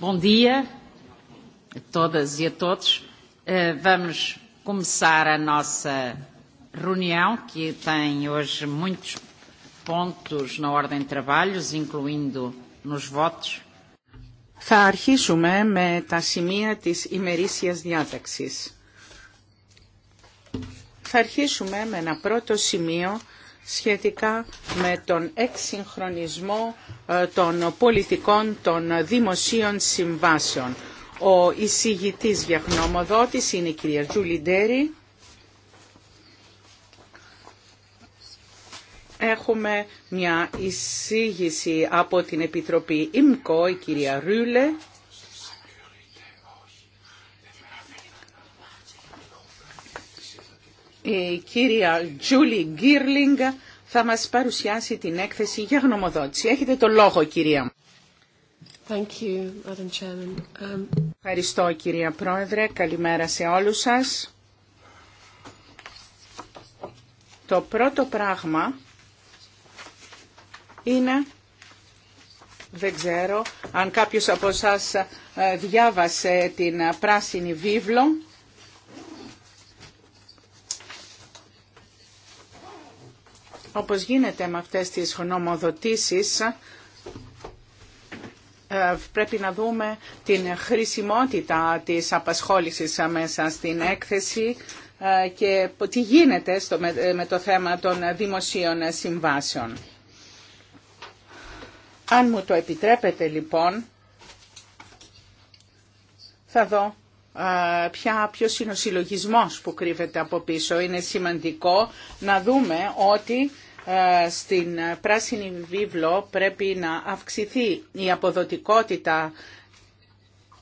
Bom dia a todas e a todos. Vamos começar a nossa reunião, que tem hoje muitos pontos na ordem de trabalhos, incluindo nos votos. Θα αρχίσουμε με τα σημεία της ημερήσιας διάταξης. Θα αρχίσουμε με ένα πρώτο σημείο σχετικά με τον εξυγχρονισμό ε, των πολιτικών των δημοσίων συμβάσεων. Ο εισηγητής για είναι η κυρία Τζούλη Έχουμε μια εισήγηση από την Επιτροπή ΙΜΚΟ, η κυρία Ρούλε. η κυρία Τζούλι Γκίρλινγκ θα μας παρουσιάσει την έκθεση για γνωμοδότηση. Έχετε το λόγο, κυρία. Thank you, Madam um, Ευχαριστώ, κυρία Πρόεδρε. Καλημέρα σε όλους σας. Το πρώτο πράγμα είναι, δεν ξέρω, αν κάποιος από σας ε, διάβασε την πράσινη βίβλο, Όπως γίνεται με αυτές τις νομοδοτήσεις, ε, πρέπει να δούμε την χρησιμότητα της απασχόλησης μέσα στην έκθεση ε, και τι γίνεται στο, ε, με το θέμα των δημοσίων συμβάσεων. Αν μου το επιτρέπετε λοιπόν, θα δω ε, ποια, ποιος είναι ο συλλογισμός που κρύβεται από πίσω. Είναι σημαντικό να δούμε ότι ε, στην πράσινη βίβλο πρέπει να αυξηθεί η αποδοτικότητα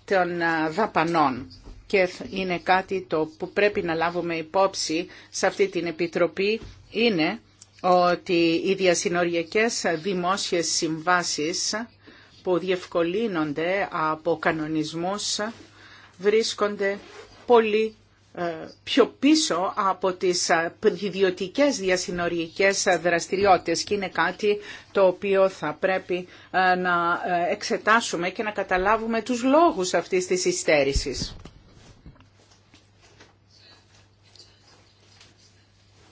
των ε, δαπανών και είναι κάτι το που πρέπει να λάβουμε υπόψη σε αυτή την Επιτροπή είναι ότι οι διασυνοριακές δημόσιες συμβάσεις που διευκολύνονται από κανονισμούς βρίσκονται πολύ ε, πιο πίσω από τις ε, ιδιωτικέ διασυνοριακές δραστηριότητες και είναι κάτι το οποίο θα πρέπει ε, να εξετάσουμε και να καταλάβουμε τους λόγους αυτής της υστέρησης.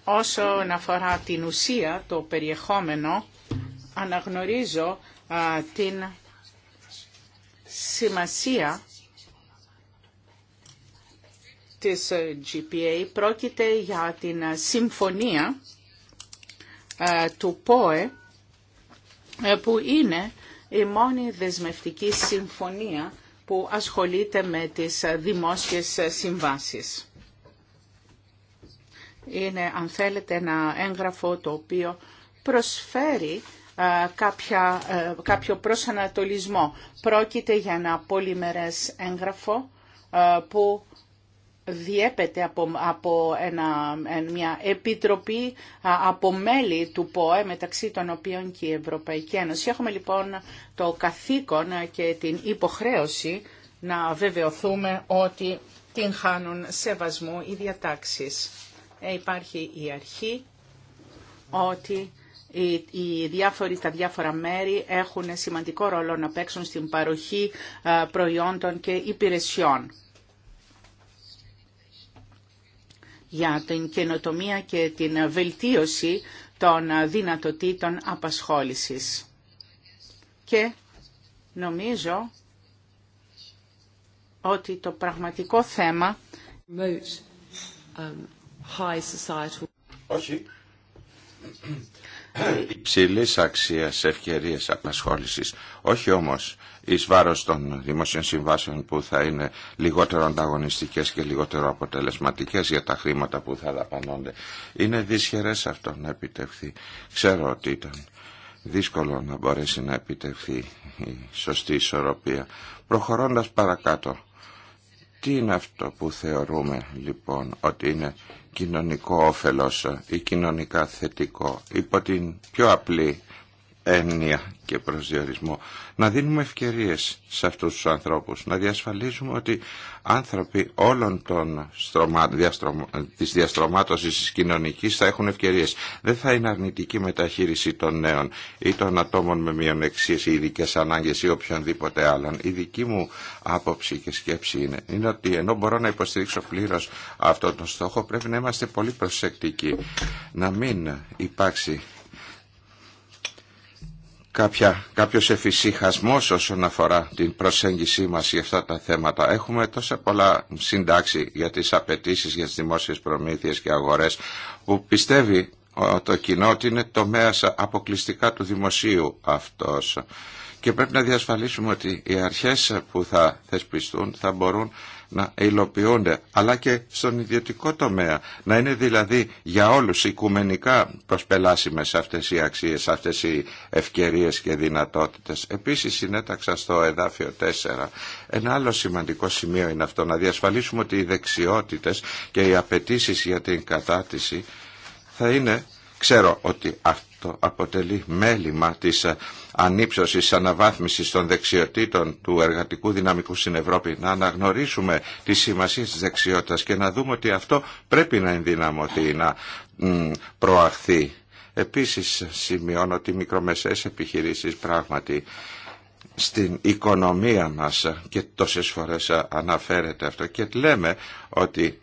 όσο αφορά την ουσία, το περιεχόμενο, αναγνωρίζω την σημασία της ε, GPA πρόκειται για την ε, συμφωνία ε, του ΠΟΕ που είναι η μόνη δεσμευτική συμφωνία που ασχολείται με τις δημόσιες συμβάσεις. Είναι, αν θέλετε, ένα έγγραφο το οποίο προσφέρει κάποιο προσανατολισμό. Πρόκειται για ένα πολυμερές έγγραφο που διέπεται από, από ένα, μια επιτροπή από μέλη του ΠΟΕ μεταξύ των οποίων και η Ευρωπαϊκή Ένωση. Έχουμε λοιπόν το καθήκον και την υποχρέωση να βεβαιωθούμε ότι την χάνουν σεβασμού οι διατάξεις. Ε, υπάρχει η αρχή ότι οι διάφοροι, τα διάφορα μέρη έχουν σημαντικό ρόλο να παίξουν στην παροχή προϊόντων και υπηρεσιών για την καινοτομία και την βελτίωση των δυνατοτήτων απασχόλησης. Και νομίζω ότι το πραγματικό θέμα um, όχι υψηλής αξίας ευκαιρίες απασχόλησης. Όχι όμως εις βάρος των δημοσίων συμβάσεων που θα είναι λιγότερο ανταγωνιστικές και λιγότερο αποτελεσματικές για τα χρήματα που θα δαπανώνται. Είναι δυσχερές αυτό να επιτευχθεί. Ξέρω ότι ήταν δύσκολο να μπορέσει να επιτευχθεί η σωστή ισορροπία. Προχωρώντας παρακάτω, τι είναι αυτό που θεωρούμε λοιπόν ότι είναι κοινωνικό όφελος ή κοινωνικά θετικό υπό την πιο απλή έννοια και προσδιορισμό. Να δίνουμε ευκαιρίες σε αυτούς τους ανθρώπους, να διασφαλίζουμε ότι άνθρωποι όλων των στρωμα... διαστρωμα... της διαστρωμάτωσης της κοινωνικής θα έχουν ευκαιρίες. Δεν θα είναι αρνητική μεταχείριση των νέων ή των ατόμων με μειονεξίες ή ειδικέ ανάγκες ή οποιονδήποτε άλλων. Η των ατομων με μειονεξιες η ειδικε αναγκες η οποιονδηποτε αλλον η δικη μου άποψη και σκέψη είναι, είναι ότι ενώ μπορώ να υποστηρίξω πλήρως αυτόν τον στόχο πρέπει να είμαστε πολύ προσεκτικοί. Να μην υπάρξει κάποια, κάποιος εφησυχασμός όσον αφορά την προσέγγιση μας για αυτά τα θέματα. Έχουμε τόσα πολλά συντάξει για τις απαιτήσει για τις δημόσιες προμήθειες και αγορές που πιστεύει το κοινό ότι είναι τομέας αποκλειστικά του δημοσίου αυτός. Και πρέπει να διασφαλίσουμε ότι οι αρχές που θα θεσπιστούν θα μπορούν να υλοποιούνται, αλλά και στον ιδιωτικό τομέα. Να είναι δηλαδή για όλους οικουμενικά προσπελάσιμες αυτές οι αξίες, αυτές οι ευκαιρίες και δυνατότητες. Επίσης συνέταξα στο εδάφιο 4. Ένα άλλο σημαντικό σημείο είναι αυτό, να διασφαλίσουμε ότι οι δεξιότητες και οι απαιτήσει για την κατάτηση θα είναι Ξέρω ότι αποτελεί μέλημα της ε, ανύψωσης, αναβάθμισης των δεξιοτήτων του εργατικού δυναμικού στην Ευρώπη, να αναγνωρίσουμε τη σημασία της δεξιότητας και να δούμε ότι αυτό πρέπει να ενδυναμωθεί, να προαχθεί. Επίσης σημειώνω ότι οι μικρομεσαίες επιχειρήσεις πράγματι στην οικονομία μας ε, και τόσες φορές ε, αναφέρεται αυτό και λέμε ότι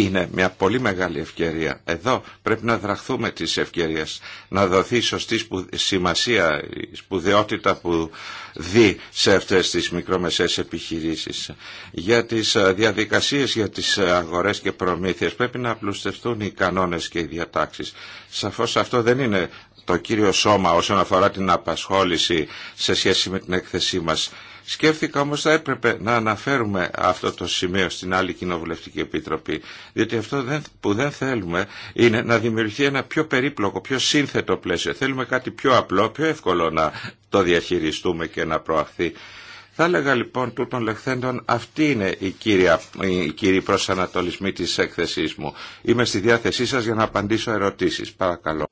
είναι μια πολύ μεγάλη ευκαιρία. Εδώ πρέπει να δραχθούμε τις ευκαιρίες, να δοθεί σωστή σημασία, η σπουδαιότητα που δει σε αυτές τις μικρομεσαίες επιχειρήσεις. Για τις ε, διαδικασίες για τις ε, αγορές και προμήθειες πρέπει να απλουστευτούν οι κανόνες και οι διατάξεις. Σαφώς αυτό δεν είναι το κύριο σώμα όσον αφορά την απασχόληση σε σχέση με την έκθεσή μας. Σκέφτηκα όμως θα έπρεπε να αναφέρουμε αυτό το σημείο στην άλλη Κοινοβουλευτική Επίτροπη, διότι αυτό που δεν θέλουμε είναι να δημιουργηθεί ένα πιο περίπλοκο, πιο σύνθετο πλαίσιο. Θέλουμε κάτι πιο απλό, πιο εύκολο να το διαχειριστούμε και να προαχθεί. Θα έλεγα λοιπόν τούτων λεχθέντων αυτή είναι η κύρια, η κύριη προσανατολισμή της έκθεσής μου. Είμαι στη διάθεσή σας για να απαντήσω ερωτήσεις. Παρακαλώ.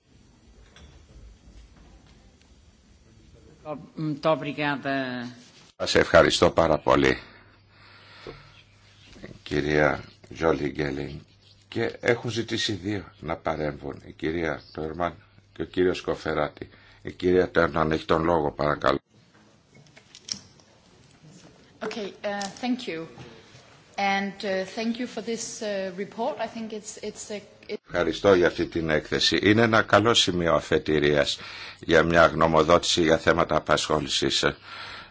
Σας ευχαριστώ πάρα πολύ, κυρία Τζόλι Γκέλιν. Και έχουν ζητήσει δύο να παρέμβουν, η κυρία Τερμαν και ο κύριος Κοφεράτη. Η κυρία Τέρναν έχει τον λόγο, παρακαλώ. Okay, Ευχαριστώ για αυτή την έκθεση. Είναι ένα καλό σημείο αφετηρίας για μια γνωμοδότηση για θέματα απασχόλησης.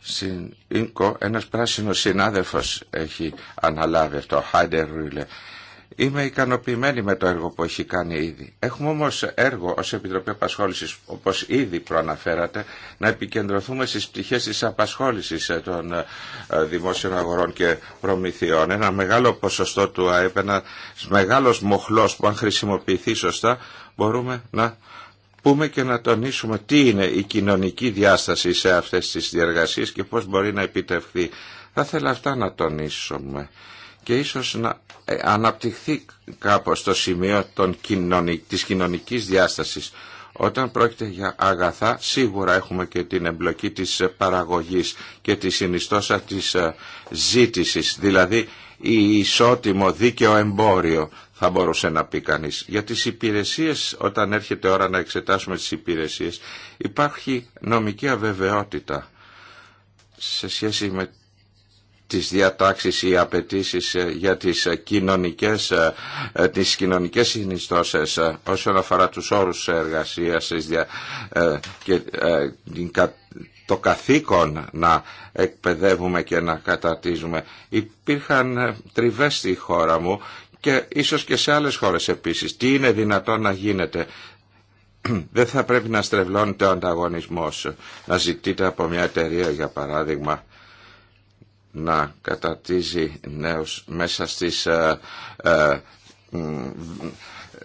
Στην ΙΝΚΟ ένας πράσινος συνάδελφος έχει αναλάβει αυτό, Χάιντερ Ρούλε. Είμαι ικανοποιημένη με το έργο που έχει κάνει ήδη. Έχουμε όμως έργο ως Επιτροπή Απασχόλησης, όπως ήδη προαναφέρατε, να επικεντρωθούμε στις πτυχές της απασχόλησης ε, των ε, δημόσιων αγορών και προμηθειών. Ένα μεγάλο ποσοστό του ΑΕΠ, ένα μεγάλος μοχλός που αν χρησιμοποιηθεί σωστά, μπορούμε να πούμε και να τονίσουμε τι είναι η κοινωνική διάσταση σε αυτές τις διεργασίες και πώς μπορεί να επιτευχθεί. Θα ήθελα αυτά να τονίσουμε και ίσως να ε, αναπτυχθεί κάπως το σημείο των κοινωνική της κοινωνικής διάστασης. Όταν πρόκειται για αγαθά, σίγουρα έχουμε και την εμπλοκή της παραγωγής και τη συνιστόσα της ε, ζήτησης, δηλαδή η ισότιμο δίκαιο εμπόριο θα μπορούσε να πει κανεί. Για τις υπηρεσίες, όταν έρχεται ώρα να εξετάσουμε τις υπηρεσίες, υπάρχει νομική αβεβαιότητα σε σχέση με τις διατάξεις ή απαιτήσει ε, για τις ε, κοινωνικές, ε, τις κοινωνικές συνιστώσεις όσον αφορά τους όρους εργασίας και το καθήκον να εκπαιδεύουμε και να κατατίζουμε. Υπήρχαν τριβές στη χώρα μου και ίσως και σε άλλες χώρες επίσης. Τι είναι δυνατόν να γίνεται. Δεν θα πρέπει να στρεβλώνεται ο ανταγωνισμός. Να ζητείτε από μια εταιρεία για παράδειγμα να κατατίζει νέους μέσα στις ε, ε,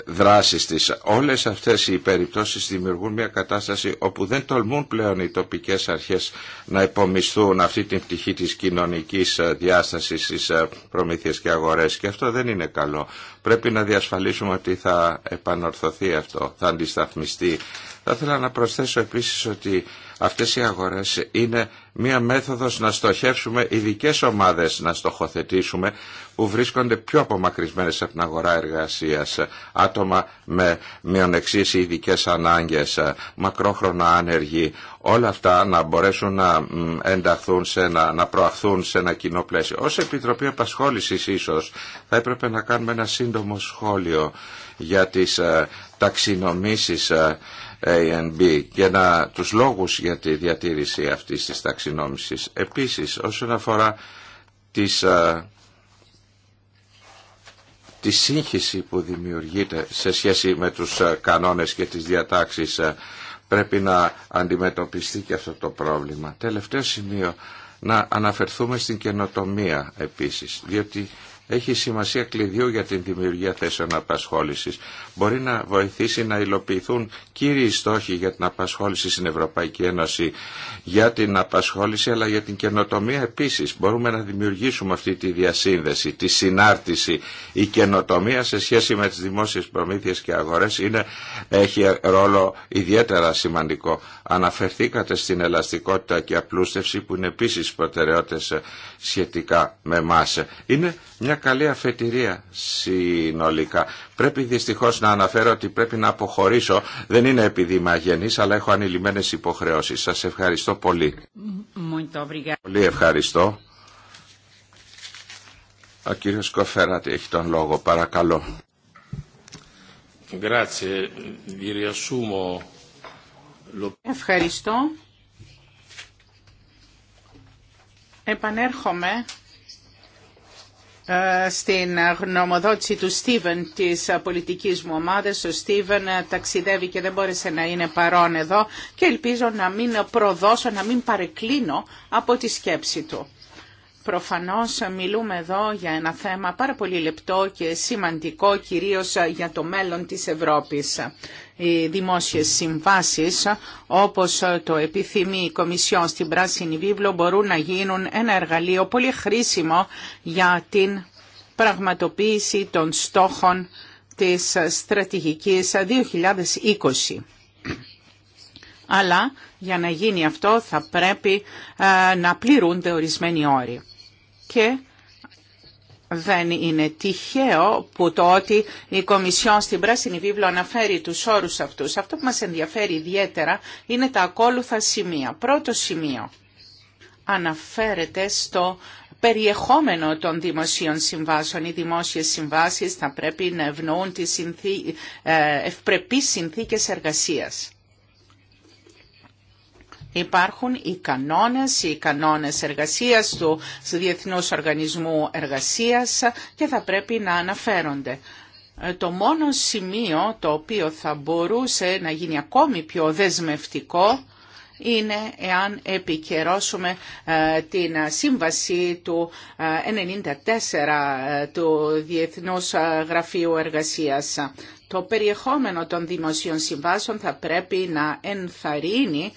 δράσεις της. Όλες αυτές οι περιπτώσεις δημιουργούν μια κατάσταση όπου δεν τολμούν πλέον οι τοπικές αρχές να υπομισθούν αυτή την πτυχή της κοινωνικής ε, διάστασης στις ε, προμήθειες και αγορές και αυτό δεν είναι καλό. Πρέπει να διασφαλίσουμε ότι θα επανορθωθεί αυτό, θα αντισταθμιστεί. Θα ήθελα να προσθέσω επίσης ότι Αυτές οι αγορές είναι μία μέθοδος να στοχεύσουμε ειδικέ ομάδες, να στοχοθετήσουμε που βρίσκονται πιο απομακρυσμένες από την αγορά εργασίας, άτομα με μειονεξίες ή ειδικέ ανάγκες, μακρόχρονα άνεργοι, όλα αυτά να μπορέσουν να ενταχθούν, σε να προαχθούν σε ένα κοινό πλαίσιο. Ως Επιτροπή απασχόληση ίσως θα έπρεπε να κάνουμε ένα σύντομο σχόλιο για τις ε, ταξινομήσεις ε, B και να, τους λόγους για τη διατήρηση αυτής της ταξινόμησης. Επίσης, όσον αφορά τις, α, τη σύγχυση που δημιουργείται σε σχέση με τους κανόνες και τις διατάξεις πρέπει να αντιμετωπιστεί και αυτό το πρόβλημα. Τελευταίο σημείο, να αναφερθούμε στην καινοτομία επίσης, διότι έχει σημασία κλειδιού για την δημιουργία θέσεων απασχόλησης μπορεί να βοηθήσει να υλοποιηθούν κύριοι στόχοι για την απασχόληση στην Ευρωπαϊκή Ένωση, για την απασχόληση αλλά για την καινοτομία επίσης. Μπορούμε να δημιουργήσουμε αυτή τη διασύνδεση, τη συνάρτηση. Η καινοτομία σε σχέση με τις δημόσιες προμήθειες και αγορές είναι, έχει ρόλο ιδιαίτερα σημαντικό. Αναφερθήκατε στην ελαστικότητα και απλούστευση που είναι επίσης προτεραιότητες σχετικά με εμά. Είναι μια καλή αφετηρία συνολικά. Πρέπει δυστυχώς να αναφέρω ότι πρέπει να αποχωρήσω. Δεν είναι επειδή είμαι αλλά έχω ανηλυμένες υποχρεώσεις. Σας ευχαριστώ πολύ. Πολύ ευχαριστώ. Ο κύριος Κοφέρατη έχει τον λόγο. Παρακαλώ. Ευχαριστώ. Επανέρχομαι ε, στην γνωμοδότηση του Στίβεν της πολιτικής μου ομάδας. Ο Στίβεν ε, ταξιδεύει και δεν μπόρεσε να είναι παρόν εδώ και ελπίζω να μην προδώσω, να μην παρεκκλίνω από τη σκέψη του. Προφανώς μιλούμε εδώ για ένα θέμα πάρα πολύ λεπτό και σημαντικό κυρίως για το μέλλον της Ευρώπης. Οι δημόσιες συμβάσεις, όπως το επιθυμεί η Κομισιόν στην Πράσινη Βίβλο, μπορούν να γίνουν ένα εργαλείο πολύ χρήσιμο για την πραγματοποίηση των στόχων της στρατηγικής 2020. Αλλά για να γίνει αυτό θα πρέπει ε, να πληρούνται ορισμένοι όροι και δεν είναι τυχαίο που το ότι η Κομισιόν στην Πράσινη Βίβλο αναφέρει τους όρους αυτούς. Αυτό που μας ενδιαφέρει ιδιαίτερα είναι τα ακόλουθα σημεία. Πρώτο σημείο αναφέρεται στο περιεχόμενο των δημοσίων συμβάσεων. Οι δημόσιες συμβάσεις θα πρέπει να ευνοούν τις ε, ευπρεπείς συνθήκες εργασίας. Υπάρχουν οι κανόνες, οι κανόνες εργασίας του Διεθνούς Οργανισμού Εργασίας και θα πρέπει να αναφέρονται. Ε, το μόνο σημείο το οποίο θα μπορούσε να γίνει ακόμη πιο δεσμευτικό είναι εάν επικαιρώσουμε ε, την σύμβαση του 94 ε, ε, του Διεθνούς Γραφείου Εργασίας. Το περιεχόμενο των δημοσίων συμβάσεων θα πρέπει να ενθαρρύνει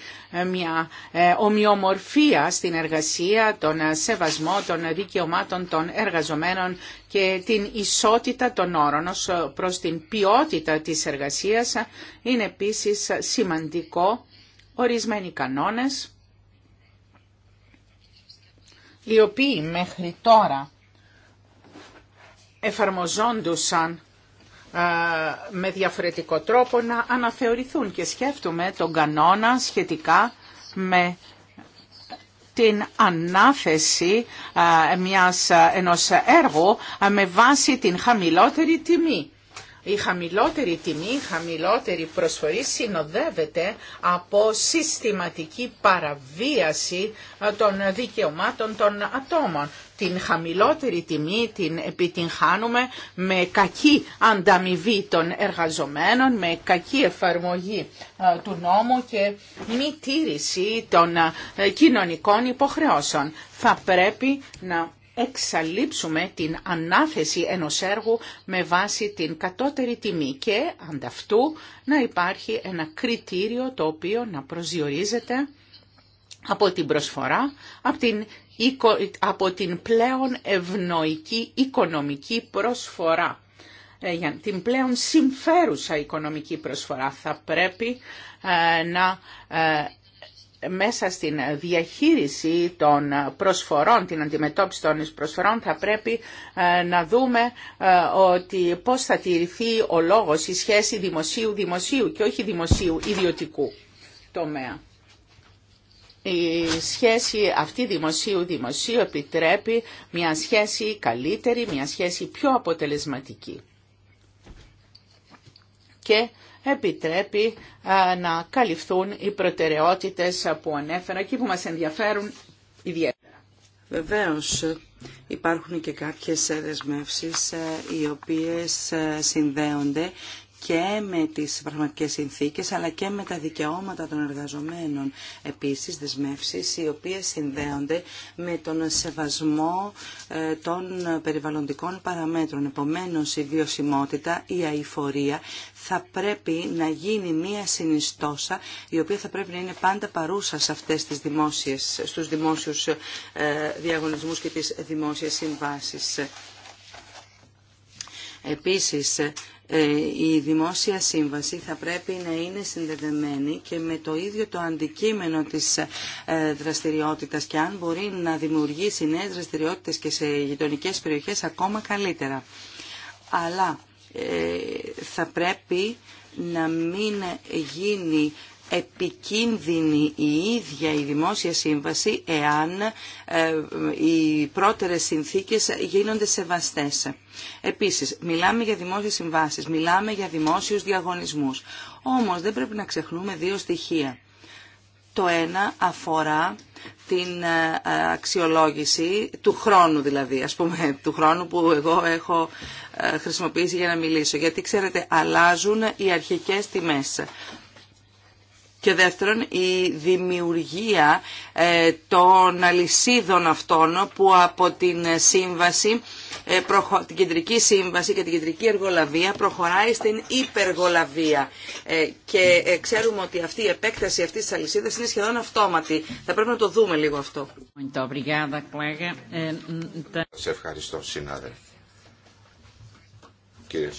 μια ομοιομορφία στην εργασία, τον σεβασμό των δικαιωμάτων των εργαζομένων και την ισότητα των όρων προς την ποιότητα της εργασίας. Είναι επίσης σημαντικό ορισμένοι κανόνες, οι οποίοι μέχρι τώρα εφαρμοζόντουσαν με διαφορετικό τρόπο να αναθεωρηθούν και σκέφτομαι τον κανόνα σχετικά με την ανάθεση μιας, ενός έργου με βάση την χαμηλότερη τιμή. Η χαμηλότερη τιμή, η χαμηλότερη προσφορή συνοδεύεται από συστηματική παραβίαση ε, των δικαιωμάτων των ατόμων. Την χαμηλότερη τιμή την επιτυγχάνουμε με κακή ανταμοιβή των εργαζομένων, με κακή εφαρμογή ε, του νόμου και μη τήρηση των ε, κοινωνικών υποχρεώσεων. Θα πρέπει να εξαλείψουμε την ανάθεση ενός έργου με βάση την κατώτερη τιμή και ανταυτού να υπάρχει ένα κριτήριο το οποίο να προσδιορίζεται από την προσφορά, από την, από την πλέον ευνοϊκή οικονομική προσφορά ε, για την πλέον συμφέρουσα οικονομική προσφορά. Θα πρέπει ε, να ε, μέσα στην διαχείριση των προσφορών, την αντιμετώπιση των προσφορών, θα πρέπει ε, να δούμε ε, ότι πώς θα τηρηθεί ο λόγος, η σχέση δημοσίου-δημοσίου και όχι δημοσίου-ιδιωτικού τομέα. Η σχέση αυτή δημοσίου-δημοσίου επιτρέπει μια σχέση καλύτερη, μια σχέση πιο αποτελεσματική. Και επιτρέπει να καλυφθούν οι προτεραιότητες που ανέφερα και που μας ενδιαφέρουν ιδιαίτερα. Βεβαίως υπάρχουν και κάποιες δεσμεύσεις ε, οι οποίες ε, συνδέονται και με τις πραγματικές συνθήκες αλλά και με τα δικαιώματα των εργαζομένων. Επίσης δεσμεύσεις οι οποίες συνδέονται με τον σεβασμό ε, των περιβαλλοντικών παραμέτρων. Επομένως η βιωσιμότητα, η αηφορία θα πρέπει να γίνει μία συνιστόσα η οποία θα πρέπει να είναι πάντα παρούσα σε αυτές τις δημόσιες, στους δημόσιους ε, διαγωνισμούς και τις δημόσιες συμβάσεις. Επίσης, ε, η δημόσια σύμβαση θα πρέπει να είναι συνδεδεμένη και με το ίδιο το αντικείμενο της ε, δραστηριότητας και αν μπορεί να δημιουργήσει νέες δραστηριότητες και σε γειτονικέ περιοχές ακόμα καλύτερα. Αλλά ε, θα πρέπει να μην γίνει επικίνδυνη η ίδια η δημόσια σύμβαση εάν ε, οι πρώτερες συνθήκες γίνονται σεβαστές. Επίσης, μιλάμε για δημόσιες συμβάσεις, μιλάμε για δημόσιους διαγωνισμούς. Όμως δεν πρέπει να ξεχνούμε δύο στοιχεία. Το ένα αφορά την ε, αξιολόγηση του χρόνου δηλαδή, ας πούμε, του χρόνου που εγώ έχω ε, χρησιμοποιήσει για να μιλήσω. Γιατί ξέρετε, αλλάζουν οι αρχικές τιμές. Και δεύτερον, η δημιουργία ε, των αλυσίδων αυτών που από την σύμβαση, ε, την κεντρική σύμβαση και την κεντρική εργολαβία προχωράει στην υπεργολαβία. Ε, και ξέρουμε ότι αυτή η επέκταση αυτής της αλυσίδα είναι σχεδόν αυτόματη. Θα πρέπει να το δούμε λίγο αυτό. Σε ευχαριστώ, συνάδελφε. Κύριε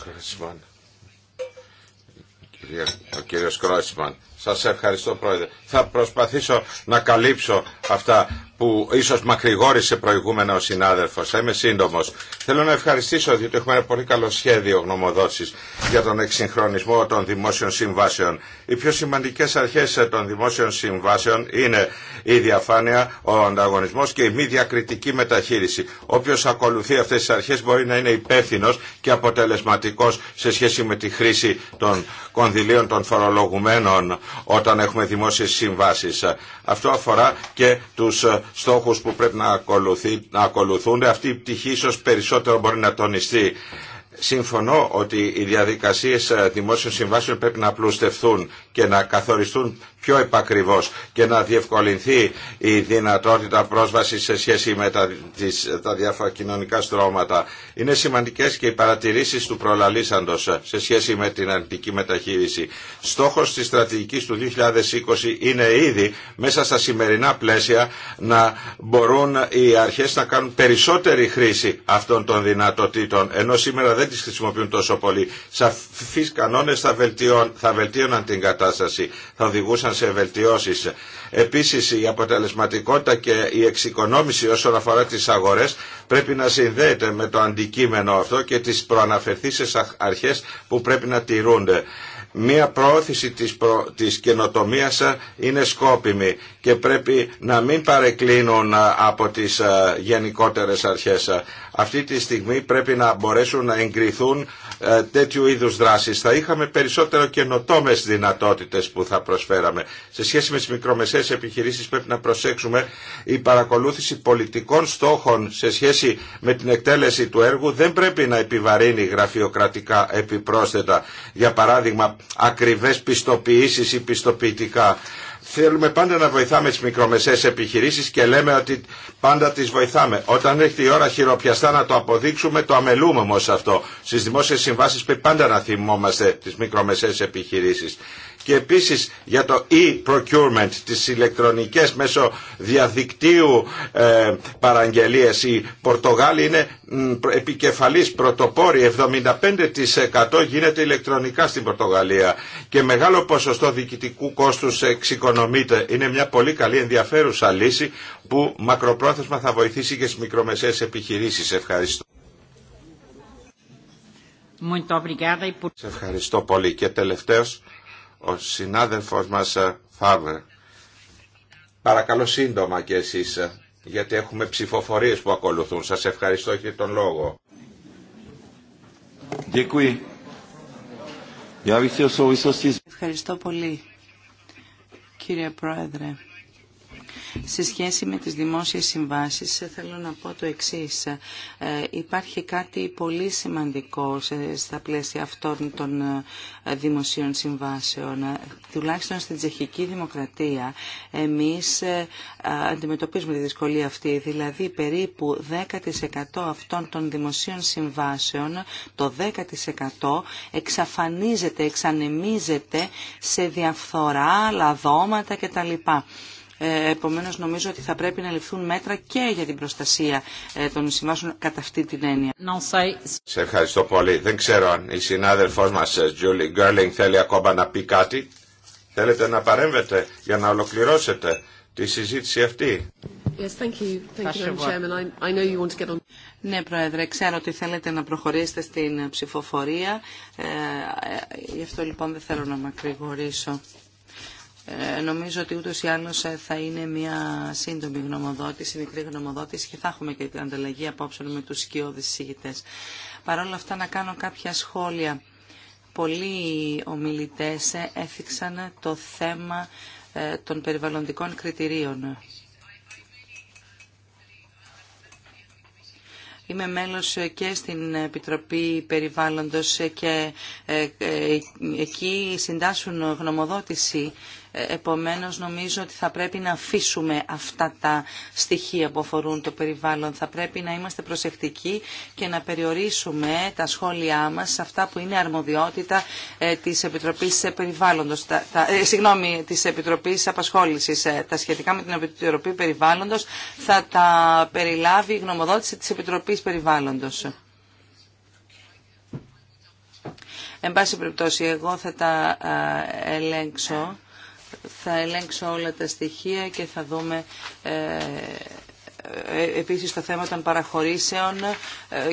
ο κύριος Κρόισμαν. Σας ευχαριστώ πρόεδρε. Θα προσπαθήσω να καλύψω αυτά που ίσως μακρηγόρησε προηγούμενα ο συνάδελφος. Θα είμαι σύντομος. Θέλω να ευχαριστήσω διότι έχουμε ένα πολύ καλό σχέδιο γνωμοδότησης για τον εξυγχρονισμό των δημόσιων συμβάσεων. Οι πιο σημαντικές αρχές των δημόσιων συμβάσεων είναι η διαφάνεια, ο ανταγωνισμός και η μη διακριτική μεταχείριση. Όποιος ακολουθεί αυτές τις αρχές μπορεί να είναι υπεύθυνο και αποτελεσματικός σε σχέση με τη χρήση των κονδυλίων των φορολογουμένων όταν έχουμε δημόσιες συμβάσεις. Αυτό αφορά και τους ε, στόχους που πρέπει να, ακολουθεί, να ακολουθούν. Αυτή η πτυχή ίσως περισσότερο μπορεί να τονιστεί. Συμφωνώ ότι οι διαδικασίες ε, δημόσιων συμβάσεων πρέπει να απλουστευθούν και να καθοριστούν πιο επακριβώς και να διευκολυνθεί η δυνατότητα πρόσβασης σε σχέση με τα, τα διάφορα κοινωνικά στρώματα. Είναι σημαντικές και οι παρατηρήσεις του προλαλήσαντος σε σχέση με την αντική μεταχείριση. Στόχος της στρατηγικής του 2020 είναι ήδη μέσα στα σημερινά πλαίσια να μπορούν οι αρχές να κάνουν περισσότερη χρήση αυτών των δυνατοτήτων, ενώ σήμερα δεν τις χρησιμοποιούν τόσο πολύ. Σαφείς κανόνες θα, θα βελτίωναν την κατάσταση θα οδηγούσαν σε βελτιώσεις. Επίσης η αποτελεσματικότητα και η εξοικονόμηση όσον αφορά τις αγορές πρέπει να συνδέεται με το αντικείμενο αυτό και τις προαναφερθήσεις αρχές που πρέπει να τηρούνται. Μία προώθηση της, προ... της καινοτομίας είναι σκόπιμη και πρέπει να μην παρεκκλίνουν από τις ε, γενικότερες αρχές αυτή τη στιγμή πρέπει να μπορέσουν να εγκριθούν ε, τέτοιου είδους δράσεις. Θα είχαμε περισσότερο καινοτόμε δυνατότητες που θα προσφέραμε. Σε σχέση με τις μικρομεσαίες επιχειρήσεις πρέπει να προσέξουμε η παρακολούθηση πολιτικών στόχων σε σχέση με την εκτέλεση του έργου δεν πρέπει να επιβαρύνει γραφειοκρατικά επιπρόσθετα. Για παράδειγμα, ακριβές πιστοποιήσεις ή πιστοποιητικά θέλουμε πάντα να βοηθάμε τις μικρομεσαίες επιχειρήσεις και λέμε ότι πάντα τις βοηθάμε. Όταν έρχεται η ώρα χειροπιαστά να το αποδείξουμε, το αμελούμε όμως αυτό. Στις δημόσιες συμβάσεις πρέπει πάντα να θυμόμαστε τις μικρομεσαίες επιχειρήσεις και επίσης για το e-procurement, τις ηλεκτρονικές μέσω διαδικτύου ε, παραγγελίες. Οι Πορτογάλοι είναι επικεφαλής πρωτοπόροι, 75% γίνεται ηλεκτρονικά στην Πορτογαλία και μεγάλο ποσοστό διοικητικού κόστους εξοικονομείται. Είναι μια πολύ καλή ενδιαφέρουσα λύση που μακροπρόθεσμα θα βοηθήσει και στις μικρομεσαίες επιχειρήσεις. Ευχαριστώ. E Σε ευχαριστώ πολύ και τελευταίος ο συνάδελφός μας ε, Φάβερ. Παρακαλώ σύντομα και εσείς, ε, γιατί έχουμε ψηφοφορίες που ακολουθούν. Σας ευχαριστώ, και τον λόγο. Ευχαριστώ πολύ, κύριε Πρόεδρε. Σε σχέση με τις δημόσιες συμβάσεις ε, θέλω να πω το εξής. Ε, υπάρχει κάτι πολύ σημαντικό στα πλαίσια αυτών των ε, δημοσίων συμβάσεων. Τουλάχιστον στην τσεχική δημοκρατία εμείς αντιμετωπίζουμε τη δυσκολία αυτή. Δηλαδή περίπου 10% αυτών των δημοσίων συμβάσεων, το 10% εξαφανίζεται, εξανεμίζεται σε διαφθορά, λαδώματα κτλ. Ε, Επομένω, νομίζω ότι θα πρέπει να ληφθούν μέτρα και για την προστασία ε, των συμβάσεων κατά αυτή την έννοια. Σε ευχαριστώ πολύ. Δεν ξέρω αν η συνάδελφό μα, ε, Julie Γκέρλινγκ θέλει ακόμα να πει κάτι. Θέλετε να παρέμβετε για να ολοκληρώσετε τη συζήτηση αυτή. Yes, thank you. Thank you, Chairman. I know you want to get on. Ναι, Πρόεδρε, ξέρω ότι θέλετε να προχωρήσετε στην ψηφοφορία. Ε, γι' αυτό λοιπόν δεν θέλω να μακρηγορήσω. Ε, νομίζω ότι ούτως ή άλλως ε, θα είναι μια σύντομη γνωμοδότηση, μικρή γνωμοδότηση και θα έχουμε και την ανταλλαγή απόψεων με τους σκιώδεις συγητές. Παρ' όλα αυτά να κάνω κάποια σχόλια. Πολλοί ομιλητές ε, έθιξαν το θέμα των περιβαλλοντικών κριτηρίων. Είμαι μέλος και στην Επιτροπή Περιβάλλοντος και εκεί συντάσσουν γνωμοδότηση ε, επομένως νομίζω ότι θα πρέπει να αφήσουμε αυτά τα στοιχεία που αφορούν το περιβάλλον. Θα πρέπει να είμαστε προσεκτικοί και να περιορίσουμε τα σχόλιά μας σε αυτά που είναι αρμοδιότητα ε, της Επιτροπής Περιβάλλοντος, τα, ε, της Επιτροπής Απασχόλησης. Τα σχετικά με την Επιτροπή Περιβάλλοντος θα τα περιλάβει η γνωμοδότηση της Επιτροπής Περιβάλλοντος. Εν πάση περιπτώσει, εγώ θα τα ελέγξω θα ελέγξω όλα τα στοιχεία και θα δούμε ε, ε, ε, επίσης το θέμα των παραχωρήσεων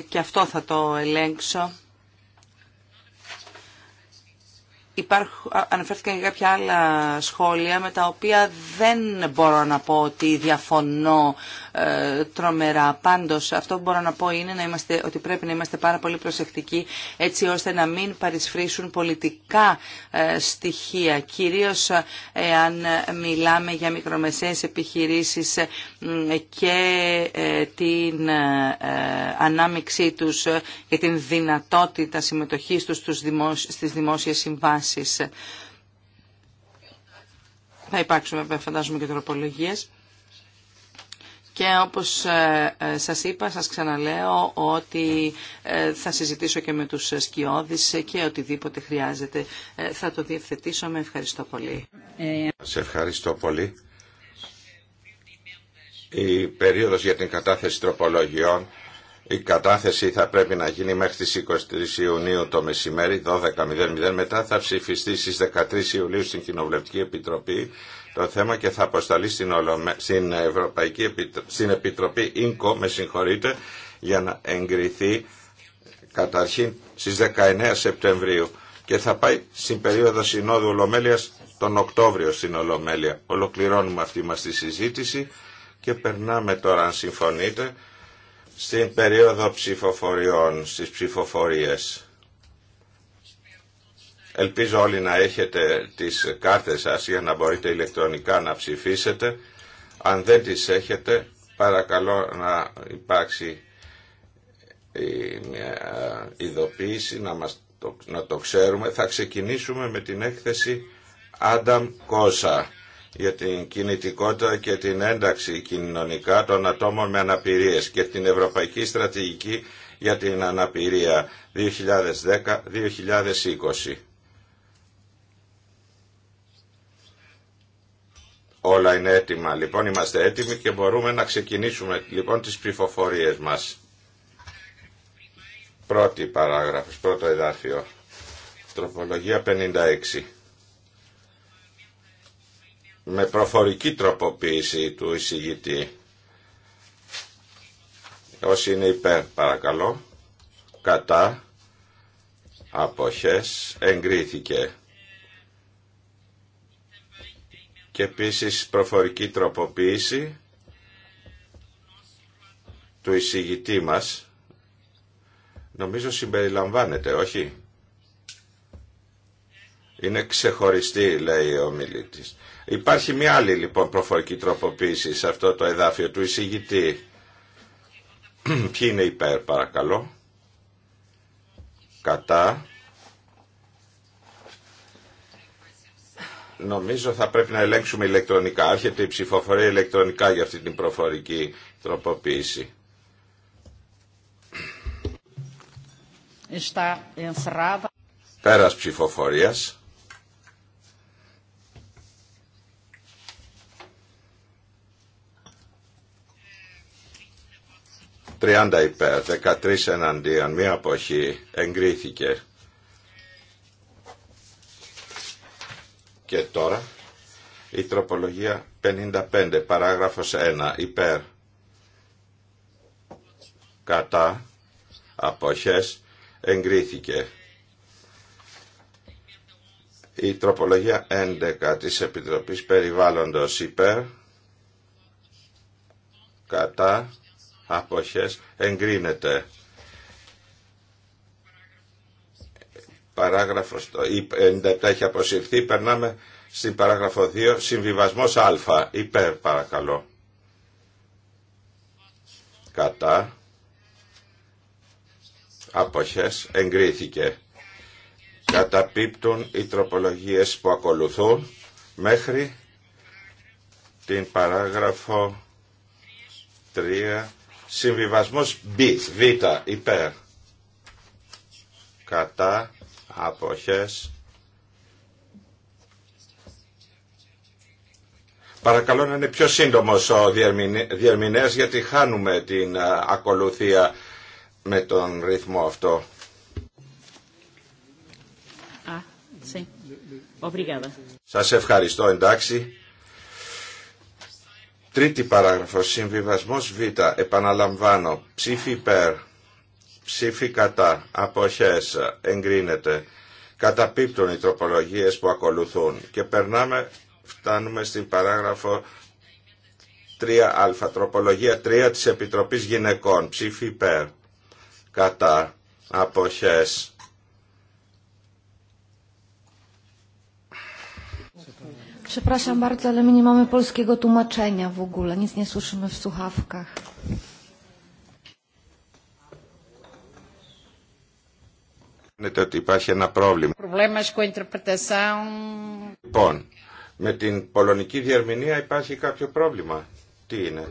και αυτό θα το ελέγξω. Υπάρχουν, αναφέρθηκαν και κάποια άλλα σχόλια με τα οποία δεν μπορώ να πω ότι διαφωνώ ε, τρομερά. Πάντω, αυτό που μπορώ να πω είναι να είμαστε, ότι πρέπει να είμαστε πάρα πολύ προσεκτικοί έτσι ώστε να μην παρισφρήσουν πολιτικά ε, στοιχεία. Κυρίως ε, εάν μιλάμε για μικρομεσαίες επιχειρήσεις και την ανάμειξή του και την δυνατότητα συμμετοχής τους στις δημόσιε συμβάσεις. Θα υπάρξουν βέβαια φαντάζομαι και τροπολογίες. Και όπως ε, ε, σας είπα, σας ξαναλέω ότι ε, θα συζητήσω και με τους σκιώδεις και οτιδήποτε χρειάζεται θα το διευθετήσω. Με ευχαριστώ πολύ. Σε ευχαριστώ πολύ. Η περίοδος για την κατάθεση τροπολογιών, η κατάθεση θα πρέπει να γίνει μέχρι τις 23 Ιουνίου το μεσημέρι, 12.00. Μετά θα ψηφιστεί στις 13 Ιουλίου στην Κοινοβουλευτική Επιτροπή το θέμα και θα αποσταλεί στην, Ολομε... στην, Ευρωπαϊκή Επιτρο... στην Επιτροπή ΙΝΚΟ, με συγχωρείτε, για να εγκριθεί καταρχήν στις 19 Σεπτεμβρίου και θα πάει στην περίοδο Συνόδου Ολομέλειας τον Οκτώβριο στην Ολομέλεια. Ολοκληρώνουμε αυτή μας τη συζήτηση και περνάμε τώρα, αν συμφωνείτε, στην περίοδο ψηφοφοριών, στις ψηφοφορίες. Ελπίζω όλοι να έχετε τις κάρτες σας για να μπορείτε ηλεκτρονικά να ψηφίσετε. Αν δεν τις έχετε, παρακαλώ να υπάρξει μια ειδοποίηση, να, μας το, να το ξέρουμε. Θα ξεκινήσουμε με την έκθεση Άνταμ Κόσα για την κινητικότητα και την ένταξη κοινωνικά των ατόμων με αναπηρίες και την Ευρωπαϊκή Στρατηγική για την Αναπηρία 2010-2020. Όλα είναι έτοιμα. Λοιπόν, είμαστε έτοιμοι και μπορούμε να ξεκινήσουμε λοιπόν τις ψηφοφορίες μας. Πρώτη παράγραφος, πρώτο εδάφιο. Τροπολογία 56. Με προφορική τροποποίηση του εισηγητή. Όσοι είναι υπέρ, παρακαλώ. Κατά. Αποχές. Εγκρίθηκε. και επίσης προφορική τροποποίηση του εισηγητή μας νομίζω συμπεριλαμβάνεται, όχι. Είναι ξεχωριστή, λέει ο μιλήτης. Υπάρχει μια άλλη λοιπόν προφορική τροποποίηση σε αυτό το εδάφιο του εισηγητή. Ποιοι είναι υπέρ παρακαλώ. Κατά. νομίζω θα πρέπει να ελέγξουμε ηλεκτρονικά. Άρχεται η ψηφοφορία ηλεκτρονικά για αυτή την προφορική τροποποίηση. Πέρας ψηφοφορίας. Τριάντα υπέρ, 13 εναντίον, μία αποχή, εγκρίθηκε. Και τώρα η τροπολογία 55 παράγραφος 1 υπέρ κατά αποχές εγκρίθηκε. Η τροπολογία 11 της Επιτροπής Περιβάλλοντος υπέρ κατά αποχές εγκρίνεται. Παράγραφος 97 έχει αποσυρθεί. Περνάμε στην παράγραφο 2. Συμβιβασμός α. Υπέρ παρακαλώ. Κατά. Αποχές. Εγκρίθηκε. Καταπίπτουν οι τροπολογίες που ακολουθούν μέχρι την παράγραφο 3. Συμβιβασμός β. Β. Υπέρ. Κατά αποχές. Παρακαλώ να είναι πιο σύντομος ο διερμηνέας γιατί χάνουμε την ακολουθία με τον ρυθμό αυτό. Ah, Σας ευχαριστώ εντάξει. Τρίτη παράγραφος, συμβιβασμός Β, επαναλαμβάνω, ψήφι υπέρ ψήφι κατά αποχές εγκρίνεται καταπίπτουν οι τροπολογίες που ακολουθούν και περνάμε φτάνουμε στην παράγραφο 3α τροπολογία 3 της Επιτροπής Γυναικών ψήφι υπέρ κατά αποχές Przepraszam bardzo, ale my nie mamy polskiego tłumaczenia w ogóle. Nic nie słyszymy w słuchawkach. φαίνεται ότι υπάρχει ένα πρόβλημα. Λοιπόν, με την πολωνική διερμηνία υπάρχει κάποιο πρόβλημα. Τι είναι.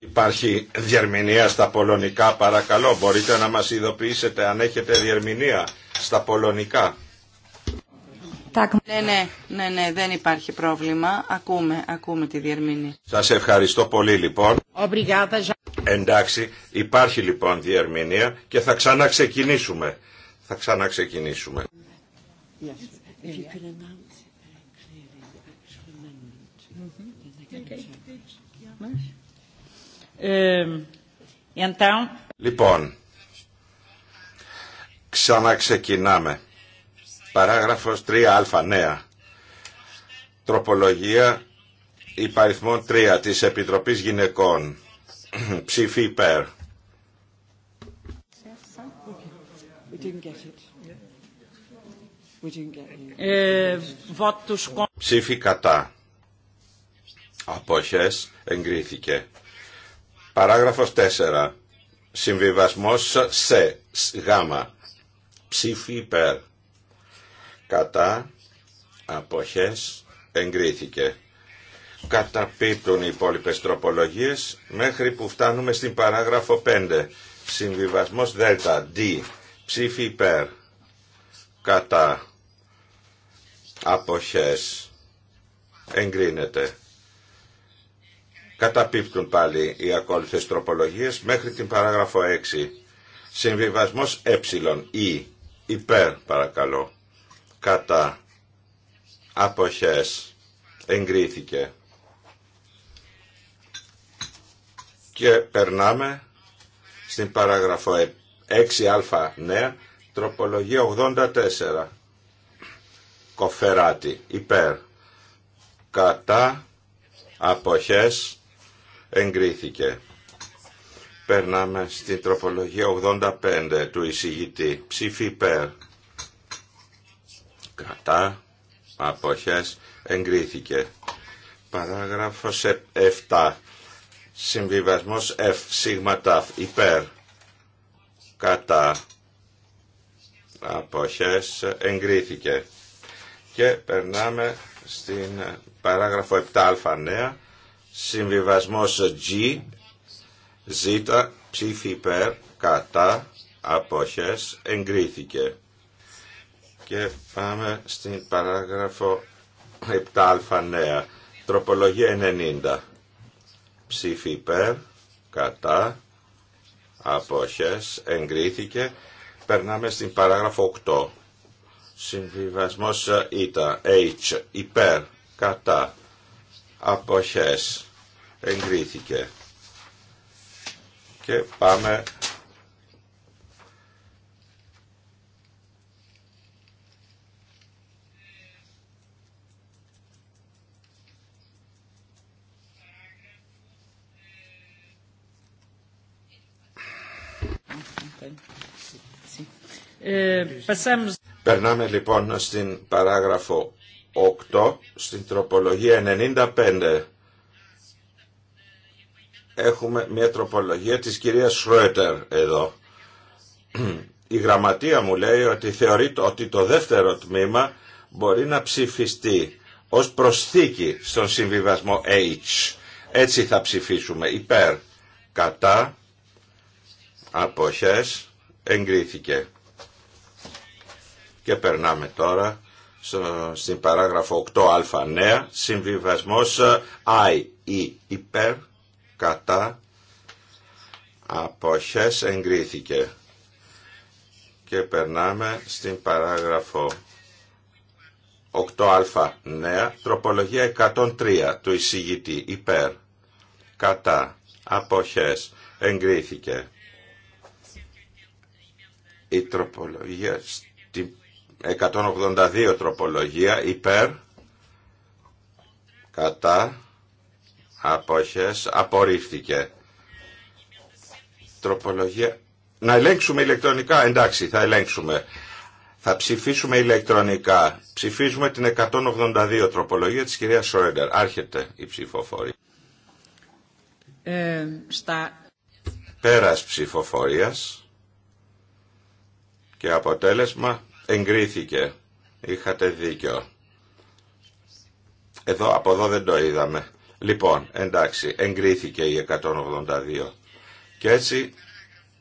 Υπάρχει διερμηνία στα πολωνικά, παρακαλώ. Μπορείτε να μας ειδοποιήσετε αν έχετε διερμηνία στα πολωνικά. Ναι, ναι, ναι, ναι, δεν υπάρχει πρόβλημα. Ακούμε, ακούμε τη διερμηνή. Σας ευχαριστώ πολύ λοιπόν. Εντάξει, υπάρχει λοιπόν διερμηνία και θα ξαναξεκινήσουμε. Θα ξαναξεκινήσουμε. Yes. Λοιπόν, ξαναξεκινάμε. Παράγραφος 3α νέα. Τροπολογία υπαριθμών 3 της Επιτροπής Γυναικών. Ψήφι υπέρ. Ε, Ψήφι κατά. Αποχές εγκρίθηκε. Παράγραφος 4. Συμβιβασμός σε γάμα. Ψήφι υπέρ. Κατά. Αποχές εγκρίθηκε. Καταπίπτουν οι υπόλοιπε τροπολογίες μέχρι που φτάνουμε στην παράγραφο 5. Συμβιβασμός ΔΕΛΤΑ. D. Ψήφι υπέρ. Κατά. Αποχές εγκρίνεται. Καταπίπτουν πάλι οι ακόλουθες τροπολογίες μέχρι την παράγραφο 6. Συμβιβασμός ε, ή, υπέρ παρακαλώ, κατά, αποχές, εγκρίθηκε. Και περνάμε στην παράγραφο 6α ε, νέα, τροπολογία 84. Κοφεράτη, υπέρ, κατά, αποχές, εγκρίθηκε. Περνάμε στην τροπολογία 85 του εισηγητή. Ψήφι υπέρ. Κατά. Αποχές. Εγκρίθηκε. Παράγραφος 7. Ε, Συμβιβασμός F. Σίγμα ταφ. Υπέρ. Κατά. Αποχές. Εγκρίθηκε. Και περνάμε στην παράγραφο 7α νέα Συμβιβασμός G, Z, ψήφι υπέρ, κατά, αποχές, εγκρίθηκε. Και πάμε στην παράγραφο 7α νέα. Τροπολογία 90. Ψήφι υπέρ, κατά, αποχές, εγκρίθηκε. Περνάμε στην παράγραφο 8. Συμβιβασμός ήταν H, υπέρ, κατά, αποχές, εγκρίθηκε. Και πάμε Περνάμε λοιπόν στην παράγραφο 8, στην τροπολογία 95 έχουμε μια τροπολογία της κυρίας Σρότερ εδώ. Η γραμματεία μου λέει ότι θεωρεί ότι το δεύτερο τμήμα μπορεί να ψηφιστεί ως προσθήκη στον συμβιβασμό H. Έτσι θα ψηφίσουμε υπέρ, κατά, αποχές, εγκρίθηκε. Και περνάμε τώρα στο, στην παράγραφο 8α νέα, συμβιβασμός ε, I, e, υπέρ, κατά αποχές εγκρίθηκε. Και περνάμε στην παράγραφο 8α νέα, τροπολογία 103 του εισηγητή υπέρ, κατά, αποχές, εγκρίθηκε. Η τροπολογία, στη 182 τροπολογία υπέρ, κατά, απόχες, απορρίφθηκε. Τροπολογία. Να ελέγξουμε ηλεκτρονικά, εντάξει, θα ελέγξουμε. Θα ψηφίσουμε ηλεκτρονικά. Ψηφίζουμε την 182 τροπολογία της κυρίας Σόρεντερ. Άρχεται η ψηφοφορία. Ε, στα... Πέρας ψηφοφορίας και αποτέλεσμα εγκρίθηκε. Είχατε δίκιο. Εδώ από εδώ δεν το είδαμε. Λοιπόν, εντάξει, εγκρίθηκε η 182. Και έτσι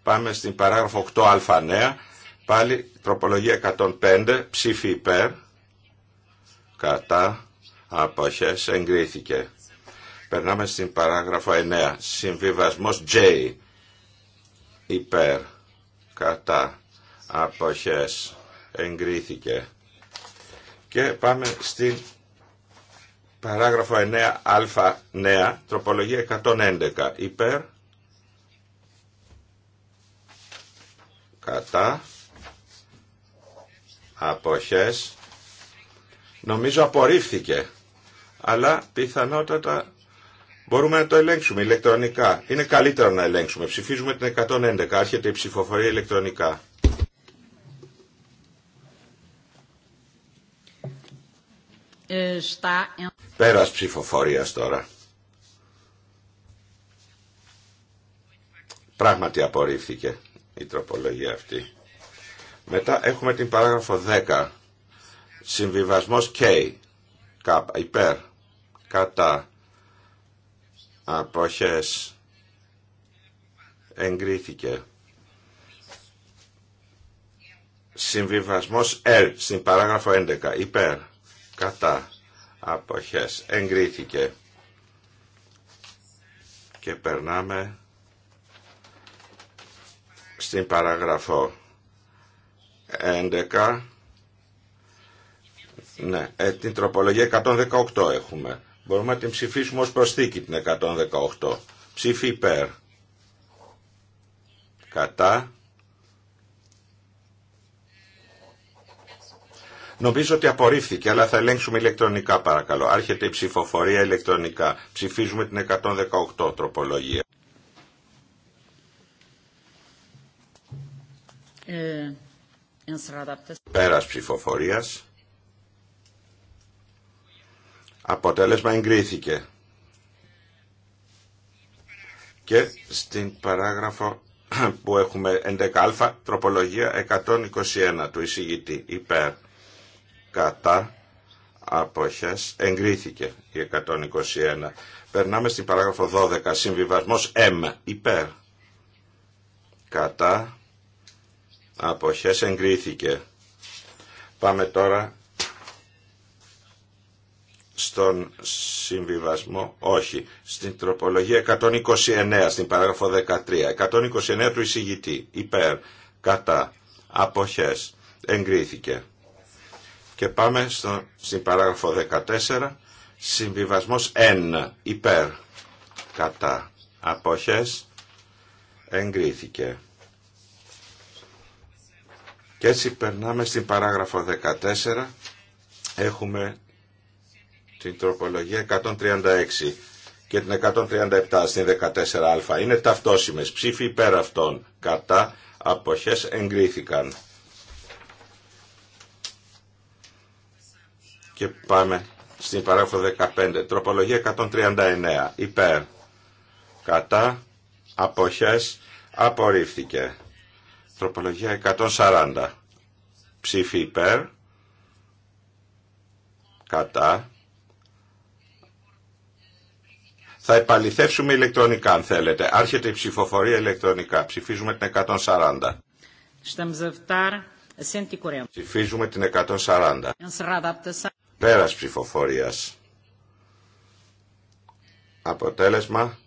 πάμε στην παράγραφο 8α νέα, πάλι τροπολογία 105, ψήφι υπέρ, κατά, αποχές, εγκρίθηκε. Περνάμε στην παράγραφο 9, συμβιβασμός J, υπέρ, κατά, αποχές, εγκρίθηκε. Και πάμε στην Παράγραφο 9α νέα, τροπολογία 111. Υπέρ, κατά, αποχές. Νομίζω απορρίφθηκε, αλλά πιθανότατα μπορούμε να το ελέγξουμε ηλεκτρονικά. Είναι καλύτερο να ελέγξουμε. Ψηφίζουμε την 111, άρχεται η ψηφοφορία ηλεκτρονικά. Ε, στα... Πέρας ψηφοφορίας τώρα. Πράγματι απορρίφθηκε η τροπολογία αυτή. Μετά έχουμε την παράγραφο 10. Συμβιβασμός K. Υπέρ. Κατά. Αποχές. Εγκρίθηκε. Συμβιβασμός L. Στην παράγραφο 11. Υπέρ κατά αποχές εγκρίθηκε και περνάμε στην παραγραφό 11 ναι, ε, την τροπολογία 118 έχουμε. Μπορούμε να την ψηφίσουμε ως προσθήκη την 118. Ψήφι υπέρ. Κατά. Νομίζω ότι απορρίφθηκε, αλλά θα ελέγξουμε ηλεκτρονικά παρακαλώ. Άρχεται η ψηφοφορία ηλεκτρονικά. Ψηφίζουμε την 118 τροπολογία. Ε, Πέρας ψηφοφορίας. Αποτέλεσμα εγκρίθηκε. Και στην παράγραφο που έχουμε 11α, τροπολογία 121 του εισηγητή υπέρ κατά αποχές εγκρίθηκε η 121. Περνάμε στην παράγραφο 12. Συμβιβασμός M υπέρ κατά αποχές εγκρίθηκε. Πάμε τώρα στον συμβιβασμό, όχι, στην τροπολογία 129, στην παράγραφο 13, 129 του εισηγητή, υπέρ, κατά, αποχές, εγκρίθηκε. Και πάμε στο, στην παράγραφο 14. Συμβιβασμός εν υπέρ κατά αποχές εγκρίθηκε. Και έτσι περνάμε στην παράγραφο 14. Έχουμε την τροπολογία 136 και την 137 στην 14α. Είναι ταυτόσιμες. Ψήφοι υπέρ αυτών κατά αποχές εγκρίθηκαν. Και πάμε στην παράγραφο 15. Τροπολογία 139. Υπέρ. Κατά. Αποχές. Απορρίφθηκε. Τροπολογία 140. Ψήφι υπέρ. Κατά. Θα επαληθεύσουμε ηλεκτρονικά αν θέλετε. Άρχεται η ψηφοφορία ηλεκτρονικά. Ψηφίζουμε την 140. E Ψηφίζουμε την 140. Πέρας ψηφοφορίας. Αποτέλεσμα.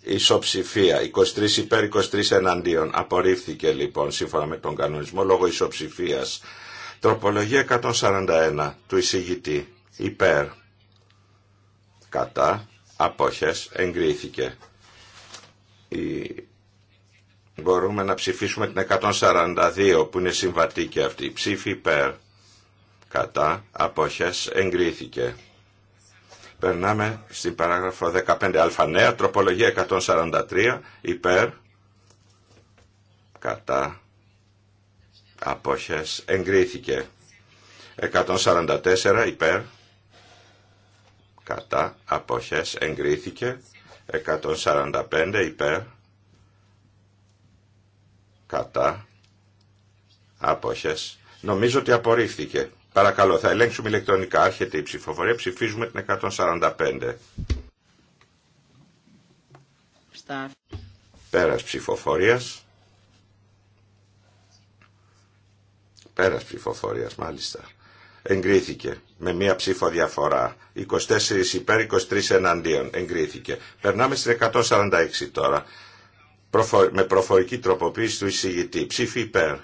Ισοψηφία. 23 υπέρ 23 εναντίον. Απορρίφθηκε λοιπόν σύμφωνα με τον κανονισμό λόγω ισοψηφίας. Τροπολογία 141 του εισηγητή. Υπέρ. Κατά. Απόχες. Εγκρίθηκε. Η... Μπορούμε να ψηφίσουμε την 142 που είναι συμβατή και αυτή. Ψήφι υπέρ κατά αποχές εγκρίθηκε. Περνάμε στην παράγραφο 15α νέα, τροπολογία 143, υπέρ, κατά, απόχες, εγκρίθηκε. 144, υπέρ, κατά, απόχες, εγκρίθηκε. 145, υπέρ, κατά, απόχες. Νομίζω ότι απορρίφθηκε. Παρακαλώ, θα ελέγξουμε ηλεκτρονικά. Άρχεται η ψηφοφορία. Ψηφίζουμε την 145. Πέρα Πέρας ψηφοφορίας. Πέρας ψηφοφορίας, μάλιστα. Εγκρίθηκε με μία ψήφο διαφορά. 24 υπέρ, 23 εναντίον. Εγκρίθηκε. Περνάμε στην 146 τώρα. Με προφορική τροποποίηση του εισηγητή. Ψήφι υπέρ.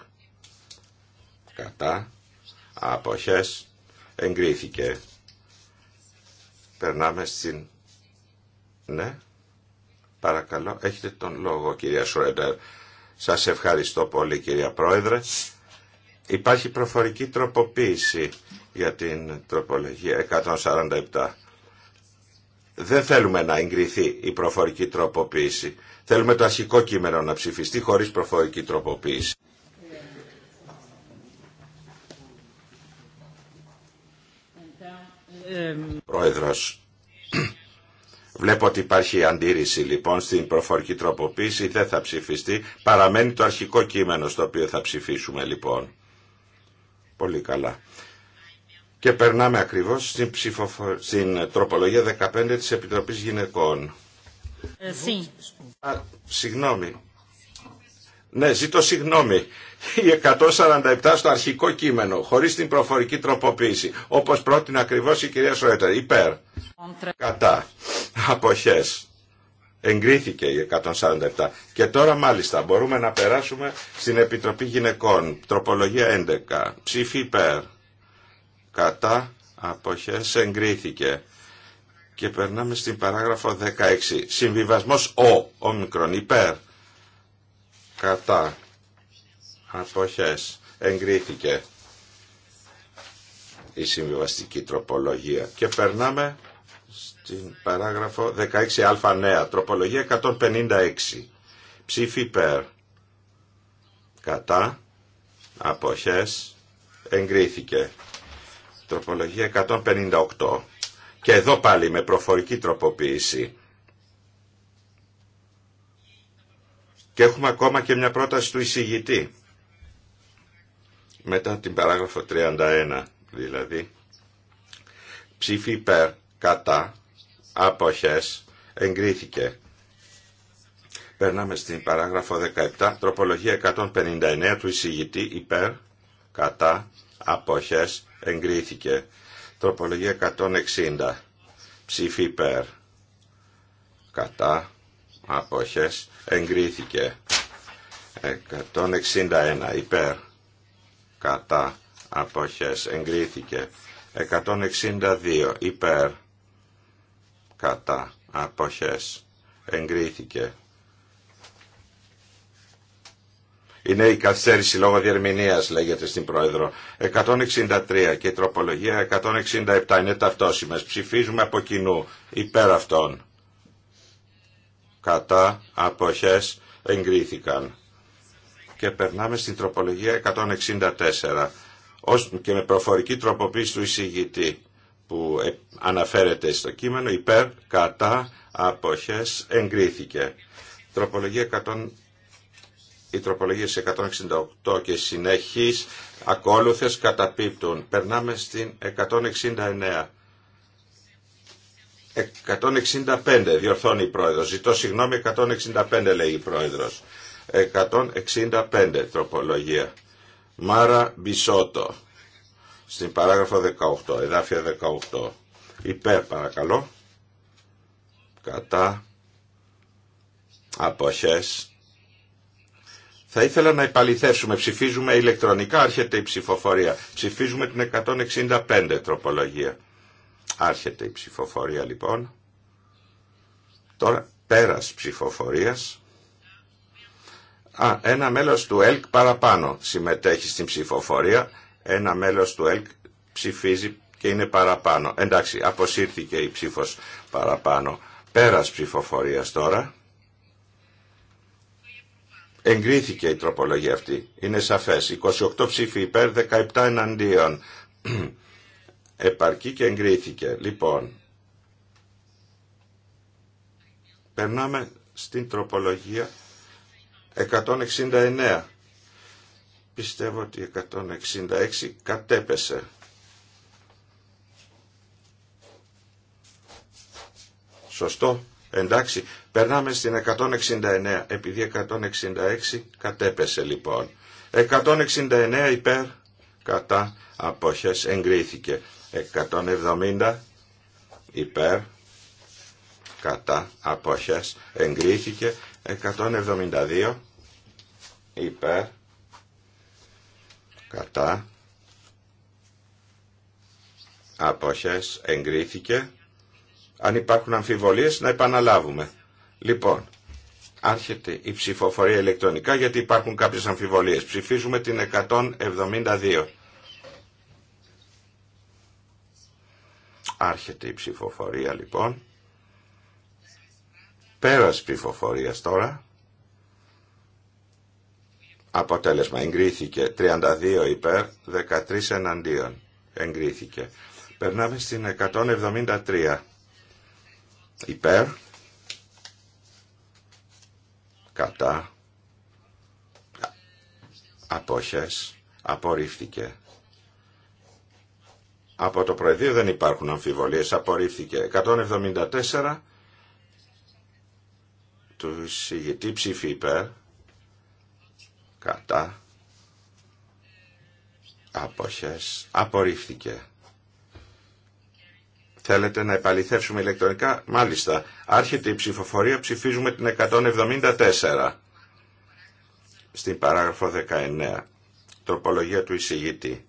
Κατά αποχές εγκρίθηκε. Περνάμε στην... Ναι, παρακαλώ, έχετε τον λόγο κυρία Σρέντερ. Σας ευχαριστώ πολύ κυρία Πρόεδρε. Υπάρχει προφορική τροποποίηση για την τροπολογία 147. Δεν θέλουμε να εγκριθεί η προφορική τροποποίηση. Θέλουμε το αρχικό κείμενο να ψηφιστεί χωρίς προφορική τροποποίηση. Πρόεδρος, Βλέπω ότι υπάρχει αντίρρηση λοιπόν στην προφορική τροποποίηση, δεν θα ψηφιστεί. Παραμένει το αρχικό κείμενο στο οποίο θα ψηφίσουμε λοιπόν. Πολύ καλά. Και περνάμε ακριβώς στην, τροπολογία 15 της Επιτροπής Γυναικών. Ε, συγγνώμη. Ναι, ζητώ συγγνώμη η 147 στο αρχικό κείμενο, χωρίς την προφορική τροποποίηση, όπως πρότεινε ακριβώς η κυρία Σρότερ υπέρ, κατά, αποχές. Εγκρίθηκε η 147. Και τώρα μάλιστα μπορούμε να περάσουμε στην Επιτροπή Γυναικών. Τροπολογία 11. Ψήφι υπέρ. Κατά αποχές εγκρίθηκε. Και περνάμε στην παράγραφο 16. Συμβιβασμός ο, ομικρον, υπέρ. Κατά αποχές εγκρίθηκε η συμβιβαστική τροπολογία. Και περνάμε στην παράγραφο 16α νέα, τροπολογία 156. Ψήφι περ, κατά, αποχές, εγκρίθηκε. Τροπολογία 158. Και εδώ πάλι με προφορική τροποποίηση. Και έχουμε ακόμα και μια πρόταση του εισηγητή μετά την παράγραφο 31 δηλαδή ψήφι υπέρ κατά άποχες εγκρίθηκε περνάμε στην παράγραφο 17 τροπολογία 159 του εισηγητή υπέρ κατά άποχες εγκρίθηκε τροπολογία 160 ψήφι υπέρ κατά άποχες εγκρίθηκε 161 υπέρ κατά αποχές εγκρίθηκε 162 υπέρ κατά αποχές εγκρίθηκε είναι η καθυστέρηση λόγω διερμηνίας λέγεται στην Πρόεδρο 163 και η τροπολογία 167 είναι ταυτόσιμες ψηφίζουμε από κοινού υπέρ αυτών κατά αποχές εγκρίθηκαν και περνάμε στην τροπολογία 164 και με προφορική τροποποίηση του εισηγητή που ε, αναφέρεται στο κείμενο υπέρ κατά αποχές εγκρίθηκε. Τροπολογία 100 τροπολογίες 168 και συνεχείς ακόλουθες καταπίπτουν. Περνάμε στην 169. 165 διορθώνει η πρόεδρος. Ζητώ συγγνώμη 165 λέει η πρόεδρος. 165 τροπολογία. Μάρα Μπισότο. Στην παράγραφο 18, εδάφια 18. Υπέρ παρακαλώ. Κατά. Αποχές. Θα ήθελα να υπαλληθεύσουμε. Ψηφίζουμε ηλεκτρονικά, άρχεται η ψηφοφορία. Ψηφίζουμε την 165 τροπολογία. Άρχεται η ψηφοφορία λοιπόν. Τώρα πέρας ψηφοφορίας. Α, ένα μέλος του ΕΛΚ παραπάνω συμμετέχει στην ψηφοφορία. Ένα μέλος του ΕΛΚ ψηφίζει και είναι παραπάνω. Εντάξει, αποσύρθηκε η ψήφος παραπάνω. Πέρας ψηφοφορίας τώρα. Εγκρίθηκε η τροπολογία αυτή. Είναι σαφές. 28 ψήφοι υπέρ, 17 εναντίον. Επαρκεί και εγκρίθηκε. Λοιπόν, περνάμε στην τροπολογία 169. Πιστεύω ότι 166 κατέπεσε. Σωστό. Εντάξει. Περνάμε στην 169. Επειδή 166 κατέπεσε λοιπόν. 169 υπέρ κατά αποχές εγκρίθηκε. 170 υπέρ κατά αποχές εγκρίθηκε. 172 υπέρ κατά αποχές εγκρίθηκε αν υπάρχουν αμφιβολίες να επαναλάβουμε λοιπόν άρχεται η ψηφοφορία ηλεκτρονικά γιατί υπάρχουν κάποιες αμφιβολίες ψηφίζουμε την 172 άρχεται η ψηφοφορία λοιπόν Πέρας ψηφοφορίας τώρα. Αποτέλεσμα εγκρίθηκε 32 υπέρ, 13 εναντίον. Εγκρίθηκε. Περνάμε στην 173. Υπέρ. Κατά. Απόχες. Απορρίφθηκε. Από το Προεδρείο δεν υπάρχουν αμφιβολίες. Απορρίφθηκε. 174 του εισηγητή ψήφι κατά, αποχές, απορρίφθηκε. Θέλετε να επαληθεύσουμε ηλεκτρονικά, μάλιστα, άρχεται η ψηφοφορία, ψηφίζουμε την 174 στην παράγραφο 19, τροπολογία του εισηγητή.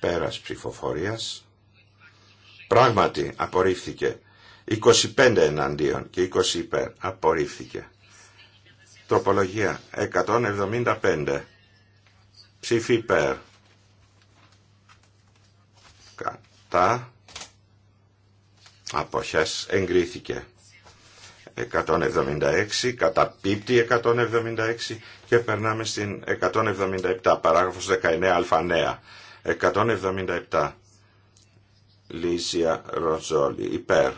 πέρας ψηφοφορίας Πράγματι απορρίφθηκε. 25 εναντίον και 20 υπέρ. Απορρίφθηκε. Τροπολογία 175. Ψήφι υπέρ. Κατά. Αποχές εγκρίθηκε. 176, καταπίπτει 176 και περνάμε στην 177, παράγραφος 19α νέα. 177 Λίσια Ροζόλη. Υπέρ.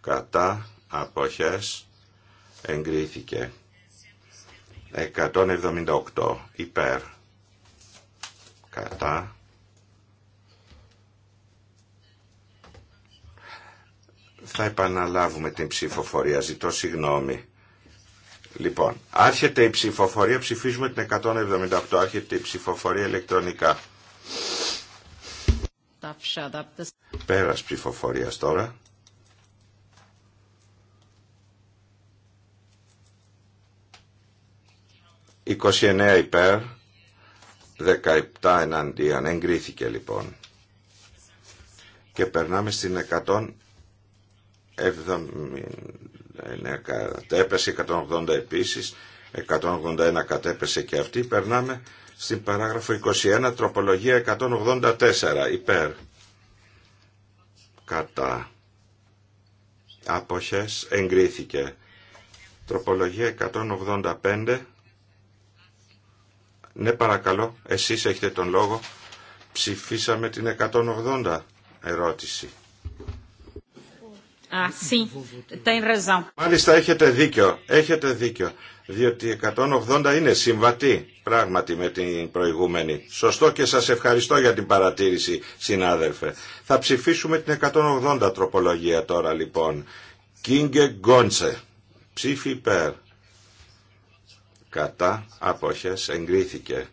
Κατά. Αποχές. Εγκρίθηκε. 178. Υπέρ. Κατά. Θα επαναλάβουμε την ψηφοφορία. Ζητώ συγγνώμη. Λοιπόν, άρχεται η ψηφοφορία. Ψηφίζουμε την 178. Άρχεται η ψηφοφορία ηλεκτρονικά. Πέρας ψηφοφορίας τώρα. «29 υπέρ, 17 εναντίον». Εγκρίθηκε λοιπόν. Και περνάμε στην 170... 180 ε, επίσης, 181 κατέπεσε και αυτή. Περνάμε στην παράγραφο 21 τροπολογία 184 υπέρ κατά άποχες εγκρίθηκε τροπολογία 185 ναι παρακαλώ εσείς έχετε τον λόγο ψηφίσαμε την 180 ερώτηση Α, ah, sí. Μάλιστα έχετε δίκιο, έχετε δίκιο, διότι 180 είναι συμβατή πράγματι με την προηγούμενη. Σωστό και σας ευχαριστώ για την παρατήρηση συνάδελφε. Θα ψηφίσουμε την 180 τροπολογία τώρα λοιπόν. Κίνγκε Γκόντσε, ψήφι υπέρ. Κατά αποχές εγκρίθηκε.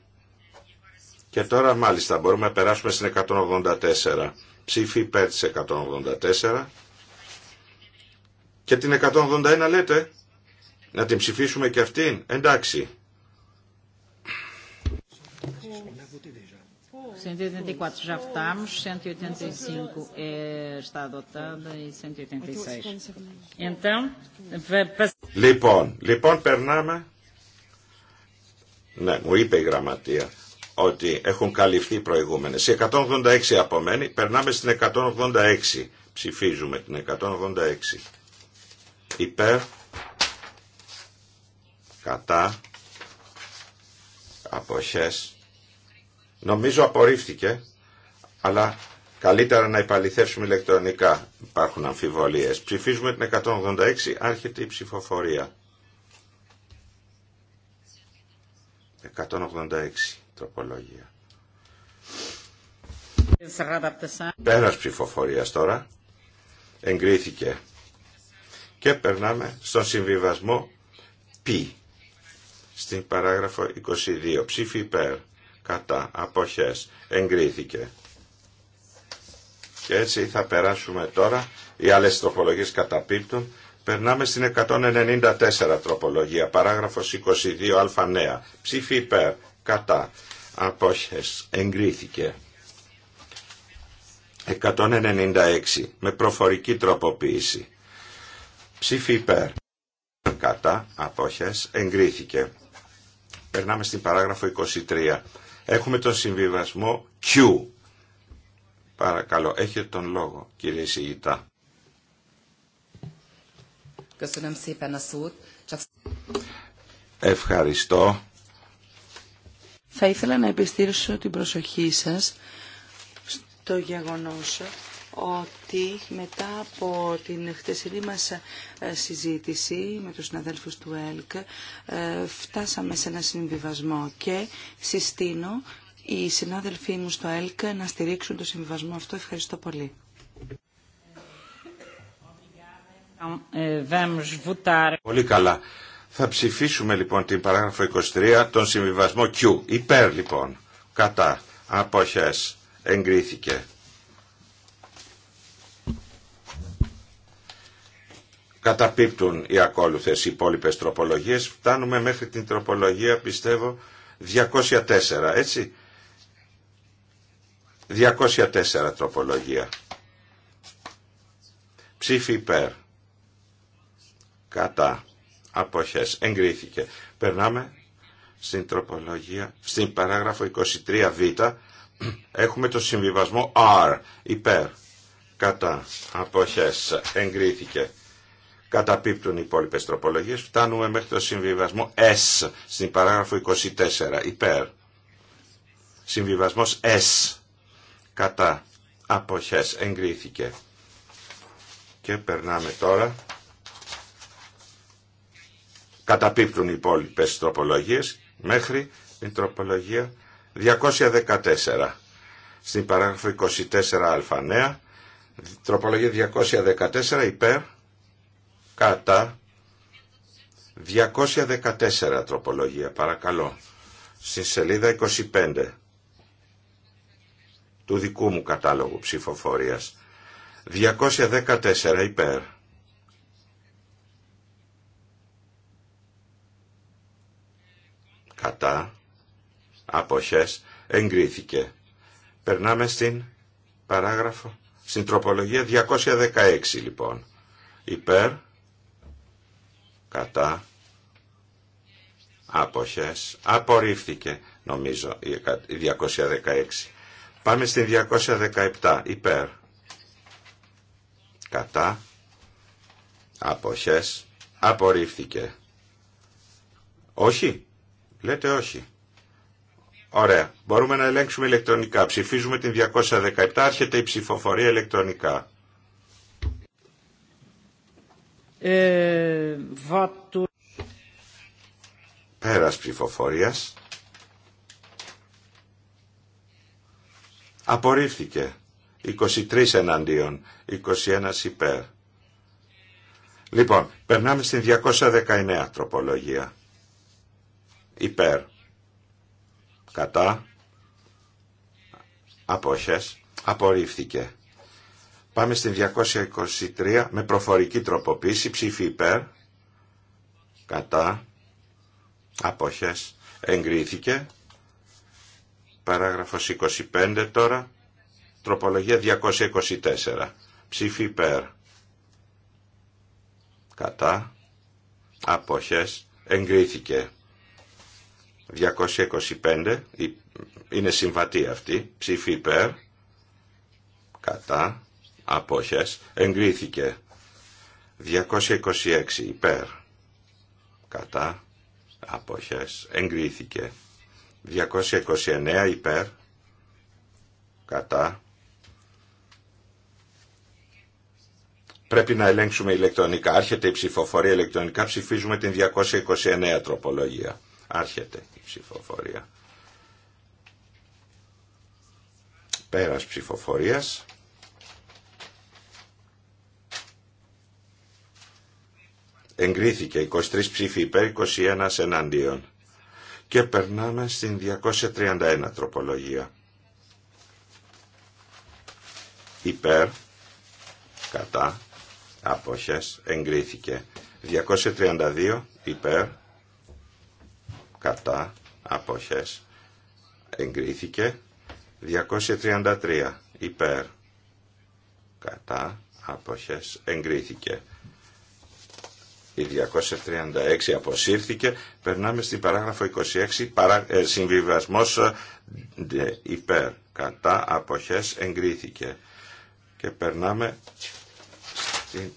Και τώρα μάλιστα μπορούμε να περάσουμε στην 184. Ψήφι υπέρ της 184. Και την 181 λέτε. Να την ψηφίσουμε και αυτήν. Εντάξει. Λοιπόν, λοιπόν περνάμε. Ναι, μου είπε η γραμματεία ότι έχουν καλυφθεί οι προηγούμενες. Η 186 απομένει, περνάμε στην 186. Ψηφίζουμε την 186 υπέρ κατά αποχές νομίζω απορρίφθηκε αλλά καλύτερα να υπαλληθεύσουμε ηλεκτρονικά υπάρχουν αμφιβολίες ψηφίζουμε την 186 άρχεται η ψηφοφορία 186 τροπολογία πέρας ψηφοφορίας τώρα εγκρίθηκε και περνάμε στον συμβιβασμό π. Στην παράγραφο 22. Ψήφι υπέρ. Κατά. Αποχές. Εγκρίθηκε. Και έτσι θα περάσουμε τώρα. Οι άλλες τροπολογίες καταπίπτουν. Περνάμε στην 194 τροπολογία. Παράγραφος 22α νέα. Ψήφι υπέρ. Κατά. Απόχες. Εγκρίθηκε. 196 με προφορική τροποποίηση Ψήφι υπέρ. Κατά αποχές εγκρίθηκε. Περνάμε στην παράγραφο 23. Έχουμε τον συμβιβασμό Q. Παρακαλώ, έχετε τον λόγο, κύριε Σιγητά. Ευχαριστώ. Θα ήθελα να επιστήρωσω την προσοχή σας στο γεγονός ότι μετά από την χτεσινή μας ε, συζήτηση με τους συναδέλφους του ΕΛΚ ε, φτάσαμε σε ένα συμβιβασμό και συστήνω οι συνάδελφοί μου στο ΕΛΚ να στηρίξουν το συμβιβασμό αυτό. Ευχαριστώ πολύ. Πολύ καλά. Θα ψηφίσουμε λοιπόν την παράγραφο 23, τον συμβιβασμό Q. Υπέρ λοιπόν, κατά αποχές εγκρίθηκε. καταπίπτουν οι ακόλουθες οι υπόλοιπες τροπολογίες. Φτάνουμε μέχρι την τροπολογία, πιστεύω, 204, έτσι. 204 τροπολογία. Ψήφι υπέρ. Κατά. Αποχές. Εγκρίθηκε. Περνάμε στην τροπολογία, στην παράγραφο 23β. Έχουμε το συμβιβασμό R. Υπέρ. Κατά. Αποχές. Εγκρίθηκε. Καταπίπτουν οι υπόλοιπε τροπολογίε. Φτάνουμε μέχρι το συμβιβασμό S στην παράγραφο 24. Υπέρ. Συμβιβασμό S. Κατά. Αποχές. Εγκρίθηκε. Και περνάμε τώρα. Καταπίπτουν οι υπόλοιπε τροπολογίε μέχρι την τροπολογία 214. Στην παράγραφο 24α νέα. Τροπολογία 214 υπέρ Κατά. 214 τροπολογία, παρακαλώ. Στην σελίδα 25 του δικού μου κατάλογου ψηφοφορίας. 214 υπέρ. Κατά. Αποχές. Εγκρίθηκε. Περνάμε στην παράγραφο. Στην τροπολογία 216 λοιπόν. Υπέρ κατά άποχες απορρίφθηκε νομίζω η 216 πάμε στην 217 υπέρ κατά άποχες απορρίφθηκε όχι λέτε όχι Ωραία. Μπορούμε να ελέγξουμε ηλεκτρονικά. Ψηφίζουμε την 217. Άρχεται η ψηφοφορία ηλεκτρονικά. Ε, βατου... Πέρας ψηφοφορίας. Απορρίφθηκε. 23 εναντίον, 21 υπέρ. Λοιπόν, περνάμε στην 219 τροπολογία. Υπέρ. Κατά. Απόχες. Απορρίφθηκε. Πάμε στην 223 με προφορική τροποποίηση, ψήφι υπέρ, κατά, αποχές, εγκρίθηκε. Παράγραφος 25 τώρα, τροπολογία 224, ψήφι υπέρ, κατά, αποχές, εγκρίθηκε. 225, είναι συμβατή αυτή, ψήφι υπέρ, κατά, απόχες εγκρίθηκε 226 υπέρ κατά απόχες εγκρίθηκε 229 υπέρ κατά πρέπει να ελέγξουμε ηλεκτρονικά άρχεται η ψηφοφορία ηλεκτρονικά ψηφίζουμε την 229 τροπολογία άρχεται η ψηφοφορία πέρας ψηφοφορίας εγκρίθηκε 23 ψήφοι υπέρ 21 εναντίον. Και περνάμε στην 231 τροπολογία. Υπέρ, κατά, άποχες, εγκρίθηκε. 232 υπέρ, κατά, άποχες, εγκρίθηκε. 233 υπέρ, κατά, άποχες, εγκρίθηκε. Η 236 αποσύρθηκε. Περνάμε στην παράγραφο 26, παρά, ε, συμβιβασμός ε, υπέρ. Κατά αποχές εγκρίθηκε. Και περνάμε στην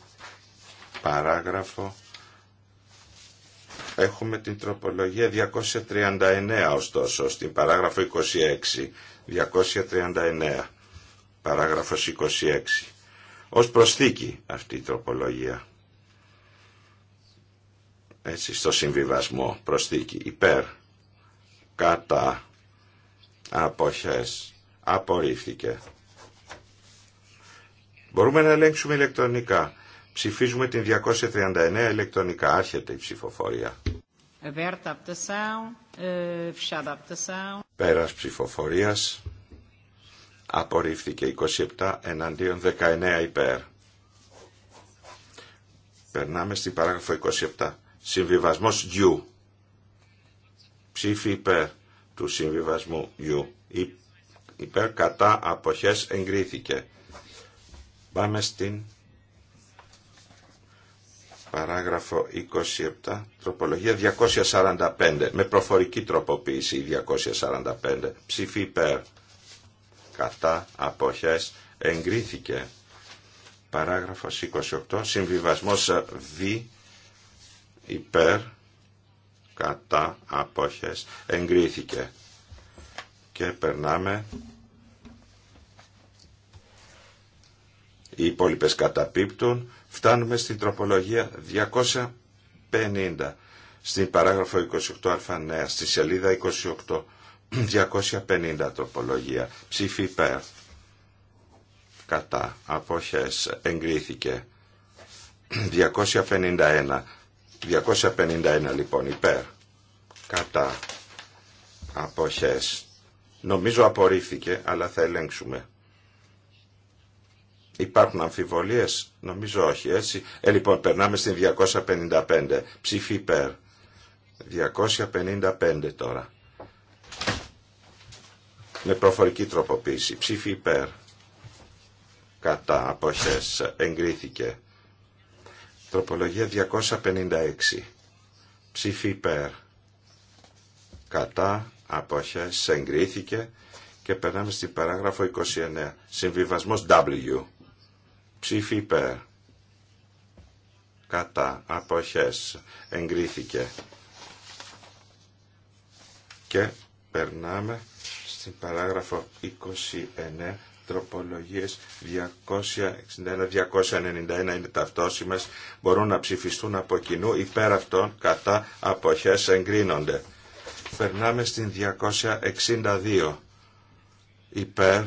παράγραφο έχουμε την τροπολογία 239 ωστόσο στην παράγραφο 26 239 παράγραφος 26 ως προσθήκη αυτή η τροπολογία έτσι, στο συμβιβασμό προσθήκη υπέρ κατά αποχές απορρίφθηκε. Μπορούμε να ελέγξουμε ηλεκτρονικά. Ψηφίζουμε την 239 ηλεκτρονικά. Άρχεται η ψηφοφορία. Πέρας ψηφοφορίας απορρίφθηκε 27 εναντίον 19 υπέρ. Περνάμε στην παράγραφο 27. Συμβιβασμός U. Ψήφι υπέρ του συμβιβασμού U. Υπέρ κατά αποχές εγκρίθηκε. Πάμε στην παράγραφο 27, τροπολογία 245, με προφορική τροποποίηση 245, ψήφι υπέρ, κατά, αποχές, εγκρίθηκε. Παράγραφος 28, συμβιβασμός Β, υπέρ κατά απόχες εγκρίθηκε και περνάμε οι υπόλοιπες καταπίπτουν φτάνουμε στην τροπολογία 250 στην παράγραφο 28α νέα στη σελίδα 28 250 τροπολογία ψήφι υπέρ κατά απόχες εγκρίθηκε 251 251 λοιπόν υπέρ κατά αποχές νομίζω απορρίφθηκε αλλά θα ελέγξουμε υπάρχουν αμφιβολίες νομίζω όχι έτσι ε λοιπόν περνάμε στην 255 ψήφι υπέρ 255 τώρα με προφορική τροποποίηση ψήφι υπέρ κατά αποχές εγκρίθηκε Ανθρωπολογία 256. Ψήφι υπέρ. Κατά αποχές εγκρίθηκε και περνάμε στην παράγραφο 29. Συμβιβασμός W. Ψήφι υπέρ. Κατά αποχές εγκρίθηκε. Και περνάμε στην παράγραφο 29 τροπολογίες 261-291 είναι ταυτόσιμες, μπορούν να ψηφιστούν από κοινού υπέρ αυτών κατά αποχές εγκρίνονται. Περνάμε στην 262 υπέρ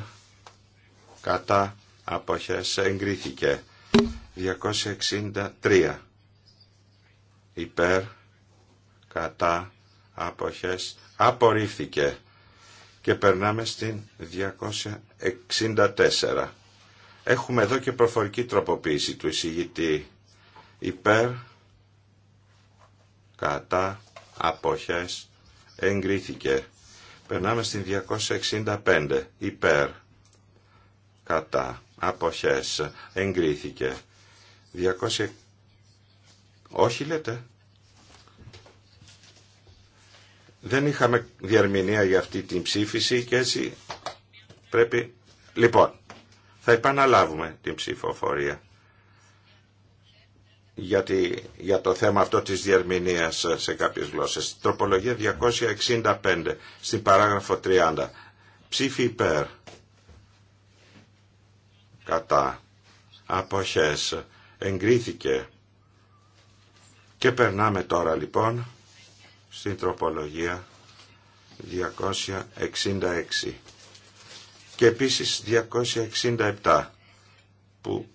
κατά αποχές εγκρίθηκε. 263 υπέρ κατά αποχές απορρίφθηκε και περνάμε στην 264. Έχουμε εδώ και προφορική τροποποίηση του εισηγητή υπέρ, κατά, απόχες, εγκρίθηκε. Περνάμε στην 265, υπέρ, κατά, απόχες, εγκρίθηκε. 200... Όχι λέτε, δεν είχαμε διαρμηνία για αυτή την ψήφιση και έτσι πρέπει... Λοιπόν, θα επαναλάβουμε την ψηφοφορία γιατί, για το θέμα αυτό της διαρμηνίας σε κάποιες γλώσσες. Τροπολογία 265 στην παράγραφο 30. Ψήφι υπέρ. Κατά. Αποχές. Εγκρίθηκε. Και περνάμε τώρα λοιπόν στην τροπολογία 266 και επίσης 267 που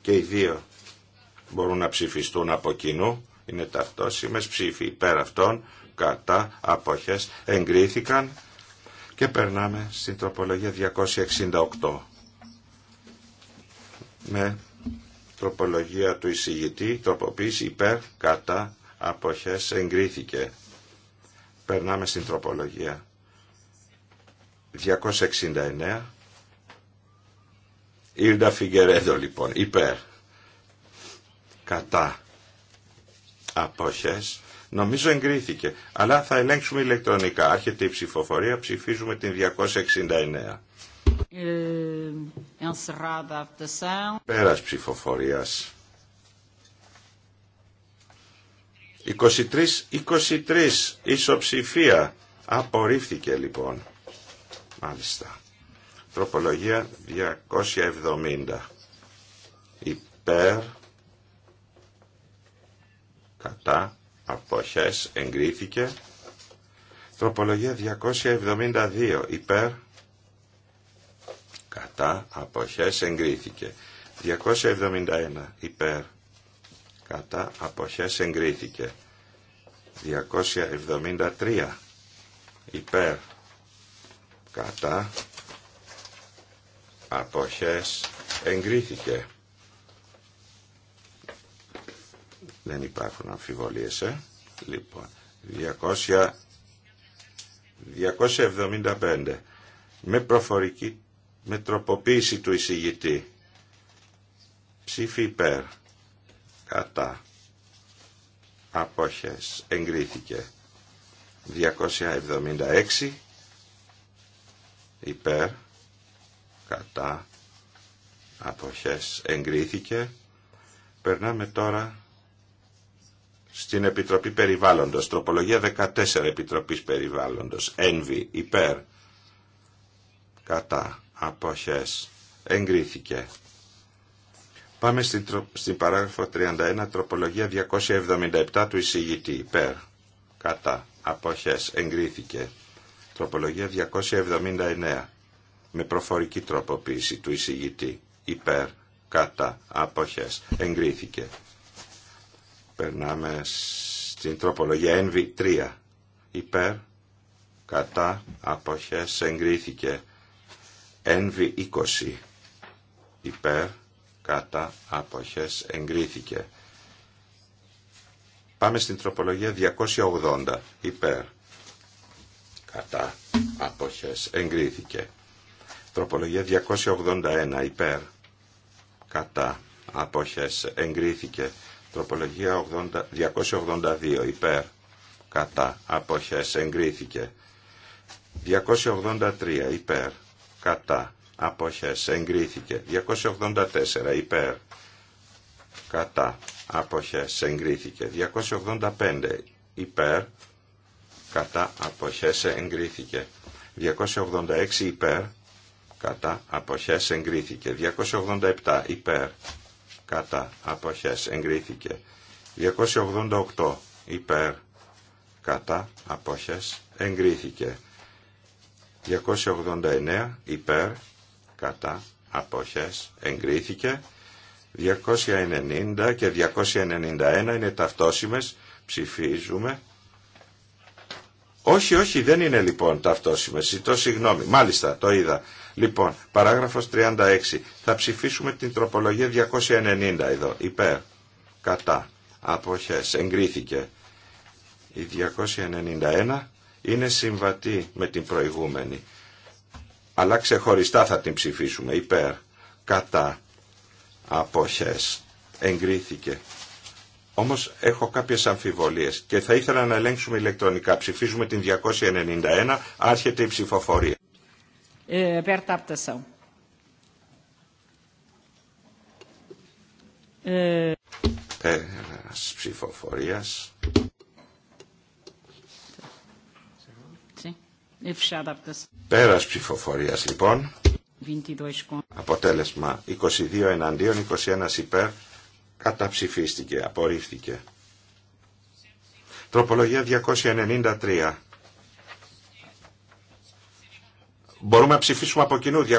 και οι δύο μπορούν να ψηφιστούν από κοινού είναι ταυτόσιμες ψήφοι υπέρ αυτών κατά αποχές εγκρίθηκαν και περνάμε στην τροπολογία 268 με τροπολογία του εισηγητή τροποποίηση υπέρ κατά αποχές εγκρίθηκε Περνάμε στην τροπολογία. 269. Ήρντα Φιγκερέντο λοιπόν, υπέρ. Κατά. Απόχες. Νομίζω εγκρίθηκε, αλλά θα ελέγξουμε ηλεκτρονικά. Άρχεται η ψηφοφορία, ψηφίζουμε την 269. Ε, Πέρας ψηφοφορίας. 23-23 ισοψηφία. Απορρίφθηκε λοιπόν. Μάλιστα. Τροπολογία 270. Υπέρ. Κατά. Αποχές. Εγκρίθηκε. Τροπολογία 272. Υπέρ. Κατά. Αποχές. Εγκρίθηκε. 271. Υπέρ κατά αποχές εγκρίθηκε 273 υπέρ κατά αποχές εγκρίθηκε δεν υπάρχουν αμφιβολίες ε. λοιπόν 200, 275 με προφορική με τροποποίηση του εισηγητή ψήφι υπέρ κατά απόχες εγκρίθηκε 276 υπέρ κατά αποχές εγκρίθηκε περνάμε τώρα στην Επιτροπή Περιβάλλοντος τροπολογία 14 Επιτροπής Περιβάλλοντος ένβη υπέρ κατά αποχές εγκρίθηκε Πάμε στην, στην παράγραφο 31, τροπολογία 277 του εισηγητή. Υπέρ, κατά, αποχές, εγκρίθηκε. Τροπολογία 279, με προφορική τροποποίηση του εισηγητή. Υπέρ, κατά, αποχές, εγκρίθηκε. Περνάμε στην τροπολογία NV3. Υπέρ, κατά, αποχές, εγκρίθηκε. NV20, υπέρ, κατά αποχές εγκρίθηκε. Πάμε στην τροπολογία 280 υπέρ κατά αποχές εγκρίθηκε. Τροπολογία 281 υπέρ κατά αποχές εγκρίθηκε. Τροπολογία 282 υπέρ κατά αποχές εγκρίθηκε. 283 υπέρ κατά αποχές εγκρίθηκε 284 υπέρ κατά αποχές εγκρίθηκε 285 υπέρ κατά αποχές εγκρίθηκε 286 υπέρ κατά αποχές εγκρίθηκε 287 υπέρ κατά αποχές εγκρίθηκε 288 υπέρ κατά αποχές εγκρίθηκε 289 υπέρ κατά αποχές εγκρίθηκε 290 και 291 είναι ταυτόσιμες ψηφίζουμε όχι όχι δεν είναι λοιπόν ταυτόσιμες ζητώ συγγνώμη μάλιστα το είδα λοιπόν παράγραφος 36 θα ψηφίσουμε την τροπολογία 290 εδώ υπέρ κατά αποχές εγκρίθηκε η 291 είναι συμβατή με την προηγούμενη αλλά ξεχωριστά θα την ψηφίσουμε υπέρ, κατά, αποχές, εγκρίθηκε. Όμως έχω κάποιες αμφιβολίες και θα ήθελα να ελέγξουμε ηλεκτρονικά. Ψηφίζουμε την 291, άρχεται η ψηφοφορία. Ε, ε... Πέρας ψηφοφορίας. Πέρας ψηφοφορίας λοιπόν. Αποτέλεσμα 22 εναντίον, 21 υπέρ. Καταψηφίστηκε, απορρίφθηκε. Τροπολογία 293. Μπορούμε να ψηφίσουμε από κοινού 293,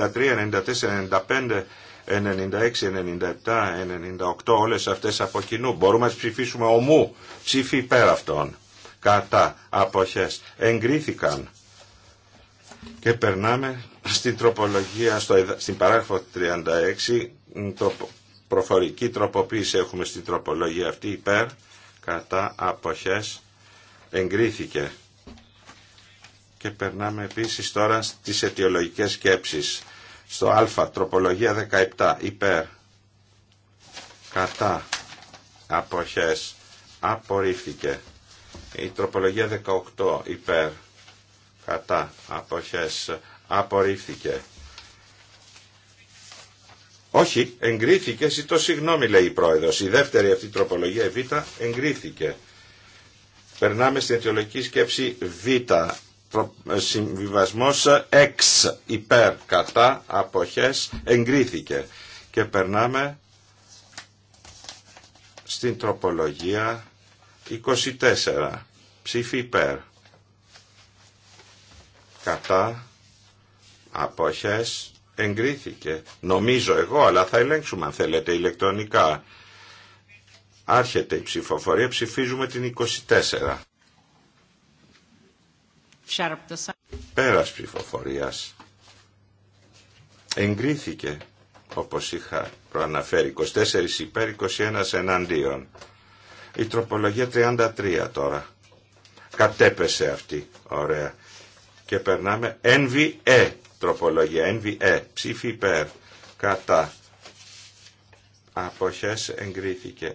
94, 95, 96, 97, 98, όλες αυτές από κοινού. Μπορούμε να ψηφίσουμε ομού, ψήφι υπέρ αυτών. Κατά, αποχές, εγκρίθηκαν. Και περνάμε στην τροπολογία, στο, στην παράγραφο 36, το προφορική τροποποίηση έχουμε στην τροπολογία αυτή, υπέρ, κατά, αποχές, εγκρίθηκε. Και περνάμε επίσης τώρα στις αιτιολογικές σκέψεις. Στο α, τροπολογία 17, υπέρ, κατά, αποχές, απορρίφθηκε. Η τροπολογία 18, υπέρ, κατά αποχές απορρίφθηκε. Όχι, εγκρίθηκε, ζητώ συγγνώμη λέει η πρόεδρος. Η δεύτερη αυτή τροπολογία Β εγκρίθηκε. Περνάμε στην αιτιολογική σκέψη Β. Ε, συμβιβασμός εξ υπέρ κατά αποχές εγκρίθηκε. Και περνάμε στην τροπολογία 24. Ψήφι υπέρ κατά, αποχές, εγκρίθηκε. Νομίζω εγώ, αλλά θα ελέγξουμε αν θέλετε ηλεκτρονικά. Άρχεται η ψηφοφορία, ψηφίζουμε την 24. Πέρας ψηφοφορίας. Εγκρίθηκε, όπως είχα προαναφέρει, 24 υπέρ, 21 εναντίον. Η τροπολογία 33 τώρα. Κατέπεσε αυτή. Ωραία. Και περνάμε NVE τροπολογία, NVE, ψήφι υπέρ, κατά, αποχές εγκρίθηκε.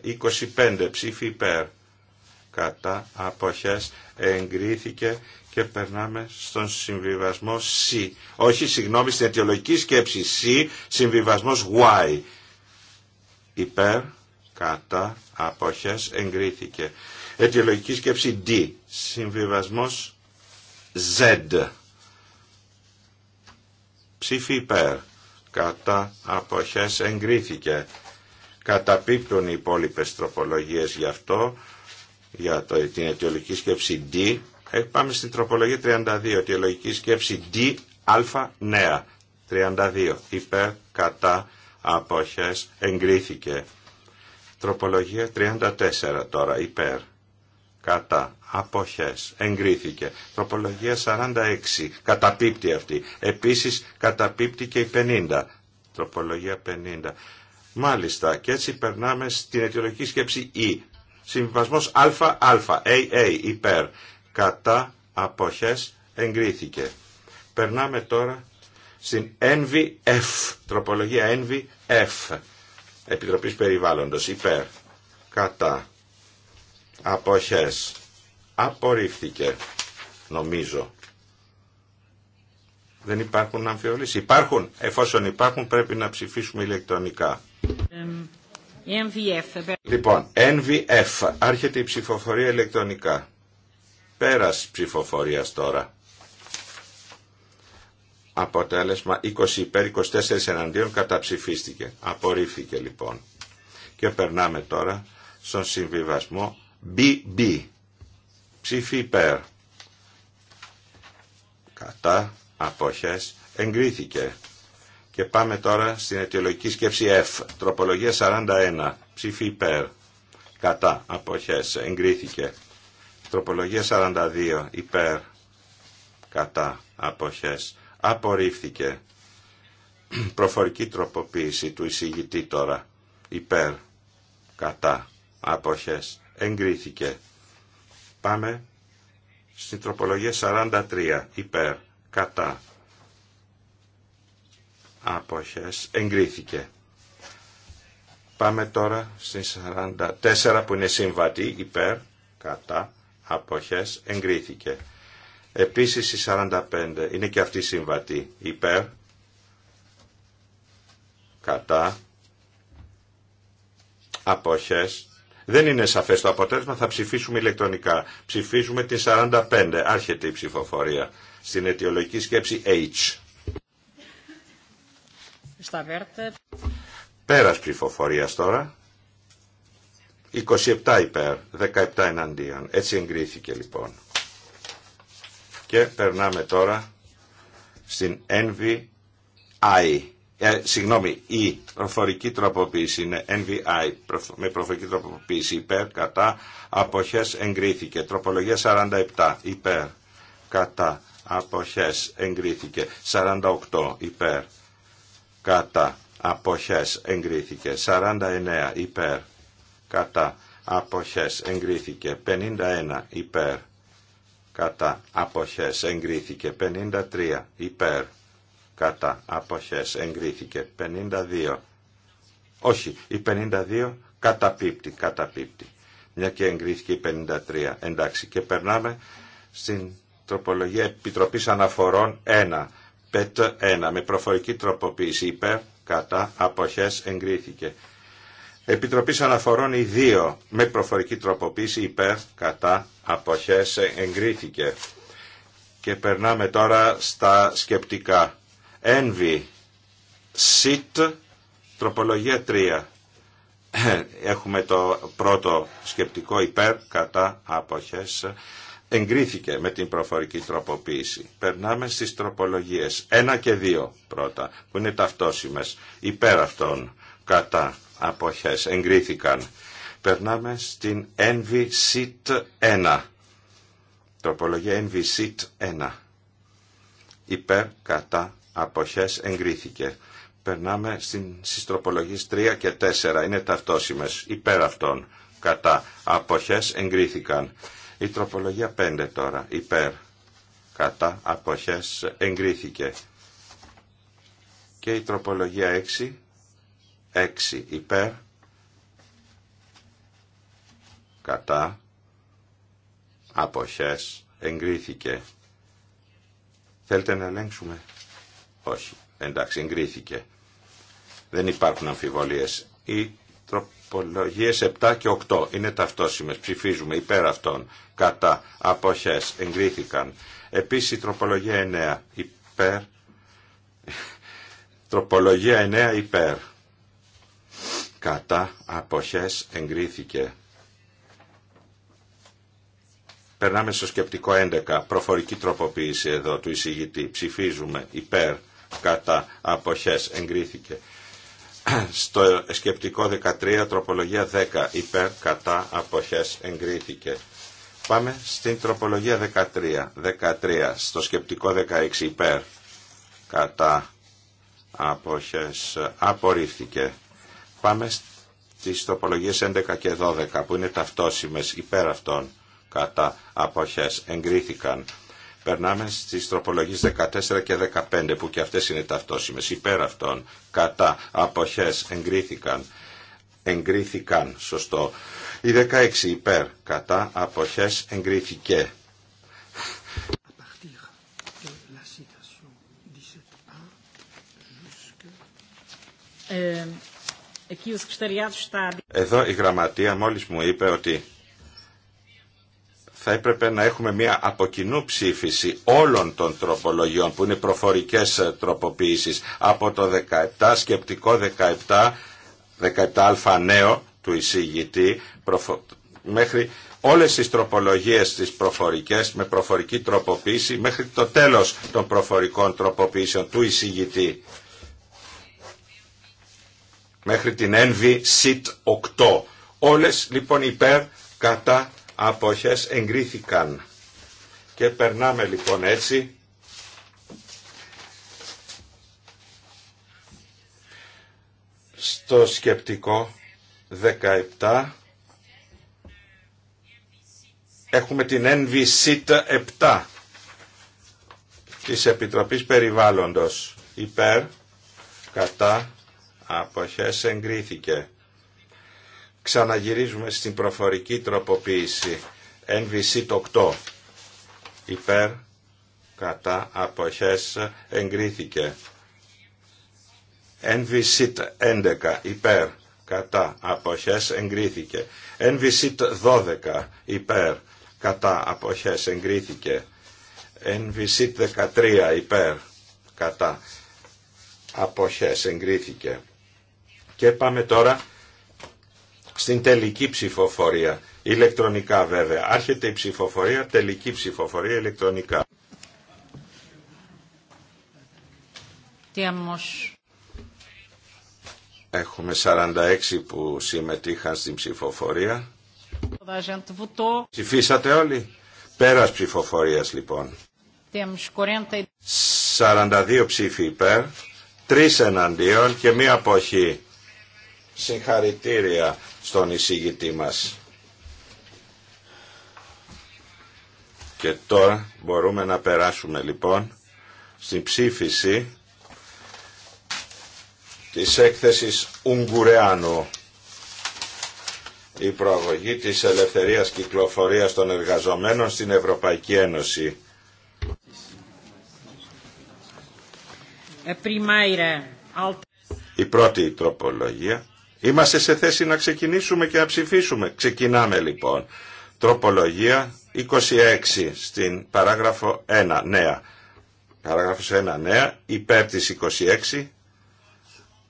25 ψήφι υπέρ, κατά, αποχές εγκρίθηκε και περνάμε στον συμβιβασμό C. Όχι, συγγνώμη, στην αιτιολογική σκέψη C, συμβιβασμός Y. Υπέρ, κατά, αποχές εγκρίθηκε. Αιτιολογική σκέψη D, συμβιβασμός Z. Ψήφι υπέρ. Κατά αποχές εγκρίθηκε. Καταπίπτουν οι υπόλοιπε τροπολογίες γι' αυτό, για το, την αιτιολογική σκέψη D. Ε, πάμε στην τροπολογία 32, αιτιολογική σκέψη D, α, νέα. 32, υπέρ, κατά, αποχές, εγκρίθηκε. Τροπολογία 34 τώρα, υπέρ, κατά, αποχές. Εγκρίθηκε. Τροπολογία 46. Καταπίπτει αυτή. Επίσης καταπίπτει και η 50. Τροπολογία 50. Μάλιστα. Και έτσι περνάμε στην αιτιολογική σκέψη Ι. E. Συμβασμός ΑΑ. AA. Υπέρ. Κατά αποχές. Εγκρίθηκε. Περνάμε τώρα στην NVF. Τροπολογία NVF. Επιτροπής Περιβάλλοντος. Υπέρ. Κατά. Αποχές απορρίφθηκε, νομίζω. Δεν υπάρχουν αμφιβολίες. Υπάρχουν. Εφόσον υπάρχουν πρέπει να ψηφίσουμε ηλεκτρονικά. Λοιπόν, NVF. Άρχεται η ψηφοφορία ηλεκτρονικά. Πέρας ψηφοφορίας τώρα. Αποτέλεσμα 20 υπέρ 24 εναντίον καταψηφίστηκε. Απορρίφθηκε λοιπόν. Και περνάμε τώρα στον συμβιβασμό BB. Ψήφι υπέρ. Κατά αποχές εγκρίθηκε. Και πάμε τώρα στην αιτιολογική σκέψη F. Τροπολογία 41. Ψήφι υπέρ. Κατά αποχές εγκρίθηκε. Τροπολογία 42. Υπέρ. Κατά αποχές απορρίφθηκε. Προφορική τροποποίηση του εισηγητή τώρα. Υπέρ. Κατά αποχές εγκρίθηκε. Πάμε στην τροπολογία 43 υπέρ κατά άποχες εγκρίθηκε. Πάμε τώρα στην 44 που είναι συμβατή υπέρ κατά άποχες εγκρίθηκε. Επίσης η 45 είναι και αυτή συμβατή υπέρ κατά αποχές δεν είναι σαφές το αποτέλεσμα, θα ψηφίσουμε ηλεκτρονικά. Ψηφίζουμε την 45, άρχεται η ψηφοφορία, στην αιτιολογική σκέψη H. Πέρα τώρα. 27 υπέρ, 17 εναντίον. Έτσι εγκρίθηκε λοιπόν. Και περνάμε τώρα στην NVI ε, συγγνώμη, η προφορική τροποποίηση είναι NVI, με προφορική τροποποίηση υπέρ, κατά, αποχές εγκρίθηκε. Τροπολογία 47, υπέρ, κατά, αποχές εγκρίθηκε. 48, υπέρ, κατά, αποχές εγκρίθηκε. 49, υπέρ, κατά, αποχές εγκρίθηκε. 51, υπέρ, κατά, αποχές εγκρίθηκε. 53, υπέρ, κατά αποχές εγκρίθηκε 52 όχι η 52 καταπίπτει καταπίπτει μια και εγκρίθηκε η 53 εντάξει και περνάμε στην τροπολογία Επιτροπής Αναφορών 1 ΠΕΤ 1 με προφορική τροποποίηση υπέρ κατά αποχές εγκρίθηκε Επιτροπής Αναφορών η 2 με προφορική τροποποίηση υπέρ κατά αποχές εγκρίθηκε και περνάμε τώρα στα σκεπτικά Envy, SIT, τροπολογία 3. Έχουμε το πρώτο σκεπτικό υπέρ κατά αποχές. Εγκρίθηκε με την προφορική τροποποίηση. Περνάμε στις τροπολογίες 1 και 2 πρώτα, που είναι ταυτόσιμες. Υπέρ αυτών κατά αποχές. Εγκρίθηκαν. Περνάμε στην Envy Sit 1. Τροπολογία Envy Sit 1. Υπέρ κατά αποχές εγκρίθηκε. Περνάμε στην συστροπολογής 3 και 4. Είναι ταυτόσιμες υπέρ αυτών. Κατά αποχές εγκρίθηκαν. Η τροπολογία 5 τώρα υπέρ. Κατά αποχές εγκρίθηκε. Και η τροπολογία 6. 6 υπέρ. Κατά αποχές εγκρίθηκε. Θέλετε να ελέγξουμε. Όχι. Εντάξει, εγκρίθηκε. Δεν υπάρχουν αμφιβολίες. Οι τροπολογίες 7 και 8 είναι ταυτόσιμες. Ψηφίζουμε υπέρ αυτών. Κατά αποχές εγκρίθηκαν. Επίση η τροπολογία 9 υπέρ. Τροπολογία 9 υπέρ. Κατά αποχές εγκρίθηκε. Περνάμε στο σκεπτικό 11. Προφορική τροποποίηση εδώ του εισηγητή. Ψηφίζουμε υπέρ κατά αποχές εγκρίθηκε. Στο σκεπτικό 13 τροπολογία 10 υπέρ κατά αποχές εγκρίθηκε. Πάμε στην τροπολογία 13. 13 στο σκεπτικό 16 υπέρ κατά αποχές απορρίφθηκε. Πάμε στις τροπολογίες 11 και 12 που είναι ταυτόσιμες υπέρ αυτών κατά αποχές εγκρίθηκαν. Περνάμε στις τροπολογίες 14 και 15 που και αυτές είναι ταυτόσιμες. Υπέρ αυτών, κατά, αποχές, εγκρίθηκαν. Εγκρίθηκαν, σωστό. Η 16 υπέρ, κατά, αποχές, εγκρίθηκε. Ε, Εδώ η γραμματεία μόλις μου είπε ότι θα έπρεπε να έχουμε μια αποκοινού ψήφιση όλων των τροπολογιών που είναι προφορικές ε, τροποποίησεις από το 17 σκεπτικό 17 17α νέο του εισηγητή μέχρι όλες τις τροπολογίες τις προφορικές με προφορική τροποποίηση μέχρι το τέλος των προφορικών τροποποίησεων του εισηγητή μέχρι την NV SIT 8 όλες λοιπόν υπέρ κατά αποχές εγκρίθηκαν. Και περνάμε λοιπόν έτσι στο σκεπτικό 17 έχουμε την NVC 7 της Επιτροπής Περιβάλλοντος υπέρ κατά αποχές εγκρίθηκε Ξαναγυρίζουμε στην προφορική τροποποίηση. NVC το 8. Υπέρ, κατά, αποχές, εγκρίθηκε. NVC 11. Υπέρ, κατά, αποχές, εγκρίθηκε. NVC 12. Υπέρ, κατά, αποχές, εγκρίθηκε. NVC 13. Υπέρ, κατά, αποχές, εγκρίθηκε. Και πάμε τώρα στην τελική ψηφοφορία. Ηλεκτρονικά βέβαια. Άρχεται η ψηφοφορία, τελική ψηφοφορία ηλεκτρονικά. Έχουμε 46 που συμμετείχαν στην ψηφοφορία. Ψηφίσατε όλοι. Πέρας ψηφοφορίας λοιπόν. 42 ψήφοι υπέρ, 3 εναντίον και μία αποχή. Συγχαρητήρια στον εισηγητή μας. Και τώρα μπορούμε να περάσουμε λοιπόν στην ψήφιση της έκθεσης Ουγγουρεάνου η προαγωγή της ελευθερίας κυκλοφορίας των εργαζομένων στην Ευρωπαϊκή Ένωση. Ε, η πρώτη τροπολογία Είμαστε σε θέση να ξεκινήσουμε και να ψηφίσουμε. Ξεκινάμε λοιπόν. Τροπολογία 26 στην παράγραφο 1 νέα. Παράγραφος 1 νέα υπέρ 26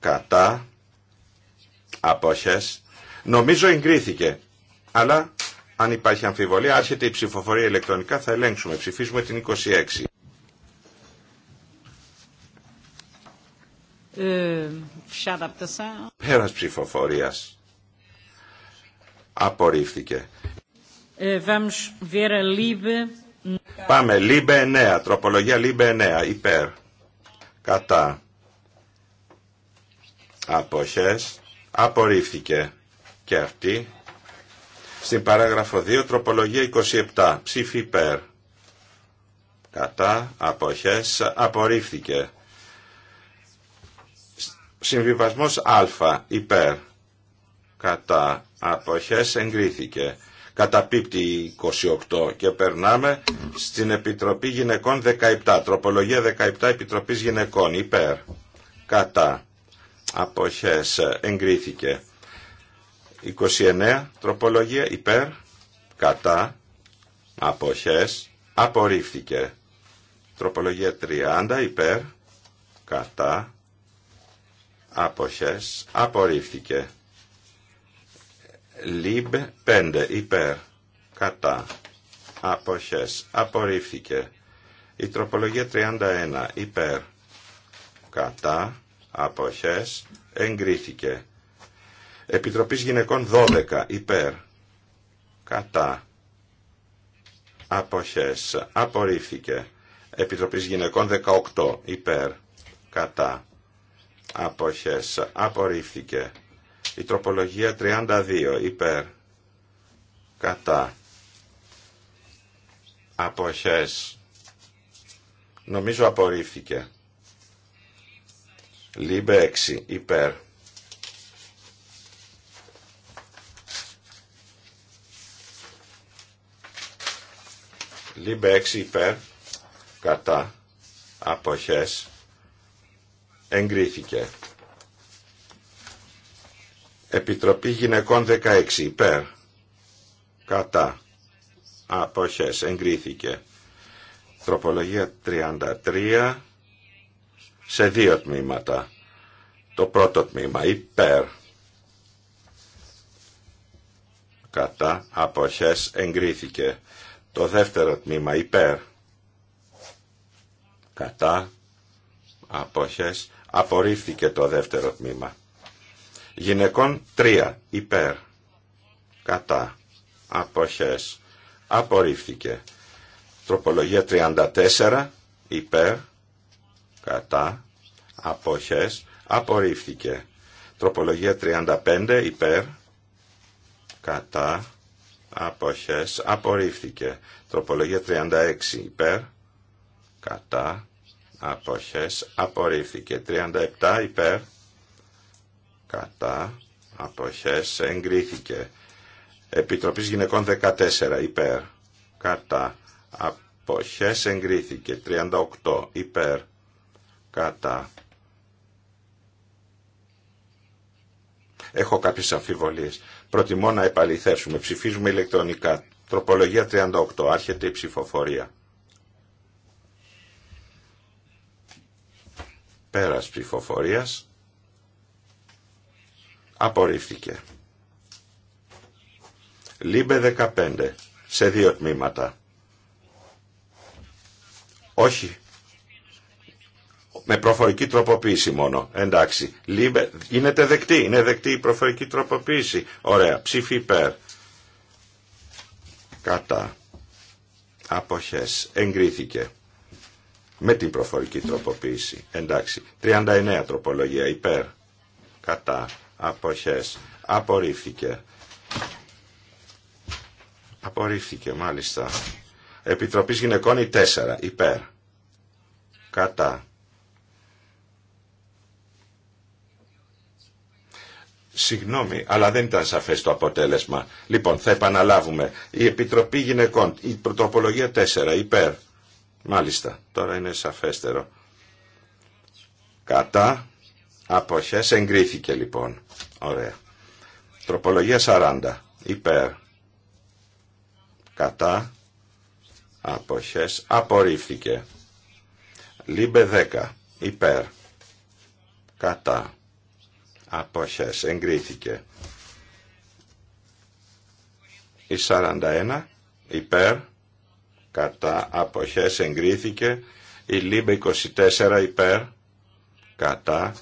κατά απόχες. Νομίζω εγκρίθηκε. Αλλά αν υπάρχει αμφιβολία άρχεται η ψηφοφορία ηλεκτρονικά θα ελέγξουμε. Ψηφίσουμε την 26. Shut up the sound. Πέρας ψηφοφορίας. Απορρίφθηκε. Ε, Πάμε, Λίμπε 9, τροπολογία Λίμπε 9, υπέρ, κατά, αποχές, απορρίφθηκε και αυτή. Στην παράγραφο 2, τροπολογία 27, ψήφι υπέρ, κατά, αποχές, απορρίφθηκε. Συμβιβασμός Α υπέρ κατά αποχές εγκρίθηκε. πίπτη 28 και περνάμε στην Επιτροπή Γυναικών 17. Τροπολογία 17 Επιτροπής Γυναικών υπέρ κατά αποχές εγκρίθηκε. 29 τροπολογία υπέρ κατά αποχές απορρίφθηκε. Τροπολογία 30 υπέρ κατά αποχές απορρίφθηκε. Λιμπ 5 υπέρ κατά αποχές απορρίφθηκε. Η τροπολογία 31 υπέρ κατά αποχές εγκρίθηκε. Επιτροπής γυναικών 12 υπέρ κατά αποχές απορρίφθηκε. Επιτροπής γυναικών 18 υπέρ κατά αποχές απορρίφθηκε η τροπολογία 32 υπέρ κατά αποχές νομίζω απορρίφθηκε λίμπε 6 υπέρ λίμπε 6 υπέρ κατά αποχές εγκρίθηκε. Επιτροπή Γυναικών 16 υπέρ κατά αποχές εγκρίθηκε. Τροπολογία 33 σε δύο τμήματα. Το πρώτο τμήμα υπέρ κατά αποχές εγκρίθηκε. Το δεύτερο τμήμα υπέρ κατά αποχές Απορρίφθηκε το δεύτερο τμήμα. Γυναικών 3 υπέρ. Κατά. Αποχές. Απορρίφθηκε. Τροπολογία 34 υπέρ. Κατά. Αποχές. Απορρίφθηκε. Τροπολογία 35 υπέρ. Κατά. Αποχές. Απορρίφθηκε. Τροπολογία 36 υπέρ. Κατά αποχές απορρίφθηκε 37 υπέρ κατά αποχές εγκρίθηκε Επιτροπής Γυναικών 14 υπέρ κατά αποχές εγκρίθηκε 38 υπέρ κατά Έχω κάποιες αμφιβολίες. Προτιμώ να επαληθεύσουμε. Ψηφίζουμε ηλεκτρονικά. Τροπολογία 38. Άρχεται η ψηφοφορία. Πέρας ψηφοφορίας. Απορρίφθηκε. Λίμπε 15. Σε δύο τμήματα. Όχι. Με προφορική τροποποίηση μόνο. Εντάξει. Λίμπε... Γίνεται δεκτή. Είναι δεκτή η προφορική τροποποίηση. Ωραία. Ψήφι υπέρ. Κατά. Αποχές. Εγκρίθηκε με την προφορική τροποποίηση. Εντάξει. 39 τροπολογία υπέρ. Κατά. Αποχές. Απορρίφθηκε. Απορρίφθηκε μάλιστα. Επιτροπής γυναικών η 4. Υπέρ. Κατά. Συγγνώμη, αλλά δεν ήταν σαφές το αποτέλεσμα. Λοιπόν, θα επαναλάβουμε. Η Επιτροπή Γυναικών, η Πρωτοπολογία 4, υπέρ Μάλιστα, τώρα είναι σαφέστερο. Κατά αποχές εγκρίθηκε λοιπόν. Ωραία. Τροπολογία 40. Υπέρ. Κατά αποχές απορρίφθηκε. Λίμπε 10. Υπέρ. Κατά αποχές εγκρίθηκε. Η 41. Υπέρ κατά αποχές εγκρίθηκε η Λίμπε 24 υπέρ κατά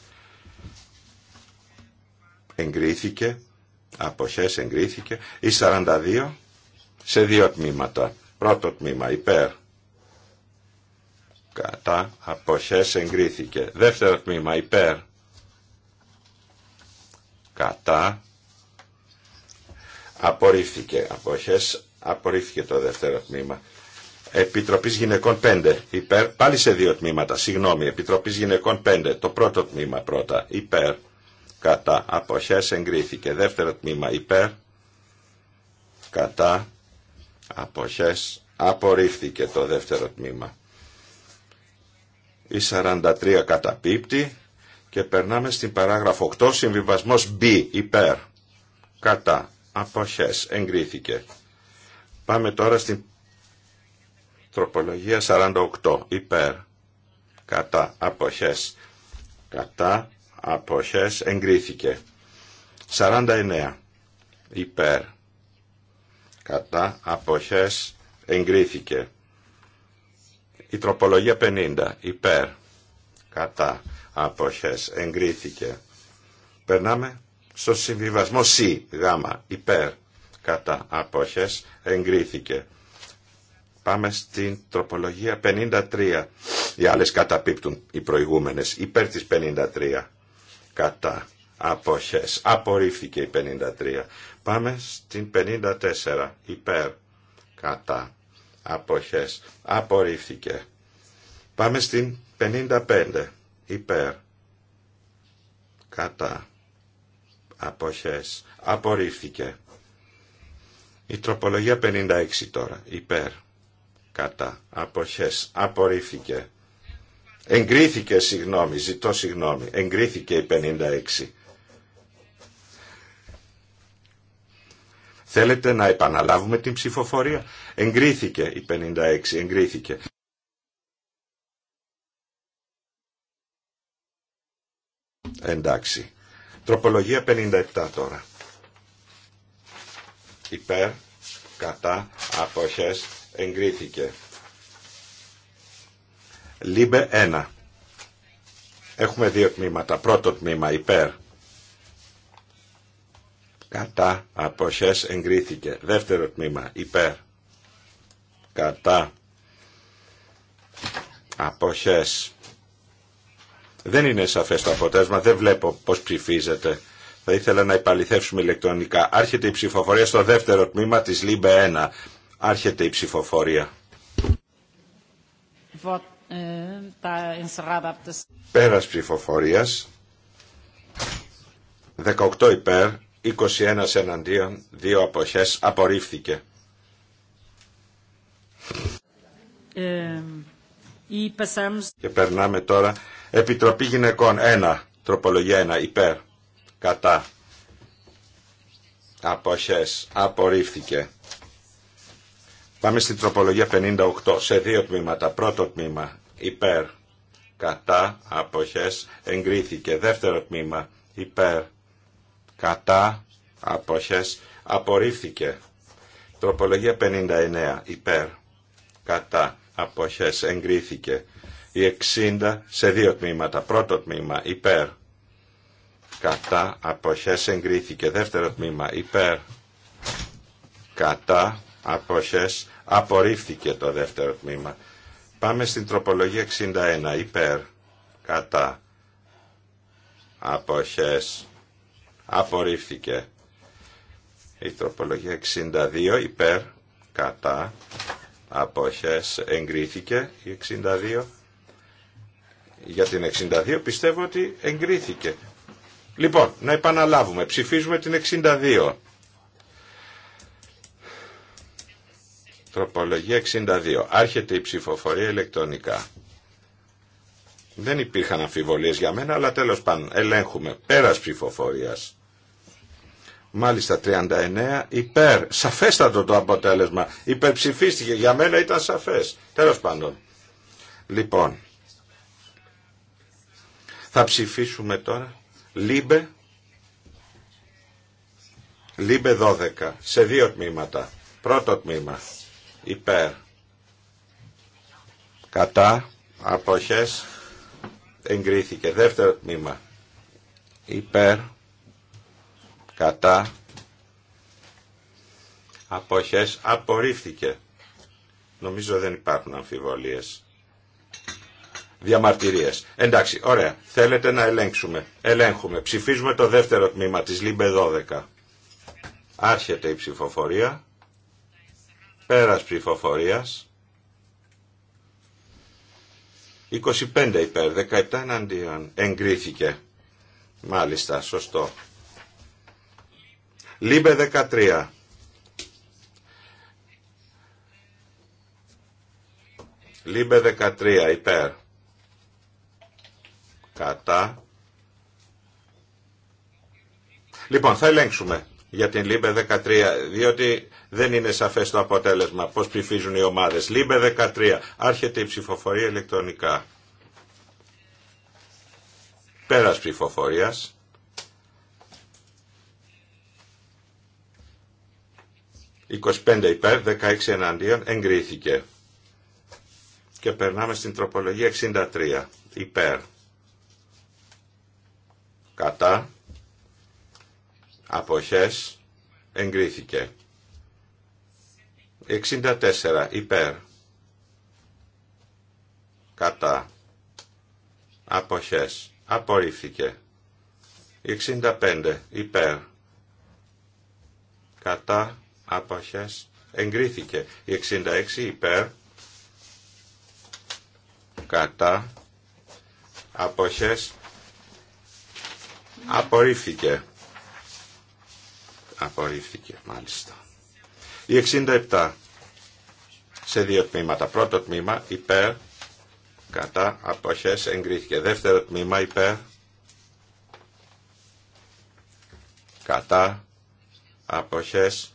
εγκρίθηκε αποχές εγκρίθηκε η 42 σε δύο τμήματα πρώτο τμήμα υπέρ κατά αποχές εγκρίθηκε δεύτερο τμήμα υπέρ κατά απορρίφθηκε αποχές απορρίφθηκε το δεύτερο τμήμα Επιτροπής Γυναικών 5 υπέρ, πάλι σε δύο τμήματα, συγγνώμη, Επιτροπής Γυναικών 5, το πρώτο τμήμα πρώτα, υπέρ, κατά, αποχές εγκρίθηκε, δεύτερο τμήμα υπέρ, κατά, αποχές, απορρίφθηκε το δεύτερο τμήμα. Η 43 καταπίπτει και περνάμε στην παράγραφο 8, συμβιβασμός B, υπέρ, κατά, αποχές, εγκρίθηκε. Πάμε τώρα στην Τροπολογία 48 υπέρ κατά αποχές κατά αποχές εγκρίθηκε 49 υπέρ κατά αποχές εγκρίθηκε η τροπολογία 50 υπέρ κατά αποχές εγκρίθηκε περνάμε στο συμβιβασμό C γάμα υπέρ κατά αποχές εγκρίθηκε Πάμε στην τροπολογία 53. Οι άλλες καταπίπτουν οι προηγούμενες. Υπέρ της 53. Κατά. Αποχές. Απορρίφθηκε η 53. Πάμε στην 54. Υπέρ. Κατά. Αποχές. Απορρίφθηκε. Πάμε στην 55. Υπέρ. Κατά. Αποχές. Απορρίφθηκε. Η τροπολογία 56 τώρα. Υπέρ κατά αποχές απορρίφθηκε εγκρίθηκε συγγνώμη ζητώ συγγνώμη εγκρίθηκε η 56 Θέλετε να επαναλάβουμε την ψηφοφορία. Εγκρίθηκε η 56, εγκρίθηκε. Εντάξει. Τροπολογία 57 τώρα. Υπέρ, κατά, αποχές, εγκρίθηκε. Λίμπε 1. Έχουμε δύο τμήματα. Πρώτο τμήμα υπέρ. Κατά αποχές εγκρίθηκε. Δεύτερο τμήμα υπέρ. Κατά αποχές. Δεν είναι σαφές το αποτέλεσμα. Δεν βλέπω πώς ψηφίζεται. Θα ήθελα να υπαλληθεύσουμε ηλεκτρονικά. Άρχεται η ψηφοφορία στο δεύτερο τμήμα της ΛΥΜΠΕ 1. Άρχεται η ψηφοφορία. Ε, Πέρας ψηφοφορίας. 18 υπέρ, 21 εναντίον, 2 αποχές, απορρίφθηκε. Ε, και περνάμε τώρα. Επιτροπή γυναικών 1, τροπολογία 1, υπέρ, κατά, αποχές, απορρίφθηκε. Πάμε στην τροπολογία 58 σε δύο τμήματα. Πρώτο τμήμα υπέρ κατά αποχές εγκρίθηκε. Δεύτερο τμήμα υπέρ κατά αποχές απορρίφθηκε. Τροπολογία 59 υπέρ κατά αποχές εγκρίθηκε. Η 60 σε δύο τμήματα. Πρώτο τμήμα υπέρ κατά αποχές εγκρίθηκε. Δεύτερο τμήμα υπέρ κατά αποχές Απορρίφθηκε το δεύτερο τμήμα. Πάμε στην τροπολογία 61. Υπέρ. Κατά. Αποχές. Απορρίφθηκε. Η τροπολογία 62. Υπέρ. Κατά. Αποχές. Εγκρίθηκε η 62. Για την 62 πιστεύω ότι εγκρίθηκε. Λοιπόν, να επαναλάβουμε. Ψηφίζουμε την 62. Τροπολογία 62. Άρχεται η ψηφοφορία ηλεκτρονικά. Δεν υπήρχαν αμφιβολίες για μένα, αλλά τέλος πάντων ελέγχουμε. Πέρας ψηφοφορίας. Μάλιστα 39 υπέρ. Σαφέστατο το αποτέλεσμα. Υπερψηφίστηκε. Για μένα ήταν σαφές. Τέλος πάντων. Λοιπόν. Θα ψηφίσουμε τώρα. Λίμπε. Λίμπε 12. Σε δύο τμήματα. Πρώτο τμήμα υπέρ κατά αποχές εγκρίθηκε δεύτερο τμήμα υπέρ κατά αποχές απορρίφθηκε νομίζω δεν υπάρχουν αμφιβολίες διαμαρτυρίες εντάξει ωραία θέλετε να ελέγξουμε ελέγχουμε ψηφίζουμε το δεύτερο τμήμα της ΛΥΜΠΕ 12 άρχεται η ψηφοφορία Πέρας ψηφοφορίας. 25 υπέρ, 17 εναντίον. Εγκρίθηκε. Μάλιστα, σωστό. Λίμπε 13. Λίμπε 13 υπέρ. Κατά. Λοιπόν, θα ελέγξουμε για την Λίμπε 13, διότι δεν είναι σαφές το αποτέλεσμα πώς ψηφίζουν οι ομάδες. Λίμπε 13, άρχεται η ψηφοφορία ηλεκτρονικά. Πέρας ψηφοφορίας. ...25 υπέρ, 16 εναντίον, εγκρίθηκε. Και περνάμε στην τροπολογία 63, υπέρ. Κατά αποχές εγκρίθηκε. 64 υπέρ κατά αποχές απορρίφθηκε. 65 υπέρ κατά αποχές εγκρίθηκε. 66 υπέρ κατά αποχές απορρίφθηκε απορρίφθηκε μάλιστα. Η 67 σε δύο τμήματα. Πρώτο τμήμα υπέρ κατά αποχές εγκρίθηκε. Δεύτερο τμήμα υπέρ κατά αποχές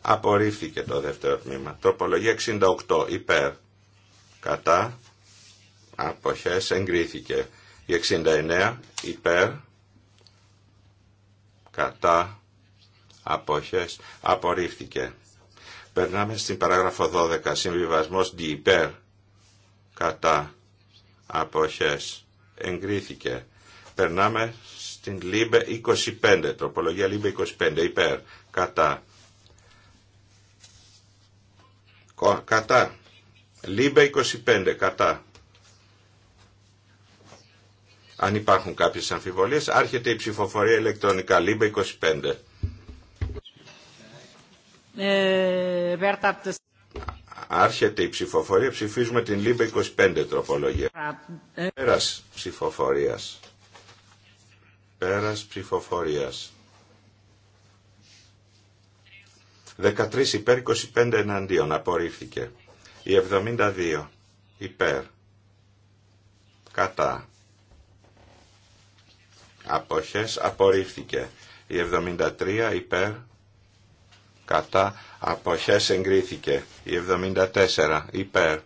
απορρίφθηκε το δεύτερο τμήμα. Τροπολογία 68 υπέρ κατά αποχές εγκρίθηκε. Η 69 υπέρ κατά αποχές απορρίφθηκε. Περνάμε στην παράγραφο 12. Συμβιβασμός δι υπέρ κατά αποχές εγκρίθηκε. Περνάμε στην ΛΥΜΠΕ 25, τροπολογία ΛΥΜΠΕ 25, υπέρ, κατά. Κατά. ΛΥΜΠΕ 25, κατά. Αν υπάρχουν κάποιες αμφιβολίες, άρχεται η ψηφοφορία ηλεκτρονικά. ΛΥΜΠΕ 25. Ε, Άρχεται η ψηφοφορία, ψηφίζουμε την ΛΥΜΠΕ 25 τροπολογία. Ε. Πέρας ψηφοφορίας. Πέρας ψηφοφορίας. 13 υπέρ 25 εναντίον απορρίφθηκε. Η 72 υπέρ. Κατά. Αποχές απορρίφθηκε. Η 73 υπέρ κατά αποχές εγκρίθηκε η 74 υπέρ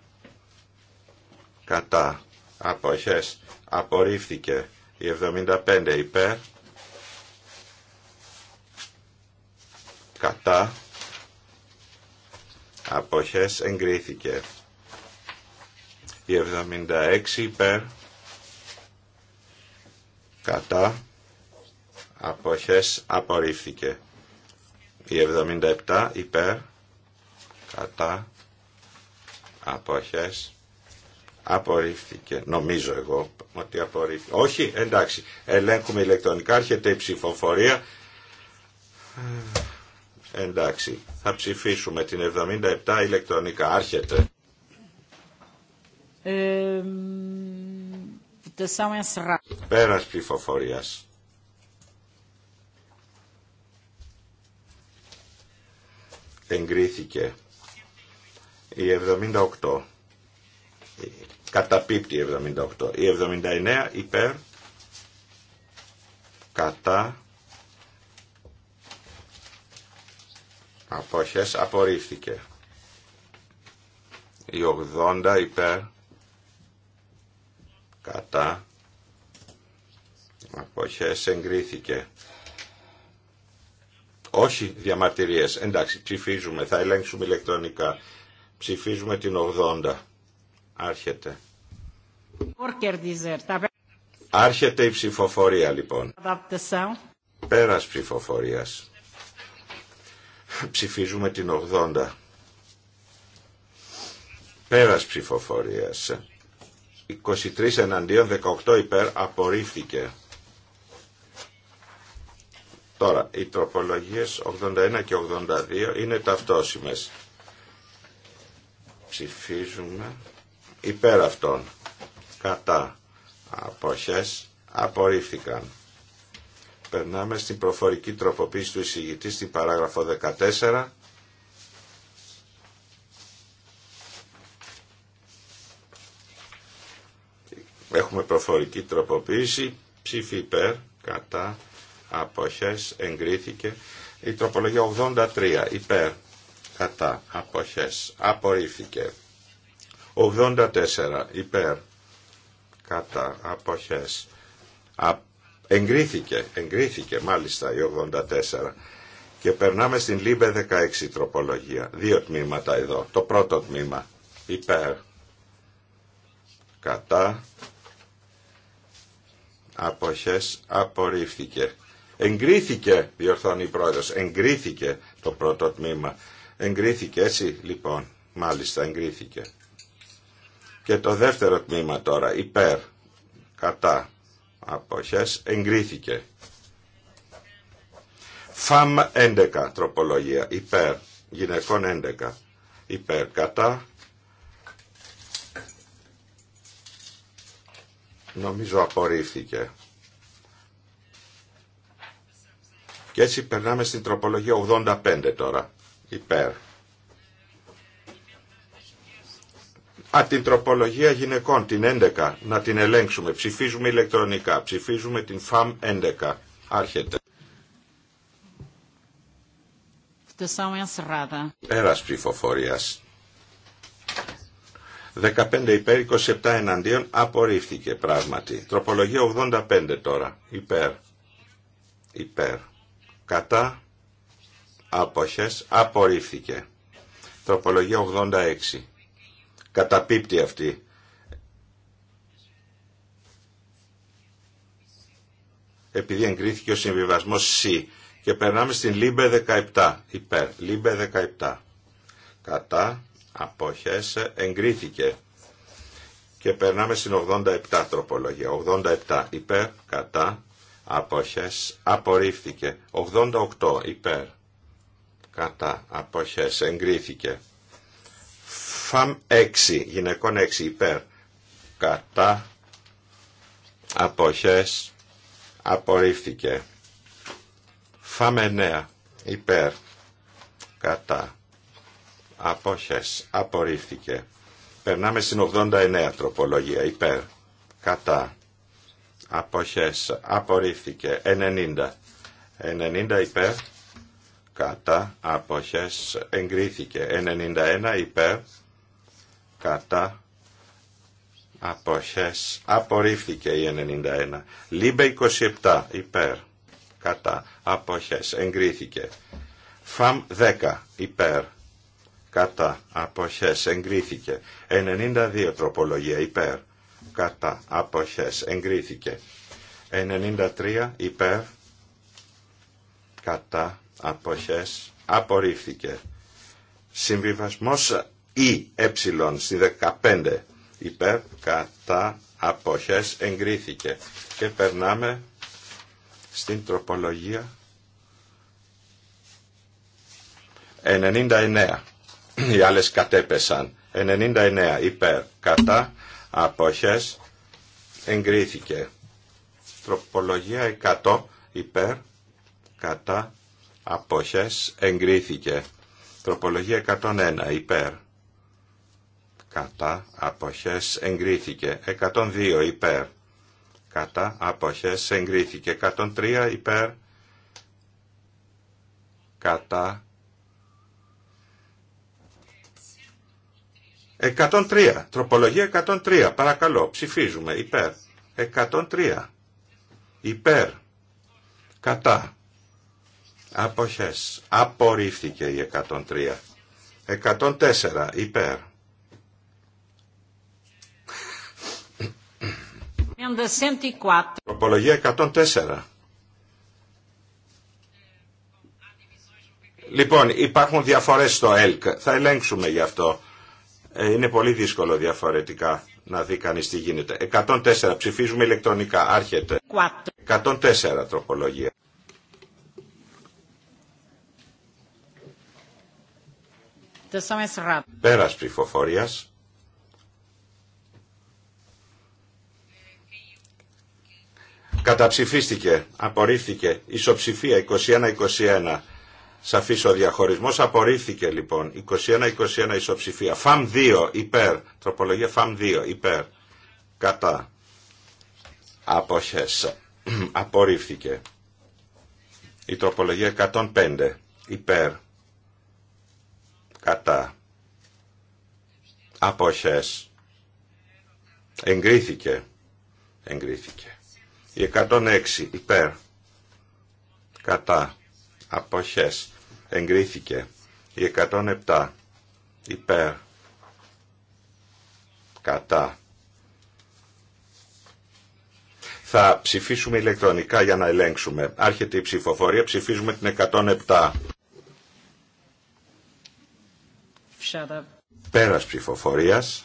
κατά αποχές απορρίφθηκε η 75 υπέρ κατά αποχές εγκρίθηκε η 76 υπέρ κατά αποχές απορρίφθηκε η 77 υπέρ κατά αποχές απορρίφθηκε. Νομίζω εγώ ότι απορρίφθηκε. Όχι, εντάξει. Ελέγχουμε ηλεκτρονικά, έρχεται η ψηφοφορία. Εντάξει, θα ψηφίσουμε την 77 ηλεκτρονικά. Άρχεται. Ε, Πέρας ψηφοφορίας. εγκρίθηκε η 78 καταπίπτει η 78 η 79 υπέρ κατά απόχες απορρίφθηκε η 80 υπέρ κατά απόχες εγκρίθηκε όχι διαμαρτυρίες. Εντάξει, ψηφίζουμε. Θα ελέγξουμε ηλεκτρονικά. Ψηφίζουμε την 80. Άρχεται. Άρχεται η ψηφοφορία λοιπόν. Πέρας ψηφοφορίας. Ψηφίζουμε την 80. Πέρας ψηφοφορίας. 23 εναντίον 18 υπέρ απορρίφθηκε. Τώρα, οι τροπολογίες 81 και 82 είναι ταυτόσιμες. Ψηφίζουμε υπέρ αυτών. Κατά αποχές απορρίφθηκαν. Περνάμε στην προφορική τροποποίηση του εισηγητή στην παράγραφο 14. Έχουμε προφορική τροποποίηση, ψήφι υπέρ, κατά, αποχές εγκρίθηκε. Η τροπολογία 83 υπέρ κατά αποχές απορρίφθηκε. 84 υπέρ κατά αποχές Α, εγκρίθηκε, εγκρίθηκε μάλιστα η 84 και περνάμε στην Λίμπε 16 τροπολογία. Δύο τμήματα εδώ. Το πρώτο τμήμα υπέρ κατά αποχές απορρίφθηκε. Εγκρίθηκε, διορθώνει η πρόεδρος, εγκρίθηκε το πρώτο τμήμα. Εγκρίθηκε έτσι λοιπόν, μάλιστα εγκρίθηκε. Και το δεύτερο τμήμα τώρα, υπέρ, κατά, αποχές, εγκρίθηκε. ΦΑΜ 11 τροπολογία, υπέρ, γυναικών 11, υπέρ, κατά, νομίζω απορρίφθηκε. Και έτσι περνάμε στην τροπολογία 85 τώρα. Υπέρ. Α, την τροπολογία γυναικών, την 11, να την ελέγξουμε. Ψηφίζουμε ηλεκτρονικά. Ψηφίζουμε την ΦΑΜ 11. Άρχεται. Πέρας ψηφοφορία. 15 υπέρ, 27 εναντίον, απορρίφθηκε πράγματι. Τροπολογία 85 τώρα. Υπέρ. Υπέρ κατά άποχες απορρίφθηκε. Τροπολογία 86. Καταπίπτει αυτή. Επειδή εγκρίθηκε ο συμβιβασμός C. Και περνάμε στην Λίμπε 17. Υπέρ. Λίμπε 17. Κατά αποχές εγκρίθηκε. Και περνάμε στην 87 τροπολογία. 87 υπέρ, κατά, αποχές απορρίφθηκε 88 υπέρ κατά αποχές εγκρίθηκε φαμ 6 γυναικών 6 υπέρ κατά αποχές απορρίφθηκε φαμ 9 υπέρ κατά αποχές απορρίφθηκε περνάμε στην 89 τροπολογία υπέρ κατά αποχές απορρίφθηκε 90 90 υπέρ κατά αποχές εγκρίθηκε 91 υπέρ κατά αποχές απορρίφθηκε η 91 λίμπε 27 υπέρ κατά αποχές εγκρίθηκε φαμ 10 υπέρ κατά αποχές εγκρίθηκε 92 τροπολογία υπέρ κατά αποχές εγκρίθηκε 93 υπέρ κατά αποχές απορρίφθηκε συμβιβασμός ή ε στη 15 υπέρ κατά αποχές εγκρίθηκε και περνάμε στην τροπολογία 99 οι άλλες κατέπεσαν 99 υπέρ κατά αποχές εγκρίθηκε. Τροπολογία 100 υπέρ κατά αποχές εγκρίθηκε. Τροπολογία 101 υπέρ κατά αποχές εγκρίθηκε. 102 υπέρ κατά αποχές εγκρίθηκε. 103 υπέρ κατά 103. Τροπολογία 103. Παρακαλώ, ψηφίζουμε. Υπέρ. 103. Υπέρ. Κατά. Αποχές. Απορρίφθηκε η 103. 104. Υπέρ. Τροπολογία 104. Λοιπόν, υπάρχουν διαφορές στο ΕΛΚ. Θα ελέγξουμε γι' αυτό. Ε, είναι πολύ δύσκολο διαφορετικά να δει κανείς τι γίνεται. 104 ψηφίζουμε ηλεκτρονικά. Άρχεται. 104 τροπολογία. Πέρας ψηφοφορίας. Καταψηφίστηκε, απορρίφθηκε, ισοψηφία 21-21. Σαφής ο διαχωρισμός απορρίφθηκε λοιπόν. 21-21 ισοψηφία. ΦΑΜ 2 υπέρ. Τροπολογία ΦΑΜ 2 υπέρ. Κατά. Αποχές. απορρίφθηκε. Η τροπολογία 105 υπέρ. Κατά. Αποχές. Εγκρίθηκε. Εγκρίθηκε. Η 106 υπέρ. Κατά. Αποχές εγκρίθηκε. Η 107 υπέρ κατά. Θα ψηφίσουμε ηλεκτρονικά για να ελέγξουμε. Άρχεται η ψηφοφορία, ψηφίζουμε την 107. Πέρας ψηφοφορίας.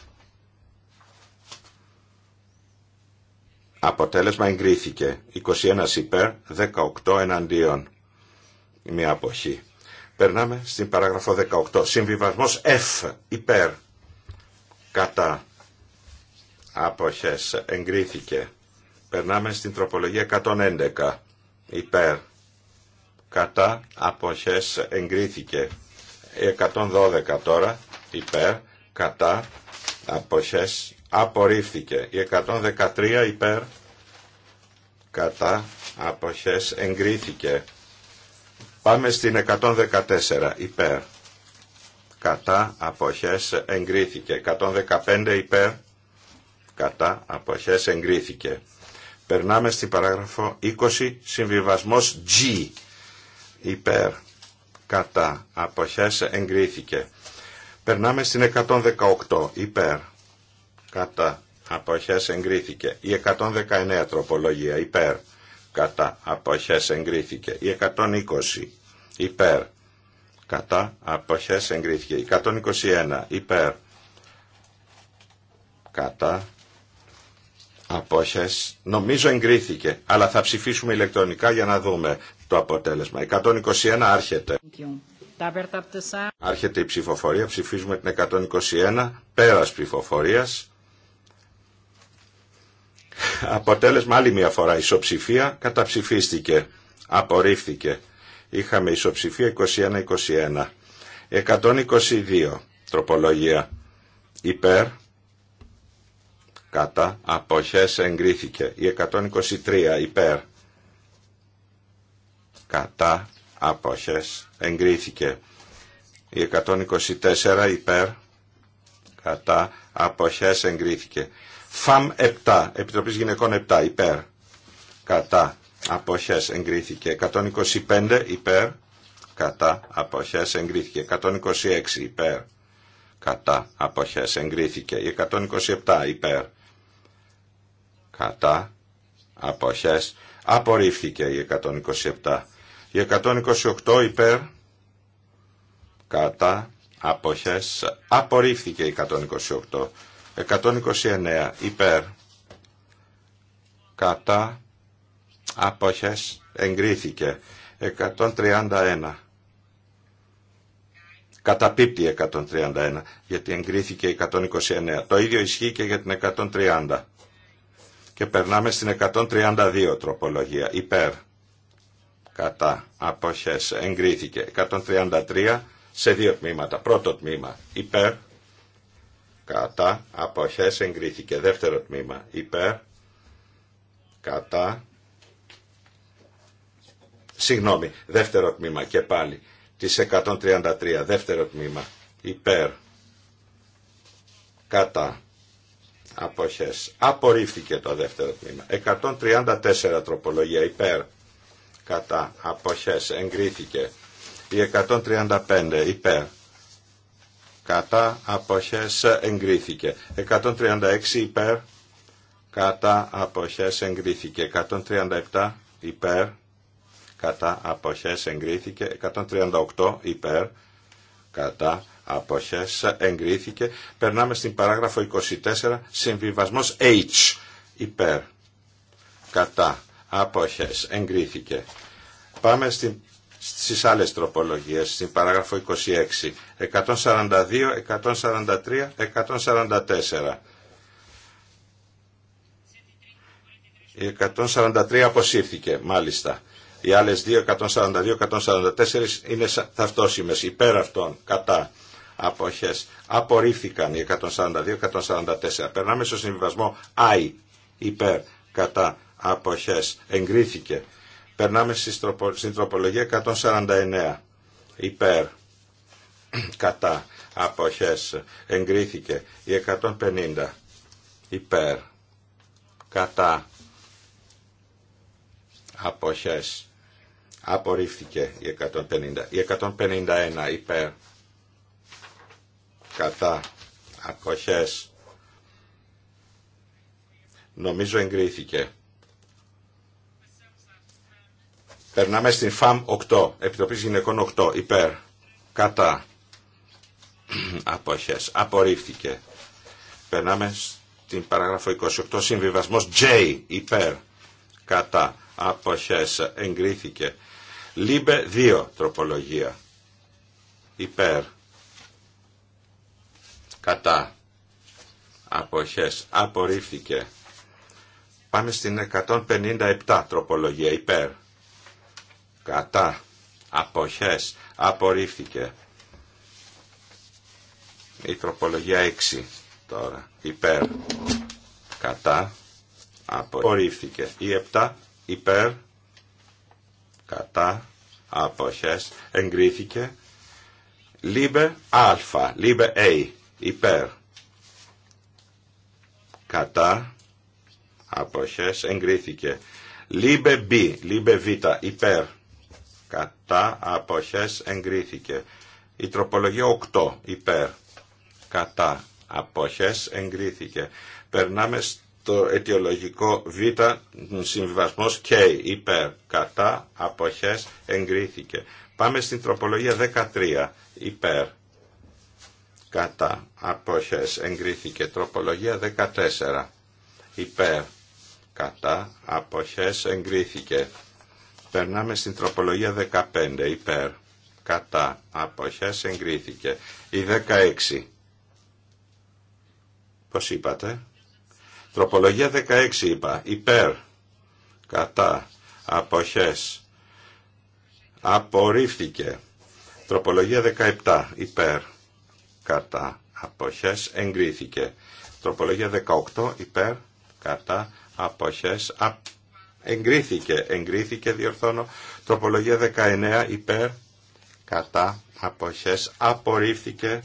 Αποτέλεσμα εγκρίθηκε. 21 υπέρ, 18 εναντίον. Μια αποχή. Περνάμε στην παράγραφο 18. Συμβιβασμός F υπέρ κατά αποχές εγκρίθηκε. Περνάμε στην τροπολογία 111 υπέρ κατά αποχές εγκρίθηκε. 112 τώρα υπέρ κατά αποχές απορρίφθηκε. Η 113 υπέρ κατά αποχές εγκρίθηκε. Πάμε στην 114 υπέρ. Κατά αποχές εγκρίθηκε. 115 υπέρ. Κατά αποχές εγκρίθηκε. Περνάμε στην παράγραφο 20 συμβιβασμός G υπέρ. Κατά αποχές εγκρίθηκε. Περνάμε στην 118 υπέρ. Κατά αποχές εγκρίθηκε. Η 119 τροπολογία υπέρ κατά αποχές εγκρίθηκε. Η 120 υπέρ κατά αποχές εγκρίθηκε. Η 121 υπέρ κατά αποχές νομίζω εγκρίθηκε αλλά θα ψηφίσουμε ηλεκτρονικά για να δούμε το αποτέλεσμα. Η 121 άρχεται. Άρχεται η ψηφοφορία, ψηφίζουμε την 121 πέρας ψηφοφορίας. Αποτέλεσμα άλλη μια φορά ισοψηφία καταψηφίστηκε, απορρίφθηκε. Είχαμε ισοψηφία 21-21. 122 τροπολογία υπέρ, κατά, αποχές εγκρίθηκε. Η 123 υπέρ, κατά, αποχές εγκρίθηκε. Η 124 υπέρ, κατά, αποχές εγκρίθηκε. ΦΑΜ 7, Επιτροπής Γυναικών 7, υπέρ, κατά, αποχές εγκρίθηκε. 125 υπέρ, κατά, αποχές εγκρίθηκε. 126 υπέρ, κατά, αποχές εγκρίθηκε. 127 υπέρ, κατά, αποχές απορρίφθηκε η 127. Η 128 υπέρ, κατά, αποχές απορρίφθηκε η 128. 129 υπέρ κατά άποχες εγκρίθηκε 131 καταπίπτει 131 γιατί εγκρίθηκε 129 το ίδιο ισχύει και για την 130 και περνάμε στην 132 τροπολογία υπέρ κατά αποχές εγκρίθηκε 133 σε δύο τμήματα πρώτο τμήμα υπέρ κατά, αποχές εγκρίθηκε. Δεύτερο τμήμα, υπέρ, κατά, συγγνώμη, δεύτερο τμήμα και πάλι, της 133, δεύτερο τμήμα, υπέρ, κατά, αποχές. Απορρίφθηκε το δεύτερο τμήμα. 134 τροπολογία υπέρ, κατά, αποχές, εγκρίθηκε. Η 135 υπέρ, κατά αποχές εγκρίθηκε. 136 υπέρ κατά αποχές εγκρίθηκε. 137 υπέρ κατά αποχές εγκρίθηκε. 138 υπέρ κατά αποχές εγκρίθηκε. Περνάμε στην παράγραφο 24 συμβιβασμός H υπέρ κατά αποχές εγκρίθηκε. Πάμε στην στις άλλες τροπολογίες, στην παράγραφο 26, 142, 143, 144. Η 143 αποσύρθηκε, μάλιστα. Οι άλλες 2, 142, 144 είναι ταυτόσιμες, υπέρ αυτών, κατά αποχές. Απορρίφθηκαν οι 142, 144. Περνάμε στο συμβιβασμό I, υπέρ, κατά αποχές. Εγκρίθηκε. Περνάμε στην τροπολογία 149. Υπέρ. Κατά. Αποχές. Εγκρίθηκε. Η 150. Υπέρ. Κατά. Αποχές. Απορρίφθηκε η 150. Η 151. Υπέρ. Κατά. Αποχές. Νομίζω εγκρίθηκε. Περνάμε στην ΦΑΜ 8, Επιτροπής Γυναικών 8, υπέρ, κατά, αποχές, απορρίφθηκε. Περνάμε στην παράγραφο 28, συμβιβασμός J, υπέρ, κατά, αποχές, εγκρίθηκε. Λίμπε 2, τροπολογία, υπέρ, κατά, αποχές, απορρίφθηκε. Πάμε στην 157 τροπολογία, υπέρ, κατά αποχές απορρίφθηκε η τροπολογία 6 τώρα υπέρ κατά απορρίφθηκε η 7 υπέρ κατά αποχές εγκρίθηκε λίμπε α λίμπε α υπέρ κατά αποχές εγκρίθηκε λίμπε β λίμπε β υπέρ κατά αποχές εγκρίθηκε. Η τροπολογία 8 υπέρ κατά αποχές εγκρίθηκε. Περνάμε στο αιτιολογικό β συμβιβασμός K υπέρ κατά αποχές εγκρίθηκε. Πάμε στην τροπολογία 13 υπέρ κατά αποχές εγκρίθηκε. Τροπολογία 14 υπέρ κατά αποχές εγκρίθηκε. Περνάμε στην τροπολογία 15 υπέρ. Κατά. Αποχές εγκρίθηκε. Η 16. Πώς είπατε. Τροπολογία 16 είπα. Υπέρ. Κατά. Αποχές. Απορρίφθηκε. Τροπολογία 17. Υπέρ. Κατά. Αποχές εγκρίθηκε. Τροπολογία 18. Υπέρ. Κατά. Αποχές. Απορρίφθηκε Εγκρίθηκε, εγκρίθηκε διορθώνω. Τροπολογία 19 υπέρ, κατά, αποχές, απορρίφθηκε.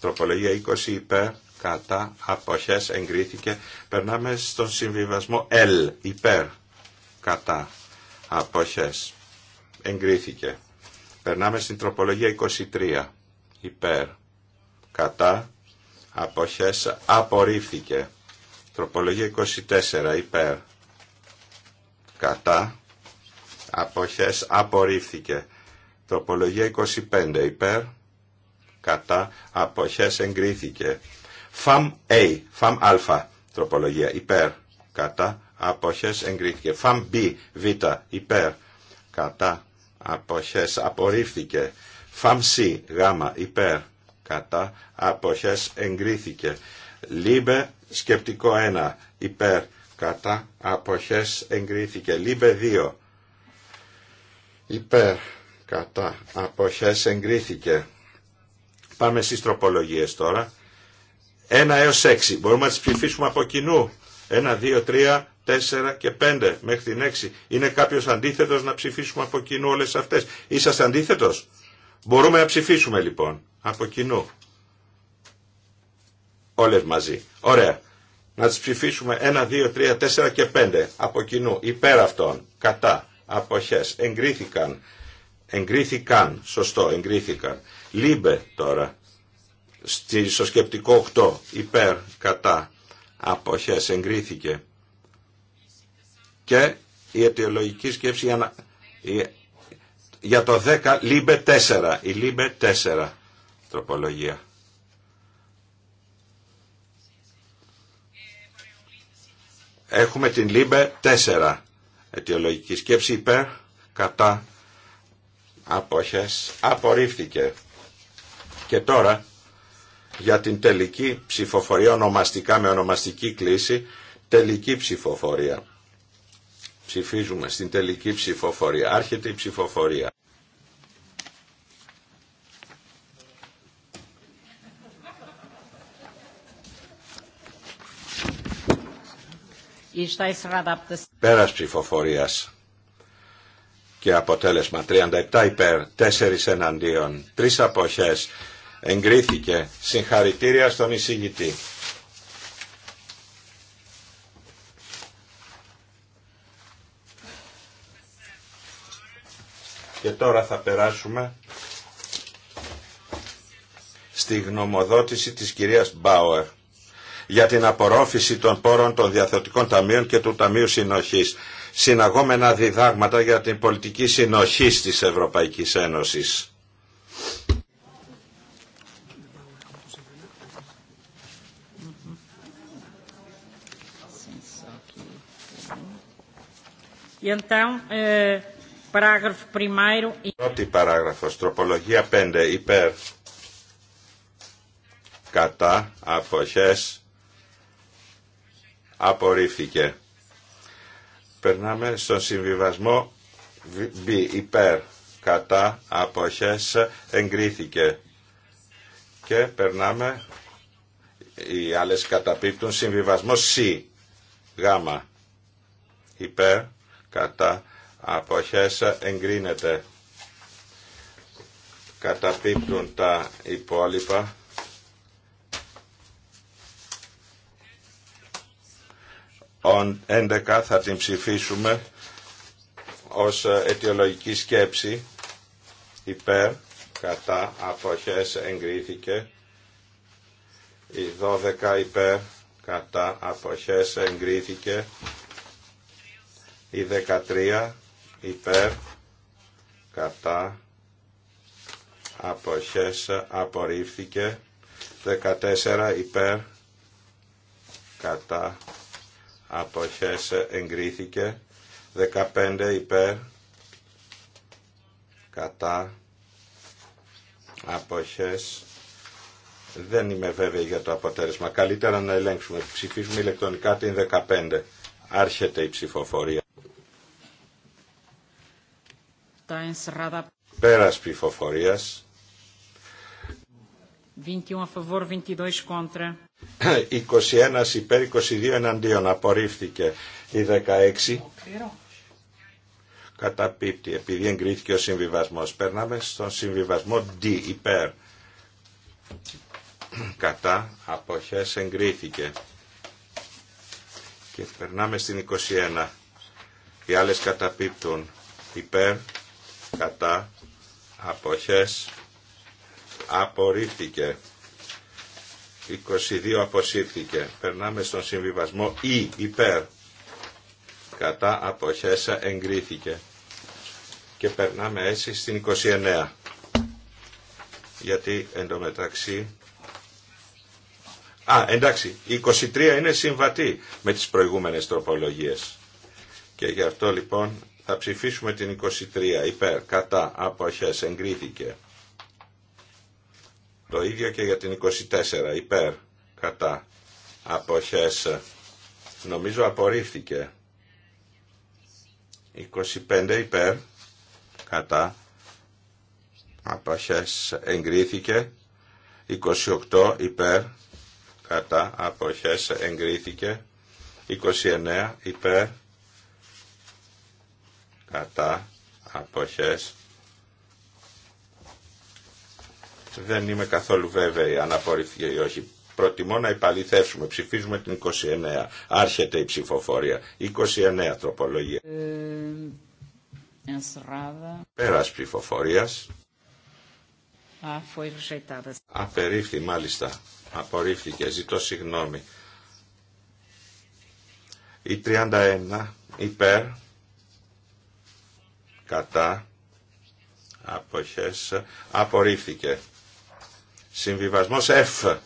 Τροπολογία 20 υπέρ, κατά, αποχές, εγκρίθηκε. Περνάμε στον συμβιβασμό L, υπέρ, κατά, αποχές, εγκρίθηκε. Περνάμε στην τροπολογία 23, υπέρ, κατά, αποχές, απορρίφθηκε. Τροπολογία 24, υπέρ, κατά, αποχές απορρίφθηκε. Τροπολογία 25 υπέρ, κατά, αποχές εγκρίθηκε. Φαμ A, φαμ α, τροπολογία υπέρ, κατά, αποχές εγκρίθηκε. Φαμ B, β, υπέρ, κατά, αποχές απορρίφθηκε. Φαμ C, γ, υπέρ, κατά, αποχές εγκρίθηκε. Λίμπε, σκεπτικό 1, υπέρ, κατά αποχές εγκρίθηκε. Λίμπε 2 υπέρ κατά αποχές εγκρίθηκε. Πάμε στις τροπολογίες τώρα. 1 έως 6. Μπορούμε να τις ψηφίσουμε από κοινού. 1, 2, 3, 4 και 5 μέχρι την 6. Είναι κάποιος αντίθετος να ψηφίσουμε από κοινού όλες αυτές. Είσαστε αντίθετος. Μπορούμε να ψηφίσουμε λοιπόν από κοινού. Όλες μαζί. Ωραία. Να τις ψηφίσουμε 1, 2, 3, 4 και 5 από κοινού υπέρ αυτών, κατά, αποχές, εγκρίθηκαν, εγκρίθηκαν, σωστό, εγκρίθηκαν. Λίμπε τώρα, στο σκεπτικό 8, υπέρ, κατά, αποχές, εγκρίθηκε. Και η αιτιολογική σκέψη για, για το 10, λίμπε 4, η λίμπε 4 τροπολογία. Έχουμε την ΛΥΜΠΕ 4. Αιτιολογική σκέψη υπέρ, κατά, αποχές, απορρίφθηκε. Και τώρα, για την τελική ψηφοφορία ονομαστικά με ονομαστική κλίση, τελική ψηφοφορία. Ψηφίζουμε στην τελική ψηφοφορία. Άρχεται η ψηφοφορία. Πέρας ψηφοφορίας και αποτέλεσμα 37 υπέρ, 4 εναντίον, 3 αποχές. Εγκρίθηκε. Συγχαρητήρια στον εισηγητή. Και τώρα θα περάσουμε στη γνωμοδότηση της κυρίας Μπάουερ για την απορρόφηση των πόρων των διαθετικών ταμείων και του Ταμείου Συνοχής. Συναγόμενα διδάγματα για την πολιτική συνοχή της Ευρωπαϊκής Ένωσης. E então, eh, parágrafo primeiro... E- Πρώτη παράγραφος, τροπολογία 5, υπέρ, κατά, αποχές, απορρίφθηκε. Περνάμε στον συμβιβασμό B υπέρ κατά αποχές εγκρίθηκε. Και περνάμε, οι άλλες καταπίπτουν, συμβιβασμό C γάμα υπέρ κατά αποχές εγκρίνεται. Καταπίπτουν τα υπόλοιπα 11 θα την ψηφίσουμε ως ε, αιτιολογική σκέψη υπέρ, κατά, αποχές εγκρίθηκε η 12 υπέρ, κατά, αποχές εγκρίθηκε η 13 υπέρ, κατά, αποχές απορρίφθηκε 14 υπέρ, κατά, αποχές εγκρίθηκε 15 υπέρ κατά αποχές δεν είμαι βέβαιη για το αποτέλεσμα καλύτερα να ελέγξουμε ψηφίζουμε ηλεκτρονικά την 15 άρχεται η ψηφοφορία πέρας ψηφοφορίας 21 a 22 κόντρα. 21 υπέρ 22 εναντίον απορρίφθηκε η 16 καταπίπτει επειδή εγκρίθηκε ο συμβιβασμός περνάμε στον συμβιβασμό D υπέρ κατά αποχές εγκρίθηκε και περνάμε στην 21 οι άλλες καταπίπτουν υπέρ κατά αποχές απορρίφθηκε 22 αποσύρθηκε. Περνάμε στον συμβιβασμό Ή υπέρ. Κατά αποχέσα εγκρίθηκε. Και περνάμε έτσι στην 29. Γιατί εντωμεταξύ... Α, εντάξει, η 23 είναι συμβατή με τις προηγούμενες τροπολογίες. Και γι' αυτό λοιπόν θα ψηφίσουμε την 23 υπέρ, κατά, αποχές, εγκρίθηκε. Το ίδιο και για την 24 υπέρ κατά αποχές. Νομίζω απορρίφθηκε. 25 υπέρ κατά αποχές εγκρίθηκε. 28 υπέρ κατά αποχές εγκρίθηκε. 29 υπέρ κατά αποχές Δεν είμαι καθόλου βέβαιη αν απορρίφθηκε ή όχι. Προτιμώ να υπαλληθεύσουμε. Ψηφίζουμε την 29. Άρχεται η ψηφοφορία. 29 τροπολογία. Ε, Πέρας ψηφοφορίας. Απερίφθη μάλιστα. Απορρίφθηκε. Ζητώ συγγνώμη. Η 31 υπέρ κατά αποχές απορρίφθηκε. Συμβιβασμός F.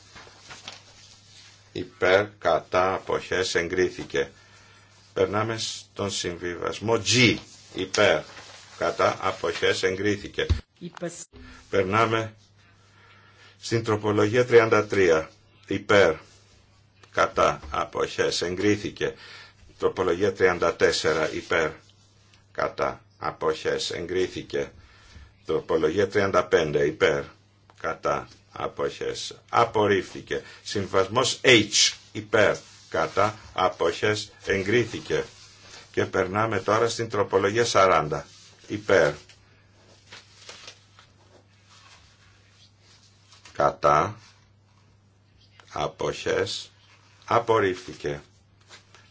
Υπέρ, κατά, αποχές, εγκρίθηκε. Περνάμε στον συμβιβασμό G. Υπέρ, κατά, αποχές, εγκρίθηκε. Περνάμε στην τροπολογία 33. Υπέρ, κατά, αποχές, εγκρίθηκε. Τροπολογία 34. Υπέρ, κατά, αποχές, εγκρίθηκε. Τροπολογία 35. Υπέρ, κατά, αποχές απορρίφθηκε. Συμφασμός H υπέρ κατά αποχές εγκρίθηκε. Και περνάμε τώρα στην τροπολογία 40 υπέρ κατά αποχές απορρίφθηκε.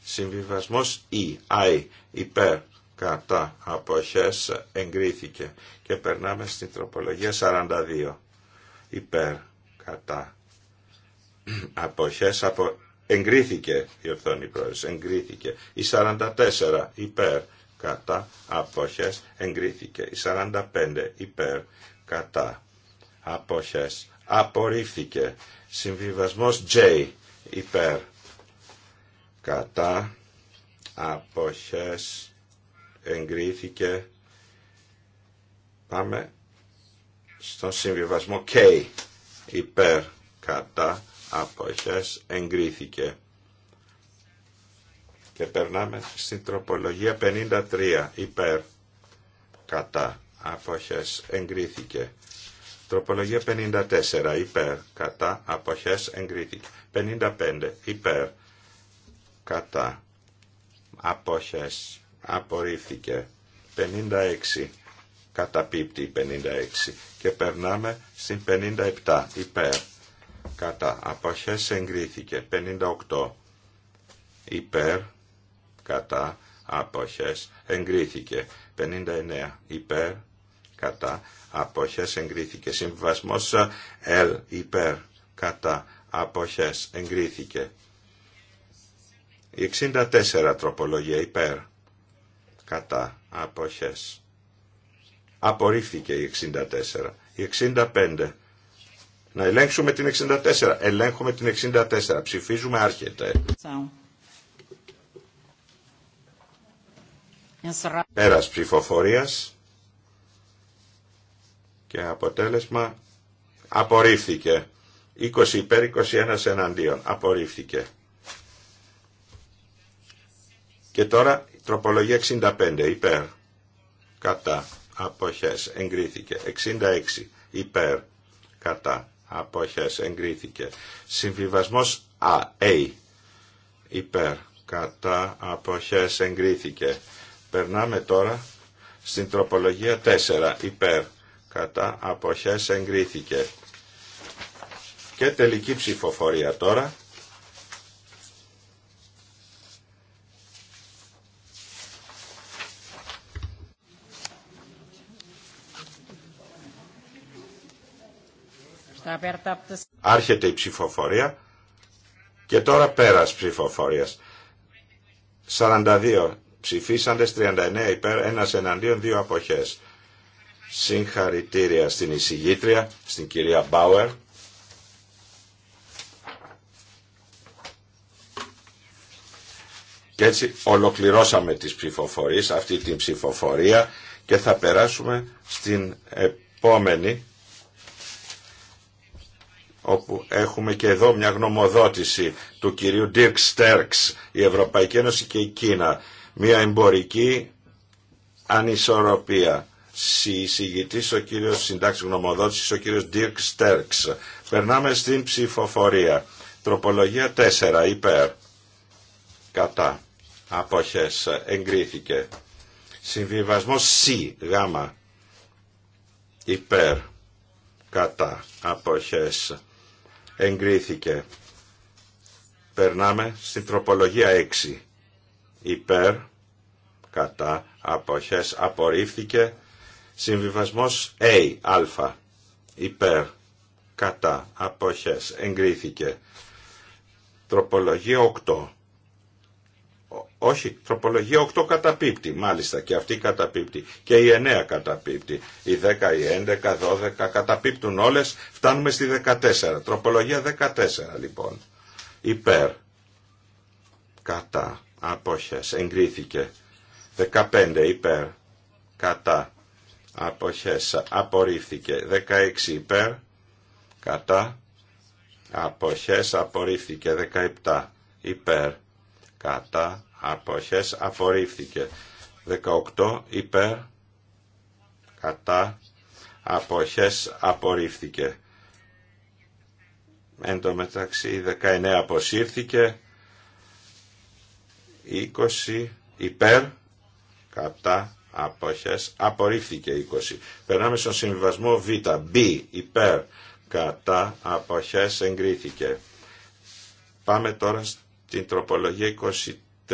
Συμβιβασμός E, I, υπέρ, κατά, αποχές, εγκρίθηκε. Και περνάμε στην τροπολογία 42 υπέρ κατά αποχές απο... εγκρίθηκε η ορθόνη πρόεδρος εγκρίθηκε η 44 υπέρ κατά αποχές εγκρίθηκε η 45 υπέρ κατά αποχές απορρίφθηκε συμβιβασμός J υπέρ κατά αποχές εγκρίθηκε πάμε στον συμβιβασμό K υπέρ κατά αποχές εγκρίθηκε. Και περνάμε στην τροπολογία 53 υπέρ κατά αποχές εγκρίθηκε. Τροπολογία 54 υπέρ κατά αποχές εγκρίθηκε. 55 υπέρ κατά αποχές απορρίφθηκε. 56 καταπίπτει η 56 και περνάμε στην 57 υπέρ κατά αποχές εγκρίθηκε 58 υπέρ κατά αποχές εγκρίθηκε 59 υπέρ κατά αποχές εγκρίθηκε συμβασμός ε, L υπέρ κατά αποχές εγκρίθηκε 64 τροπολογία υπέρ κατά αποχές Απορρίφθηκε η 64. Η 65. Να ελέγξουμε την 64. Ελέγχουμε την 64. Ψηφίζουμε άρχεται. Πέρας ψηφοφορίας και αποτέλεσμα απορρίφθηκε. 20 υπέρ 21 εναντίον. Απορρίφθηκε. Και τώρα τροπολογία 65 υπέρ. Κατά αποχές εγκρίθηκε. 66 υπέρ κατά αποχές εγκρίθηκε. Συμβιβασμός Α, Α υπέρ κατά αποχές εγκρίθηκε. Περνάμε τώρα στην τροπολογία 4 υπέρ κατά αποχές εγκρίθηκε. Και τελική ψηφοφορία τώρα Άρχεται η ψηφοφορία και τώρα πέρας ψηφοφορίας. 42 ψηφίσαντες, 39 υπέρ, ενα εναντίον, δύο αποχές. Συγχαρητήρια στην εισηγήτρια, στην κυρία Μπάουερ. Και έτσι ολοκληρώσαμε τις ψηφοφορίες, αυτή την ψηφοφορία και θα περάσουμε στην επόμενη όπου έχουμε και εδώ μια γνωμοδότηση του κυρίου Dirk Sterks, η Ευρωπαϊκή Ένωση και η Κίνα, μια εμπορική ανισορροπία. Συγητής ο κύριος συντάξει γνωμοδότηση ο κύριος Dirk Sterks. Περνάμε στην ψηφοφορία. Τροπολογία 4 υπέρ. Κατά. Αποχές. Εγκρίθηκε. Συμβιβασμός C γάμα. Υπέρ. Κατά. Αποχές εγκρίθηκε. Περνάμε στην τροπολογία 6. Υπέρ, κατά, αποχές, απορρίφθηκε. Συμβιβασμός A, α, υπέρ, κατά, αποχές, εγκρίθηκε. Τροπολογία 8 όχι, τροπολογία 8 καταπίπτει, μάλιστα, και αυτή καταπίπτει. Και η 9 καταπίπτει. Η 10, η 11, 12 καταπίπτουν όλες, φτάνουμε στη 14. Τροπολογία 14 λοιπόν. Υπέρ. Κατά. Απόχες. Εγκρίθηκε. 15 υπέρ. Κατά. Απόχες. Απορρίφθηκε. 16 υπέρ. Κατά. Απόχες. Απορρίφθηκε. 17 υπέρ. Κατά αποχές απορρίφθηκε. 18 υπέρ κατά αποχές απορρίφθηκε. Εν τω μεταξύ 19 αποσύρθηκε, 20 υπέρ κατά αποχές απορρίφθηκε 20. Περνάμε στον συμβιβασμό Β, Β υπέρ κατά αποχές εγκρίθηκε. Πάμε τώρα στην τροπολογία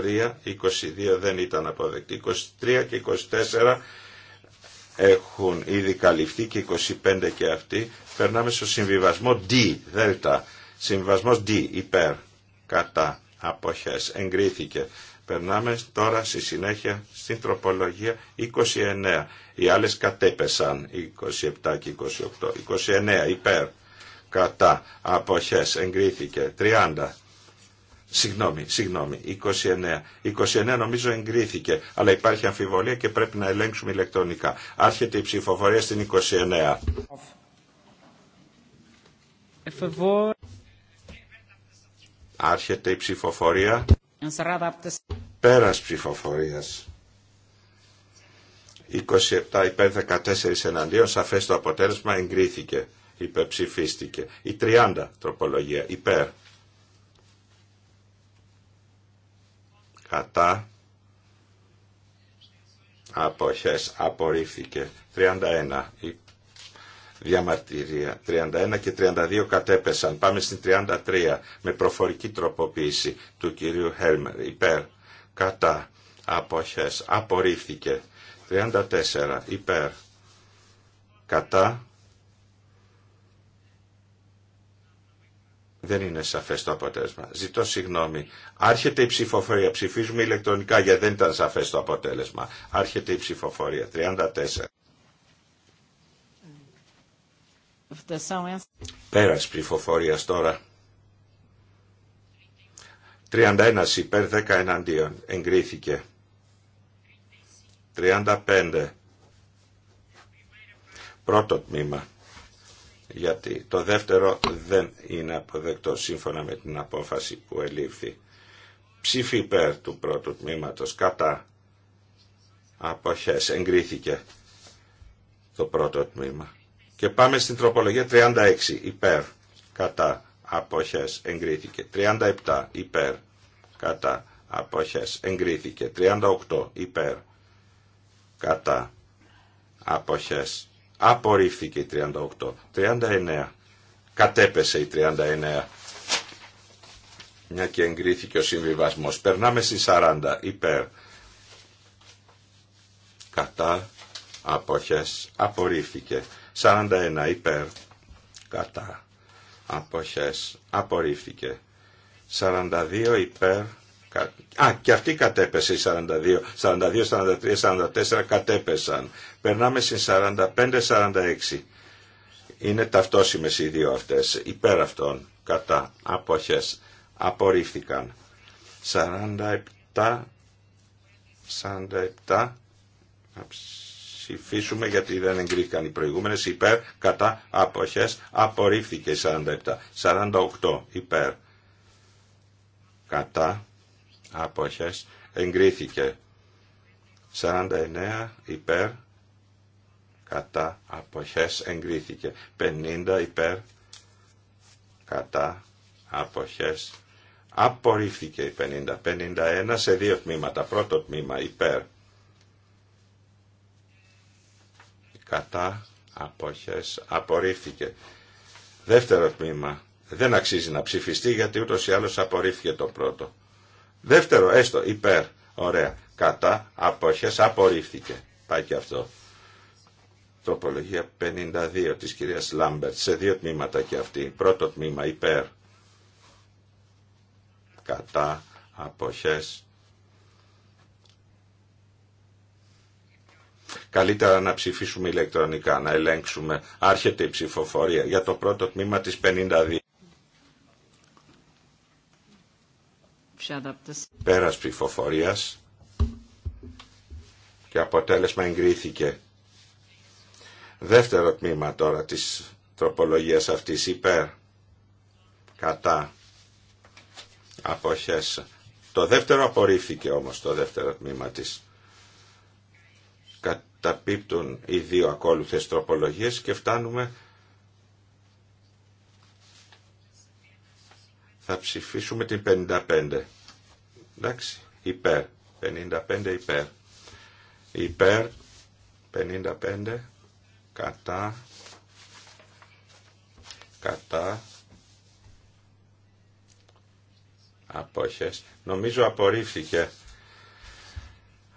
23, 22 δεν ήταν αποδεκτή. 23 και 24 έχουν ήδη καλυφθεί και 25 και αυτοί. Περνάμε στο συμβιβασμό D, δέλτα. Συμβιβασμός D, υπέρ, κατά, αποχές, εγκρίθηκε. Περνάμε τώρα στη συνέχεια στην τροπολογία 29. Οι άλλες κατέπεσαν 27 και 28. 29 υπέρ κατά αποχές εγκρίθηκε. 30 Συγγνώμη, συγγνώμη, 29. 29 νομίζω εγκρίθηκε, αλλά υπάρχει αμφιβολία και πρέπει να ελέγξουμε ηλεκτρονικά. Άρχεται η ψηφοφορία στην 29. Άρχεται η ψηφοφορία. Πέρας ψηφοφορίας. 27 υπέρ 14 εναντίον, σαφές το αποτέλεσμα εγκρίθηκε, υπεψηφίστηκε. Η 30 τροπολογία, υπέρ. κατά αποχές απορρίφθηκε 31 διαμαρτυρία 31 και 32 κατέπεσαν πάμε στην 33 με προφορική τροποποίηση του κυρίου Χέλμερ. υπέρ κατά αποχές απορρίφθηκε 34 υπέρ κατά Δεν είναι σαφέ το αποτέλεσμα. Ζητώ συγγνώμη. Άρχεται η ψηφοφορία. Ψηφίζουμε ηλεκτρονικά γιατί δεν ήταν σαφέ το αποτέλεσμα. Άρχεται η ψηφοφορία. 34. Πέρας ψηφοφορία τώρα. 31 υπέρ 10 εναντίον. Εγκρίθηκε. 35. Πρώτο τμήμα γιατί το δεύτερο δεν είναι αποδεκτό σύμφωνα με την απόφαση που ελήφθη. Ψήφι υπέρ του πρώτου τμήματος κατά αποχές εγκρίθηκε το πρώτο τμήμα. Και πάμε στην τροπολογία 36 υπέρ κατά αποχές εγκρίθηκε. 37 υπέρ κατά αποχές εγκρίθηκε. 38 υπέρ κατά αποχές Απορρίφθηκε η 38. 39. Κατέπεσε η 39. Μια και εγκρίθηκε ο συμβιβασμός. Περνάμε στη 40. Υπέρ. Κατά. Αποχές. Απορρίφθηκε. 41. Υπέρ. Κατά. Αποχές. Απορρίφθηκε. 42. Υπέρ Α, και αυτή κατέπεσε η 42. 42, 43, 44 κατέπεσαν. Περνάμε στην 45, 46. Είναι ταυτόσιμες οι δύο αυτές. Υπέρ αυτών, κατά, αποχές, απορρίφθηκαν. 47, 47, ψηφίσουμε γιατί δεν εγκρίθηκαν οι προηγούμενες υπέρ, κατά, αποχές, απορρίφθηκε η 47. 48 υπέρ, κατά, απόχες εγκρίθηκε 49 υπέρ κατά αποχές εγκρίθηκε 50 υπέρ κατά αποχές απορρίφθηκε η 50 51 σε δύο τμήματα πρώτο τμήμα υπέρ κατά αποχές απορρίφθηκε δεύτερο τμήμα δεν αξίζει να ψηφιστεί γιατί ούτως ή άλλως απορρίφθηκε το πρώτο Δεύτερο, έστω, υπέρ. Ωραία. Κατά, απόχες, απορρίφθηκε. Πάει και αυτό. Τροπολογία 52 της κυρίας Λάμπερτ, σε δύο τμήματα και αυτή. Πρώτο τμήμα, υπέρ. Κατά, απόχες. Καλύτερα να ψηφίσουμε ηλεκτρονικά, να ελέγξουμε. Άρχεται η ψηφοφορία για το πρώτο τμήμα της 52. Πέρας ψηφοφορίας και αποτέλεσμα εγκρίθηκε. Δεύτερο τμήμα τώρα της τροπολογίας αυτής υπέρ, κατά, αποχές. Το δεύτερο απορρίφθηκε όμως το δεύτερο τμήμα της. Καταπίπτουν οι δύο ακόλουθες τροπολογίες και φτάνουμε θα ψηφίσουμε την 55. Εντάξει, υπέρ. 55 υπέρ. Υπέρ. 55 κατά. Κατά. Απόχες. Νομίζω απορρίφθηκε.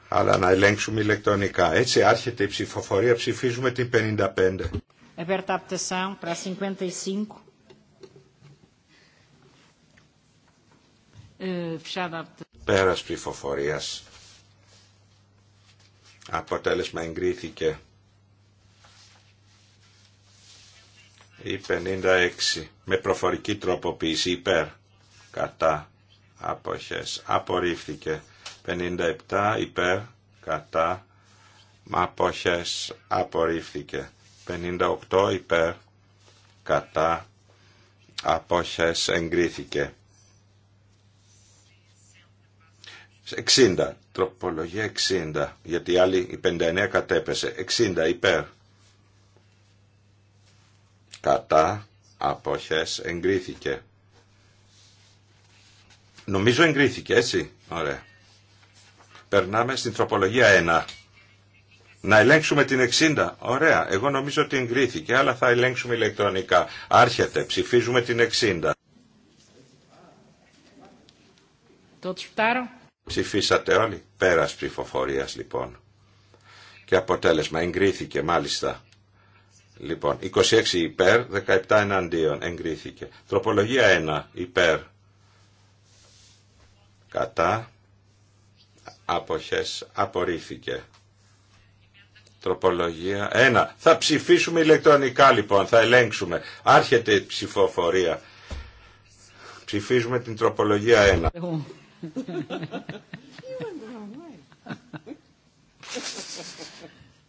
Αλλά να ελέγξουμε ηλεκτρονικά. Έτσι άρχεται η ψηφοφορία. Ψηφίζουμε την 55. Aberta a 55. Πέρας ψηφοφορίας. Αποτέλεσμα εγκρίθηκε. Η 56 με προφορική τροποποίηση υπέρ κατά αποχές. Απορρίφθηκε. 57 υπέρ κατά αποχές. Απορρίφθηκε. 58 υπέρ κατά αποχές εγκρίθηκε. 60. Τροπολογία 60. Γιατί η άλλη η 59 κατέπεσε. 60 υπέρ. Κατά αποχές εγκρίθηκε. Νομίζω εγκρίθηκε έτσι. Ωραία. Περνάμε στην τροπολογία 1. Να ελέγξουμε την 60. Ωραία. Εγώ νομίζω ότι εγκρίθηκε, αλλά θα ελέγξουμε ηλεκτρονικά. Άρχεται. Ψηφίζουμε την 60. Το Ψηφίσατε όλοι. Πέρας ψηφοφορίας λοιπόν. Και αποτέλεσμα εγκρίθηκε μάλιστα. Λοιπόν, 26 υπέρ, 17 εναντίον εγκρίθηκε. Τροπολογία 1 υπέρ. Κατά. Αποχές απορρίφθηκε. Τροπολογία 1. Θα ψηφίσουμε ηλεκτρονικά λοιπόν, θα ελέγξουμε. Άρχεται η ψηφοφορία. Ψηφίζουμε την τροπολογία 1 you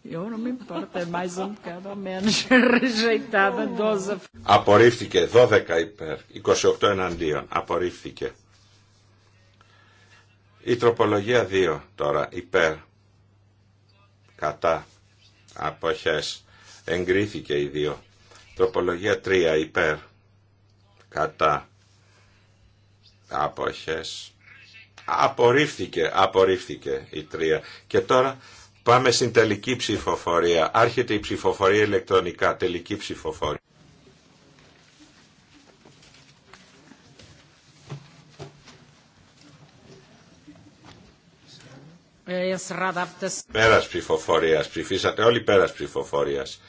Eu não me é mais um bocado ou menos 12. Απορρίφθηκε 12 υπέρ, 28 εναντίον. Απορρίφθηκε. Η τροπολογία 2 τώρα υπέρ, κατά, αποχές. Εγκρίθηκε η 2. Τροπολογία 3 υπέρ, κατά, αποχές. Απορρίφθηκε, απορρίφθηκε η τρία. Και τώρα πάμε στην τελική ψηφοφορία. Άρχεται η ψηφοφορία ηλεκτρονικά, τελική ψηφοφορία. Πέρας ψηφοφορίας, ψηφίσατε όλοι πέρας ψηφοφορίας.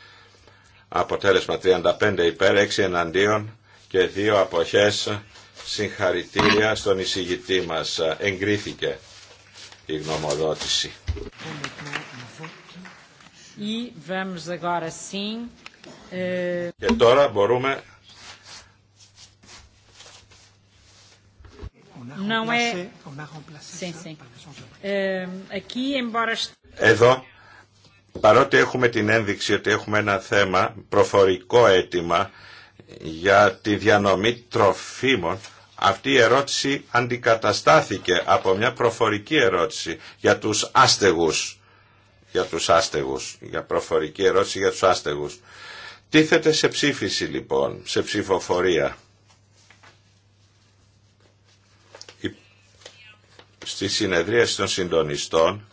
Αποτέλεσμα 35 υπέρ, 6 εναντίον και 2 αποχές. Συγχαρητήρια στον εισηγητή μας. Εγκρίθηκε η γνωμοδότηση. Ε, Και τώρα μπορούμε... Ε, Εδώ, παρότι έχουμε την ένδειξη ότι έχουμε ένα θέμα, προφορικό αίτημα, για τη διανομή τροφίμων, αυτή η ερώτηση αντικαταστάθηκε από μια προφορική ερώτηση για τους άστεγους. Για τους άστεγους, για προφορική ερώτηση για τους άστεγους. Τίθεται σε ψήφιση λοιπόν, σε ψηφοφορία. Στη συνεδρία των συντονιστών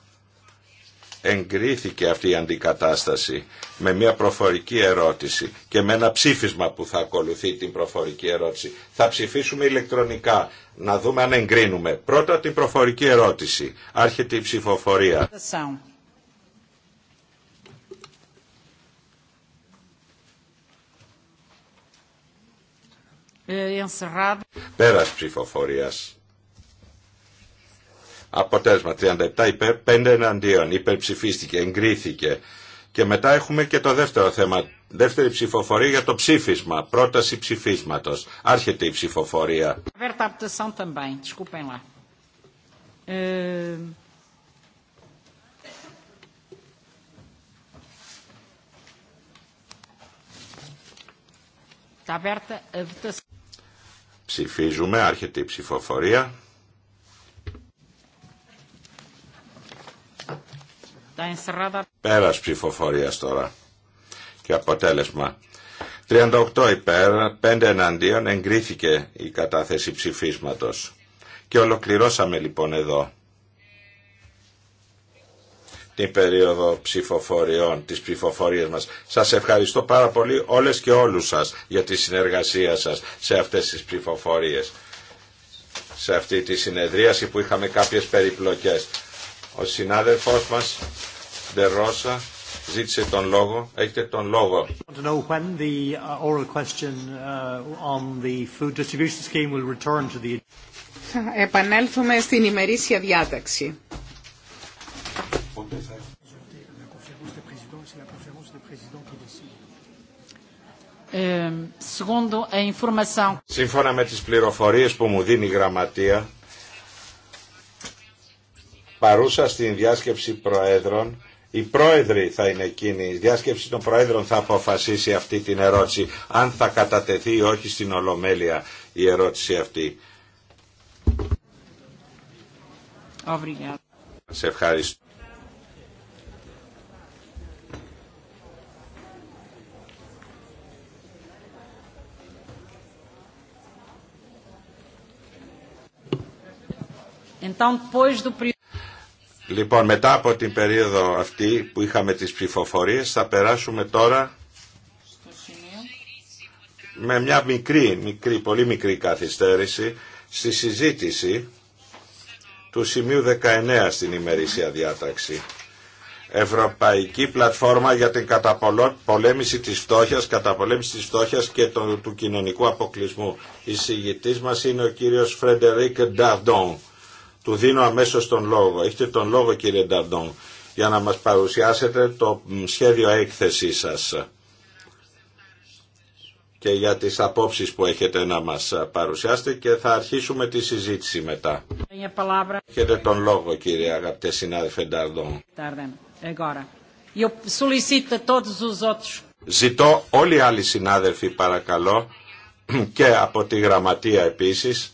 εγκρίθηκε αυτή η αντικατάσταση με μια προφορική ερώτηση και με ένα ψήφισμα που θα ακολουθεί την προφορική ερώτηση. Θα ψηφίσουμε ηλεκτρονικά να δούμε αν εγκρίνουμε. Πρώτα την προφορική ερώτηση. Άρχεται η ψηφοφορία. Ε, Πέρας ψηφοφορίας. Αποτέλεσμα 37 υπέρ 5 εναντίον. Υπερψηφίστηκε, εγκρίθηκε. Και μετά έχουμε και το δεύτερο θέμα. Δεύτερη ψηφοφορία για το ψήφισμα. Πρόταση ψηφίσματο. Άρχεται η ψηφοφορία. Eh, Ψηφίζουμε, άρχεται η ψηφοφορία. Πέρας ψηφοφορίας τώρα. Και αποτέλεσμα. 38 υπέρ, 5 εναντίον εγκρίθηκε η κατάθεση ψηφίσματος. Και ολοκληρώσαμε λοιπόν εδώ την περίοδο ψηφοφοριών, τις ψηφοφορίες μας. Σας ευχαριστώ πάρα πολύ όλες και όλους σας για τη συνεργασία σας σε αυτές τις ψηφοφορίες. Σε αυτή τη συνεδρίαση που είχαμε κάποιες περιπλοκές. Ο συνάδελφός μας, Ρώσα, ζήτησε τον λόγο. Έχετε τον λόγο. Uh, uh, επανέλθουμε στην ημερήσια διάταξη. Ε, Σύμφωνα με τις πληροφορίες που μου δίνει η γραμματεία, παρούσα στην διάσκεψη προέδρων. η Πρόεδρη θα είναι εκείνη, Η διάσκεψη των προέδρων θα αποφασίσει αυτή την ερώτηση. Αν θα κατατεθεί ή όχι στην Ολομέλεια η ερώτηση αυτή. Σε ευχαριστώ. Então, depois do Λοιπόν, μετά από την περίοδο αυτή που είχαμε τις ψηφοφορίες, θα περάσουμε τώρα με μια μικρή, μικρή, πολύ μικρή καθυστέρηση στη συζήτηση του σημείου 19 στην ημερήσια διάταξη. Ευρωπαϊκή Πλατφόρμα για την καταπολέμηση της φτώχειας, καταπολέμηση της φτώχειας και του, κοινωνικού αποκλεισμού. Η συγητής μας είναι ο κύριος Φρεντερίκ Νταρντόν. Του δίνω αμέσως τον λόγο. Έχετε τον λόγο κύριε Νταρντόν για να μας παρουσιάσετε το σχέδιο έκθεσή σας και για τις απόψεις που έχετε να μας παρουσιάσετε και θα αρχίσουμε τη συζήτηση μετά. Έχετε τον λόγο κύριε αγαπητέ συνάδελφε Νταρντόν. Ζητώ όλοι οι άλλοι συνάδελφοι παρακαλώ και από τη γραμματεία επίσης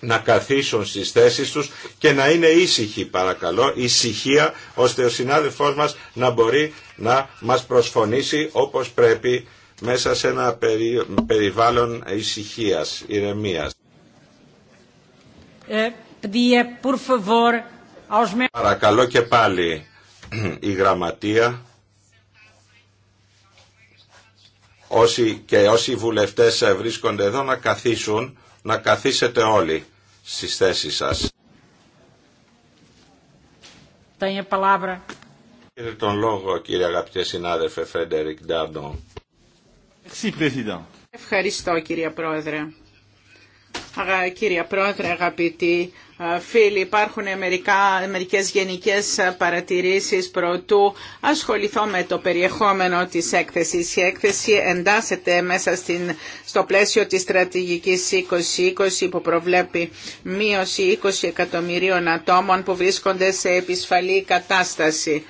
να καθίσουν στις θέσεις τους και να είναι ήσυχοι παρακαλώ, ησυχία ώστε ο συνάδελφός μας να μπορεί να μας προσφωνήσει όπως πρέπει μέσα σε ένα περιβάλλον ησυχίας, ηρεμίας. Ε, Παρακαλώ και πάλι η γραμματεία όσοι και όσοι βουλευτές ε, βρίσκονται εδώ να καθίσουν να καθίσετε όλοι στις θέσεις σας. Έχετε τον λόγο κύριε αγαπητέ συνάδελφε Φρέντερικ Ντάντον. Ευχαριστώ κύριε Πρόεδρε. Κυρία Πρόεδρε, αγαπητοί φίλοι, υπάρχουν μερικά, μερικές γενικές παρατηρήσεις προτού ασχοληθώ με το περιεχόμενο της έκθεσης. Η έκθεση εντάσσεται μέσα στην, στο πλαίσιο της στρατηγικής 2020 που προβλέπει μείωση 20 εκατομμυρίων ατόμων που βρίσκονται σε επισφαλή κατάσταση.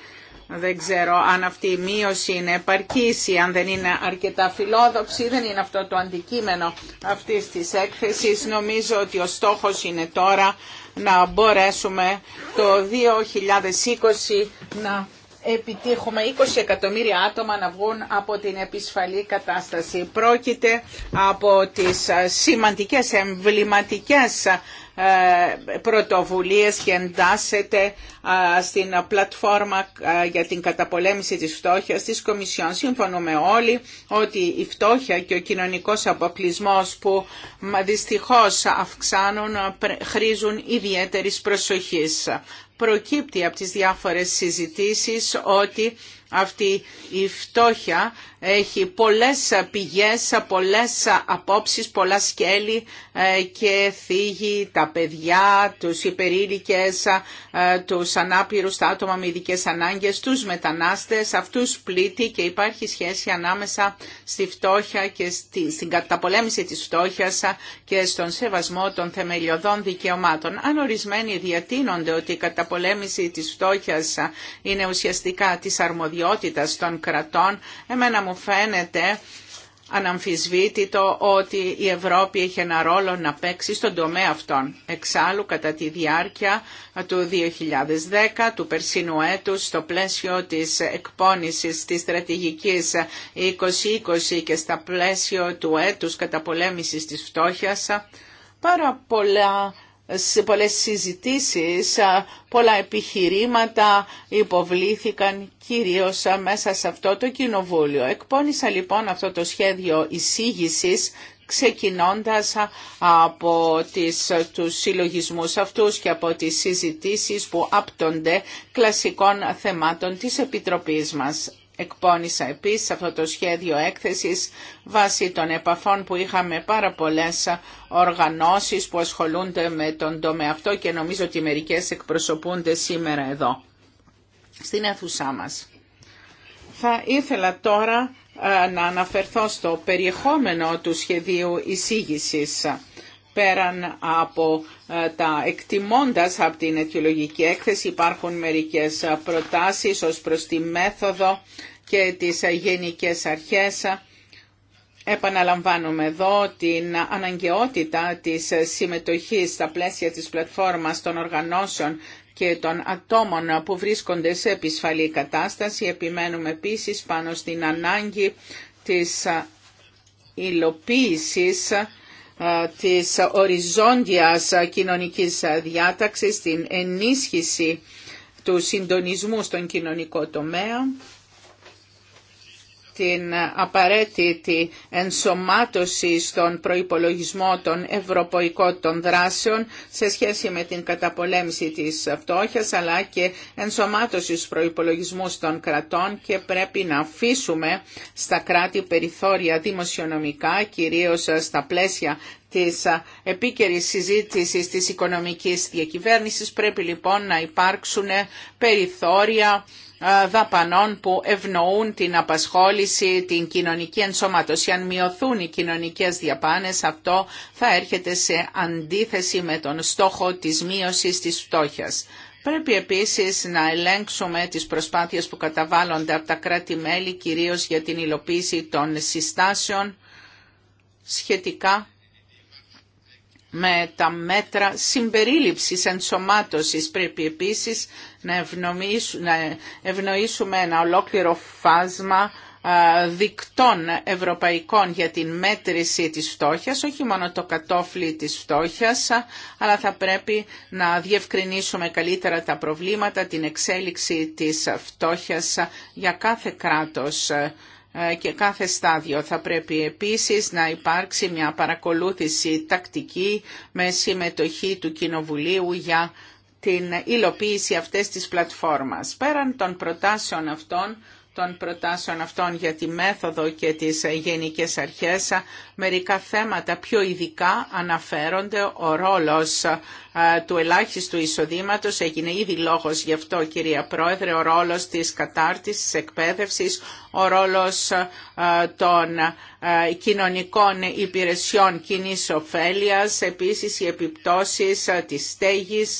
Δεν ξέρω αν αυτή η μείωση είναι επαρκής ή αν δεν είναι αρκετά φιλόδοξη. Δεν είναι αυτό το αντικείμενο αυτής της έκθεσης. Νομίζω ότι ο στόχος είναι τώρα να μπορέσουμε το 2020 να επιτύχουμε 20 εκατομμύρια άτομα να βγουν από την επισφαλή κατάσταση. Πρόκειται από τις σημαντικές εμβληματικές ε, πρωτοβουλίες και εντάσσεται στην πλατφόρμα για την καταπολέμηση της φτώχειας της Κομισιόν. Συμφωνούμε όλοι ότι η φτώχεια και ο κοινωνικός αποκλεισμός που δυστυχώς αυξάνουν χρήζουν ιδιαίτερης προσοχής. Προκύπτει από τις διάφορες συζητήσεις ότι αυτή η φτώχεια έχει πολλές πηγές, πολλές απόψεις, πολλά σκέλη ε, και θίγει τα παιδιά, τους υπερήλικες, ε, τους ανάπηρους, τα άτομα με ειδικές ανάγκες, τους μετανάστες, αυτούς πλήττει και υπάρχει σχέση ανάμεσα στη φτώχεια και στην καταπολέμηση της φτώχειας και στον σεβασμό των θεμελιωδών δικαιωμάτων. Αν ορισμένοι διατείνονται ότι η καταπολέμηση της φτώχειας είναι ουσιαστικά της αρμοδιότητας, των κρατών, εμένα μου φαίνεται αναμφισβήτητο ότι η Ευρώπη έχει ένα ρόλο να παίξει στον τομέα αυτών Εξάλλου, κατά τη διάρκεια του 2010, του περσίνου έτους, στο πλαίσιο της εκπόνησης της στρατηγικής 2020 και στα πλαίσιο του έτους καταπολέμησης της φτώχειας, πάρα πολλά σε πολλές συζητήσεις, πολλά επιχειρήματα υποβλήθηκαν κυρίως μέσα σε αυτό το κοινοβούλιο. Εκπώνησα λοιπόν αυτό το σχέδιο εισήγησης ξεκινώντας από τις, τους συλλογισμούς αυτούς και από τις συζητήσεις που άπτονται κλασικών θεμάτων της Επιτροπής μας. Εκπώνησα επίσης αυτό το σχέδιο έκθεσης βάσει των επαφών που είχαμε πάρα πολλές οργανώσεις που ασχολούνται με τον τομέα αυτό και νομίζω ότι μερικές εκπροσωπούνται σήμερα εδώ, στην αίθουσά μας. Θα ήθελα τώρα ε, να αναφερθώ στο περιεχόμενο του σχεδίου εισήγησης πέραν από ε, τα εκτιμώντας από την αιτιολογική έκθεση υπάρχουν μερικές ε, προτάσεις ως προς τη μέθοδο και τις ε, γενικές αρχές. Επαναλαμβάνουμε εδώ την αναγκαιότητα της συμμετοχής στα πλαίσια της πλατφόρμας των οργανώσεων και των ατόμων που βρίσκονται σε επισφαλή κατάσταση. Επιμένουμε επίσης πάνω στην ανάγκη της υλοποίησης ε, της οριζόντιας κοινωνικής διάταξης, την ενίσχυση του συντονισμού στον κοινωνικό τομέα την απαραίτητη ενσωμάτωση στον προϋπολογισμό των ευρωπαϊκών δράσεων σε σχέση με την καταπολέμηση της φτώχειας αλλά και ενσωμάτωση στους προϋπολογισμούς των κρατών και πρέπει να αφήσουμε στα κράτη περιθώρια δημοσιονομικά κυρίως στα πλαίσια της επίκαιρης συζήτηση της οικονομικής διακυβέρνησης πρέπει λοιπόν να υπάρξουν περιθώρια ε, δαπανών που ευνοούν την απασχόληση, την κοινωνική ενσωμάτωση. Αν μειωθούν οι κοινωνικές διαπάνες, αυτό θα έρχεται σε αντίθεση με τον στόχο της μείωσης της φτώχειας. Πρέπει επίσης να ελέγξουμε τις προσπάθειες που καταβάλλονται από τα κράτη-μέλη, κυρίως για την υλοποίηση των συστάσεων σχετικά με τα μέτρα συμπερίληψης ενσωμάτωσης. Πρέπει επίσης να ευνοήσουμε ένα ολόκληρο φάσμα δικτών ευρωπαϊκών για την μέτρηση της φτώχειας, όχι μόνο το κατόφλι της φτώχειας, αλλά θα πρέπει να διευκρινίσουμε καλύτερα τα προβλήματα, την εξέλιξη της φτώχειας για κάθε κράτος ε, και κάθε στάδιο. Θα πρέπει επίσης να υπάρξει μια παρακολούθηση τακτική με συμμετοχή του Κοινοβουλίου για την υλοποίηση αυτές της πλατφόρμας. Πέραν των προτάσεων αυτών των προτάσεων αυτών για τη μέθοδο και τις γενικές αρχές. Μερικά θέματα πιο ειδικά αναφέρονται. Ο ρόλος του ελάχιστου εισοδήματος έγινε ήδη λόγος γι' αυτό κυρία Πρόεδρε, ο ρόλος της κατάρτισης, της εκπαίδευσης, ο ρόλος των κοινωνικών υπηρεσιών κοινή ωφέλεια, επίσης οι επιπτώσεις της στέγης,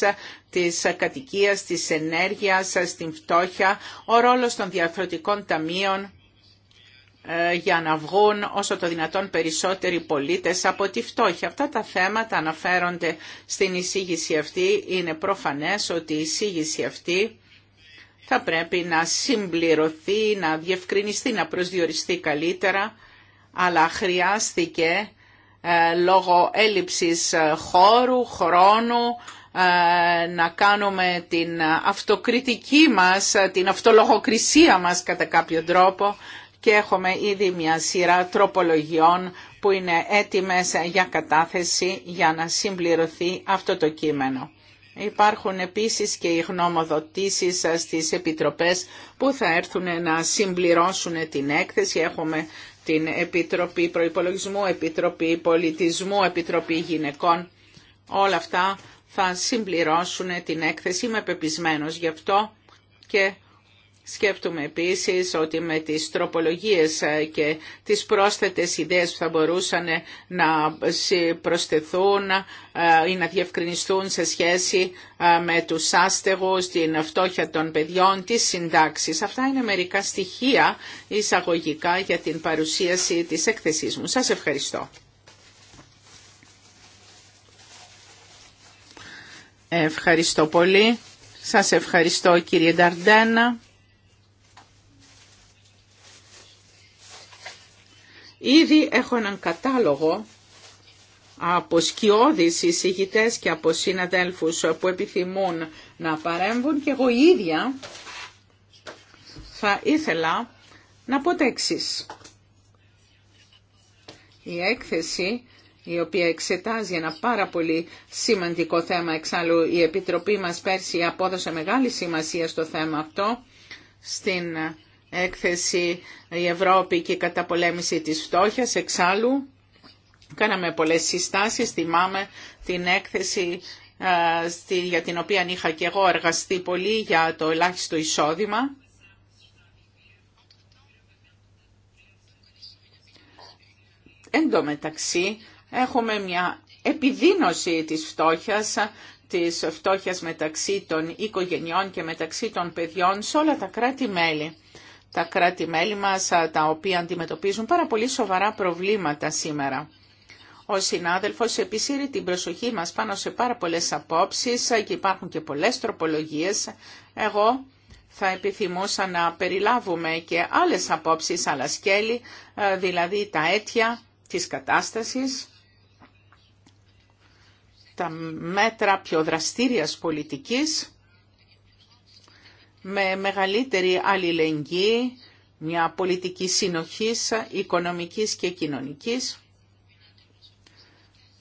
της κατοικίας, της ενέργειας, στην φτώχεια, ο ρόλος των διαφορετικών ταμείων ε, για να βγουν όσο το δυνατόν περισσότεροι πολίτες από τη φτώχεια. Αυτά τα θέματα αναφέρονται στην εισήγηση αυτή. Είναι προφανές ότι η εισήγηση αυτή θα πρέπει να συμπληρωθεί, να διευκρινιστεί, να προσδιοριστεί καλύτερα, αλλά χρειάστηκε ε, λόγω έλλειψης ε, χώρου, χρόνου, ε, να κάνουμε την αυτοκριτική μας, την αυτολογοκρισία μας κατά κάποιο τρόπο και έχουμε ήδη μια σειρά τροπολογιών που είναι έτοιμες για κατάθεση για να συμπληρωθεί αυτό το κείμενο. Υπάρχουν επίσης και οι γνωμοδοτήσεις στις επιτροπές που θα έρθουν να συμπληρώσουν την έκθεση. Έχουμε την Επιτροπή Προϋπολογισμού, Επιτροπή Πολιτισμού, Επιτροπή Γυναικών. Όλα αυτά θα συμπληρώσουν την έκθεση. Είμαι πεπισμένος γι' αυτό και Σκέφτομαι επίσης ότι με τις τροπολογίες ε, και τις πρόσθετες ιδέες που θα μπορούσαν ε, να προσθεθούν ε, ή να διευκρινιστούν σε σχέση με τους άστεγους, την φτώχεια των παιδιών, τις συντάξεις. Αυτά είναι μερικά στοιχεία εισαγωγικά για την παρουσίαση της έκθεσής μου. Σας ευχαριστώ. Ευχαριστώ πολύ. Σας ευχαριστώ κύριε Νταρντένα. Ήδη έχω έναν κατάλογο από σκιώδεις εισηγητές και από συναδέλφους που επιθυμούν να παρέμβουν και εγώ ίδια θα ήθελα να πω τα Η έκθεση η οποία εξετάζει ένα πάρα πολύ σημαντικό θέμα. Εξάλλου η Επιτροπή μας πέρσι απόδωσε μεγάλη σημασία στο θέμα αυτό στην έκθεση «Η Ευρώπη και η καταπολέμηση της φτώχειας». Εξάλλου κάναμε πολλές συστάσεις, θυμάμαι την έκθεση για την οποία είχα και εγώ εργαστεί πολύ για το ελάχιστο εισόδημα. Εν τω μεταξύ, έχουμε μια επιδίνωση της φτώχειας, της φτώχειας μεταξύ των οικογενειών και μεταξύ των παιδιών σε όλα τα κράτη-μέλη. Τα κράτη-μέλη μας τα οποία αντιμετωπίζουν πάρα πολύ σοβαρά προβλήματα σήμερα. Ο συνάδελφος επισύρει την προσοχή μας πάνω σε πάρα πολλές απόψεις και υπάρχουν και πολλές τροπολογίες. Εγώ θα επιθυμούσα να περιλάβουμε και άλλες απόψεις, άλλα σκέλη, δηλαδή τα αίτια της κατάστασης, τα μέτρα πιο δραστήριας πολιτικής με μεγαλύτερη αλληλεγγύη, μια πολιτική συνοχής οικονομικής και κοινωνικής,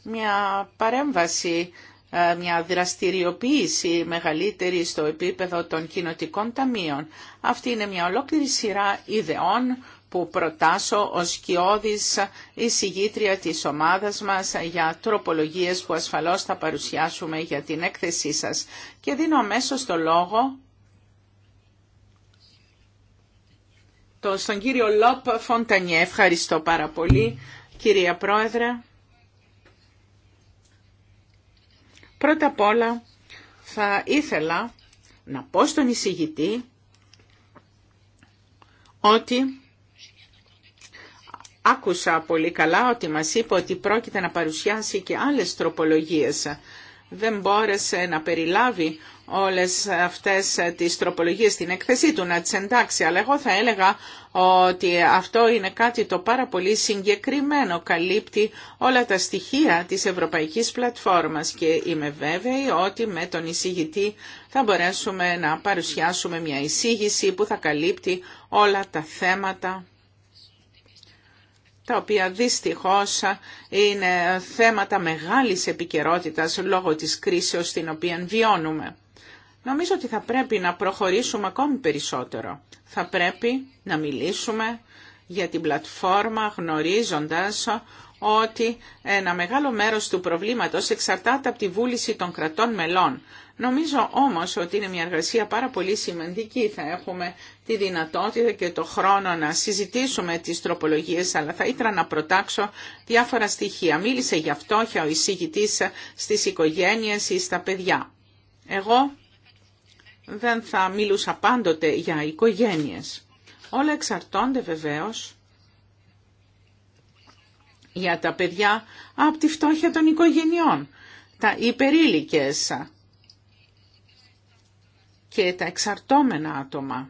μια παρέμβαση, ε, μια δραστηριοποίηση μεγαλύτερη στο επίπεδο των κοινοτικών ταμείων. Αυτή είναι μια ολόκληρη σειρά ιδεών που προτάσω ως κοιόδης εισηγήτρια της ομάδας μας για τροπολογίες που ασφαλώς θα παρουσιάσουμε για την έκθεσή σας. Και δίνω αμέσως το λόγο το, στον κύριο Λόπ Φοντανιέ. Ευχαριστώ πάρα πολύ κυρία Πρόεδρε. Πρώτα απ' όλα θα ήθελα να πω στον εισηγητή ότι άκουσα πολύ καλά ότι μας είπε ότι πρόκειται να παρουσιάσει και άλλες τροπολογίες. Δεν μπόρεσε να περιλάβει όλες αυτές τις τροπολογίες στην έκθεσή του, να τις εντάξει. Αλλά εγώ θα έλεγα ότι αυτό είναι κάτι το πάρα πολύ συγκεκριμένο. Καλύπτει όλα τα στοιχεία της Ευρωπαϊκής Πλατφόρμας και είμαι βέβαιη ότι με τον εισηγητή θα μπορέσουμε να παρουσιάσουμε μια εισήγηση που θα καλύπτει όλα τα θέματα τα οποία δυστυχώς είναι θέματα μεγάλης επικαιρότητα λόγω της κρίσεως την οποία βιώνουμε. Νομίζω ότι θα πρέπει να προχωρήσουμε ακόμη περισσότερο. Θα πρέπει να μιλήσουμε για την πλατφόρμα γνωρίζοντας ότι ένα μεγάλο μέρος του προβλήματος εξαρτάται από τη βούληση των κρατών μελών. Νομίζω όμως ότι είναι μια εργασία πάρα πολύ σημαντική. Θα έχουμε τη δυνατότητα και το χρόνο να συζητήσουμε τις τροπολογίες, αλλά θα ήθελα να προτάξω διάφορα στοιχεία. Μίλησε για αυτό ο εισηγητής στις οικογένειες ή στα παιδιά. Εγώ δεν θα μιλούσα πάντοτε για οικογένειες. Όλα εξαρτώνται βεβαίως για τα παιδιά από τη φτώχεια των οικογενειών, τα υπερήλικες και τα εξαρτώμενα άτομα.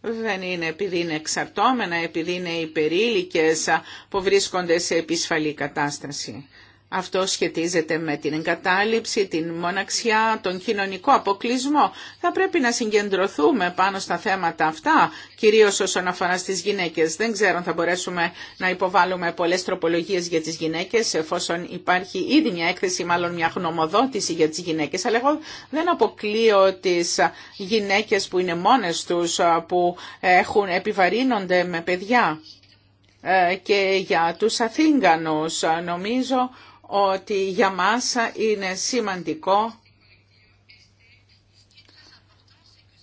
δεν είναι επειδή είναι εξαρτώμενα, επειδή είναι υπερήλικες που βρίσκονται σε επισφαλή κατάσταση. Αυτό σχετίζεται με την εγκατάλειψη, την μοναξιά, τον κοινωνικό αποκλεισμό. Θα πρέπει να συγκεντρωθούμε πάνω στα θέματα αυτά, κυρίως όσον αφορά στις γυναίκες. Δεν ξέρω αν θα μπορέσουμε να υποβάλουμε πολλές τροπολογίες για τις γυναίκες, εφόσον υπάρχει ήδη μια έκθεση, μάλλον μια γνωμοδότηση για τις γυναίκες. Αλλά εγώ δεν αποκλείω τις γυναίκες που είναι μόνες τους, που έχουν, επιβαρύνονται με παιδιά ε, και για τους Αθήγανους. Νομίζω ότι για μας είναι σημαντικό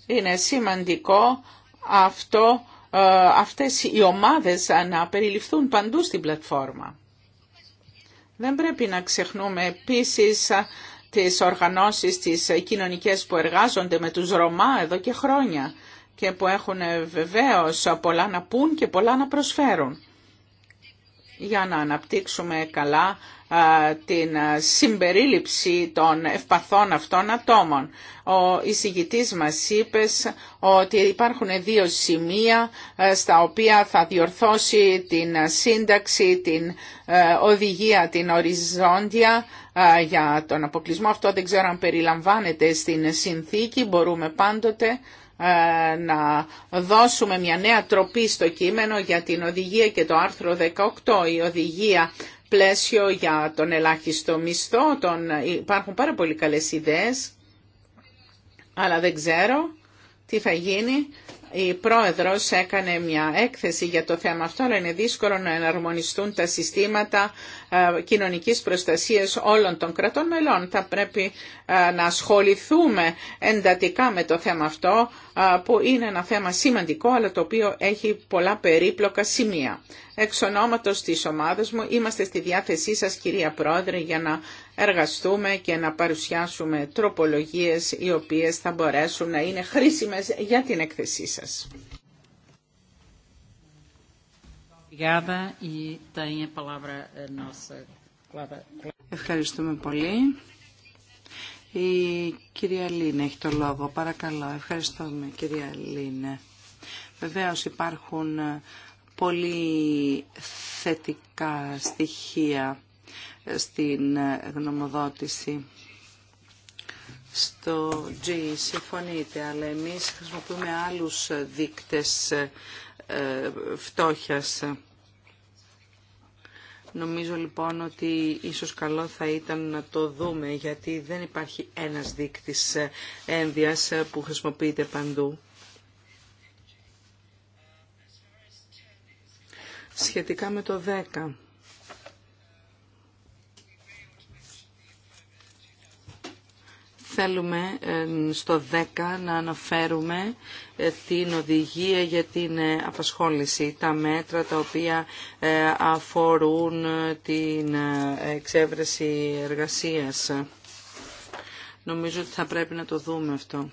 είναι σημαντικό αυτό, ε, αυτές οι ομάδες να περιληφθούν παντού στην πλατφόρμα. Δεν πρέπει να ξεχνούμε επίσης τις οργανώσεις, τις κοινωνικές που εργάζονται με τους Ρωμά εδώ και χρόνια και που έχουν βεβαίως πολλά να πούν και πολλά να προσφέρουν για να αναπτύξουμε καλά την συμπερίληψη των ευπαθών αυτών ατόμων. Ο εισηγητής μας είπε ότι υπάρχουν δύο σημεία στα οποία θα διορθώσει την σύνταξη, την οδηγία, την οριζόντια για τον αποκλεισμό. Αυτό δεν ξέρω αν περιλαμβάνεται στην συνθήκη, μπορούμε πάντοτε ε, να δώσουμε μια νέα τροπή στο κείμενο για την οδηγία και το άρθρο 18, η οδηγία πλαίσιο για τον ελάχιστο μισθό. Τον... Υπάρχουν πάρα πολύ καλές ιδέες, αλλά δεν ξέρω τι θα γίνει. Η πρόεδρος έκανε μια έκθεση για το θέμα αυτό, αλλά είναι δύσκολο να εναρμονιστούν τα συστήματα ε, κοινωνικής προστασίας όλων των κρατών μελών. Θα πρέπει ε, να ασχοληθούμε εντατικά με το θέμα αυτό ε, που είναι ένα θέμα σημαντικό αλλά το οποίο έχει πολλά περίπλοκα σημεία. Εξ ονόματος της ομάδας μου είμαστε στη διάθεσή σας κυρία Πρόεδρε για να εργαστούμε και να παρουσιάσουμε τροπολογίες οι οποίες θα μπορέσουν να είναι χρήσιμες για την έκθεσή σας. E Ευχαριστούμε πολύ. Η κυρία Λίνα έχει το λόγο. Παρακαλώ. Ευχαριστούμε κυρία Λίνα. Βεβαίως υπάρχουν ε, πολύ θετικά στοιχεία ε, στην ε, γνωμοδότηση στο G συμφωνείτε, αλλά εμείς χρησιμοποιούμε άλλους δείκτες ε, φτώχειας. Νομίζω λοιπόν ότι ίσως καλό θα ήταν να το δούμε γιατί δεν υπάρχει ένας δείκτης ε, ένδυας ε, που χρησιμοποιείται παντού. Σχετικά με το 10. Θέλουμε ε, στο 10 να αναφέρουμε ε, την οδηγία για την ε, απασχόληση, τα μέτρα τα οποία αφορούν την εξέβρεση εργασίας. Νομίζω ότι θα πρέπει να το δούμε αυτό.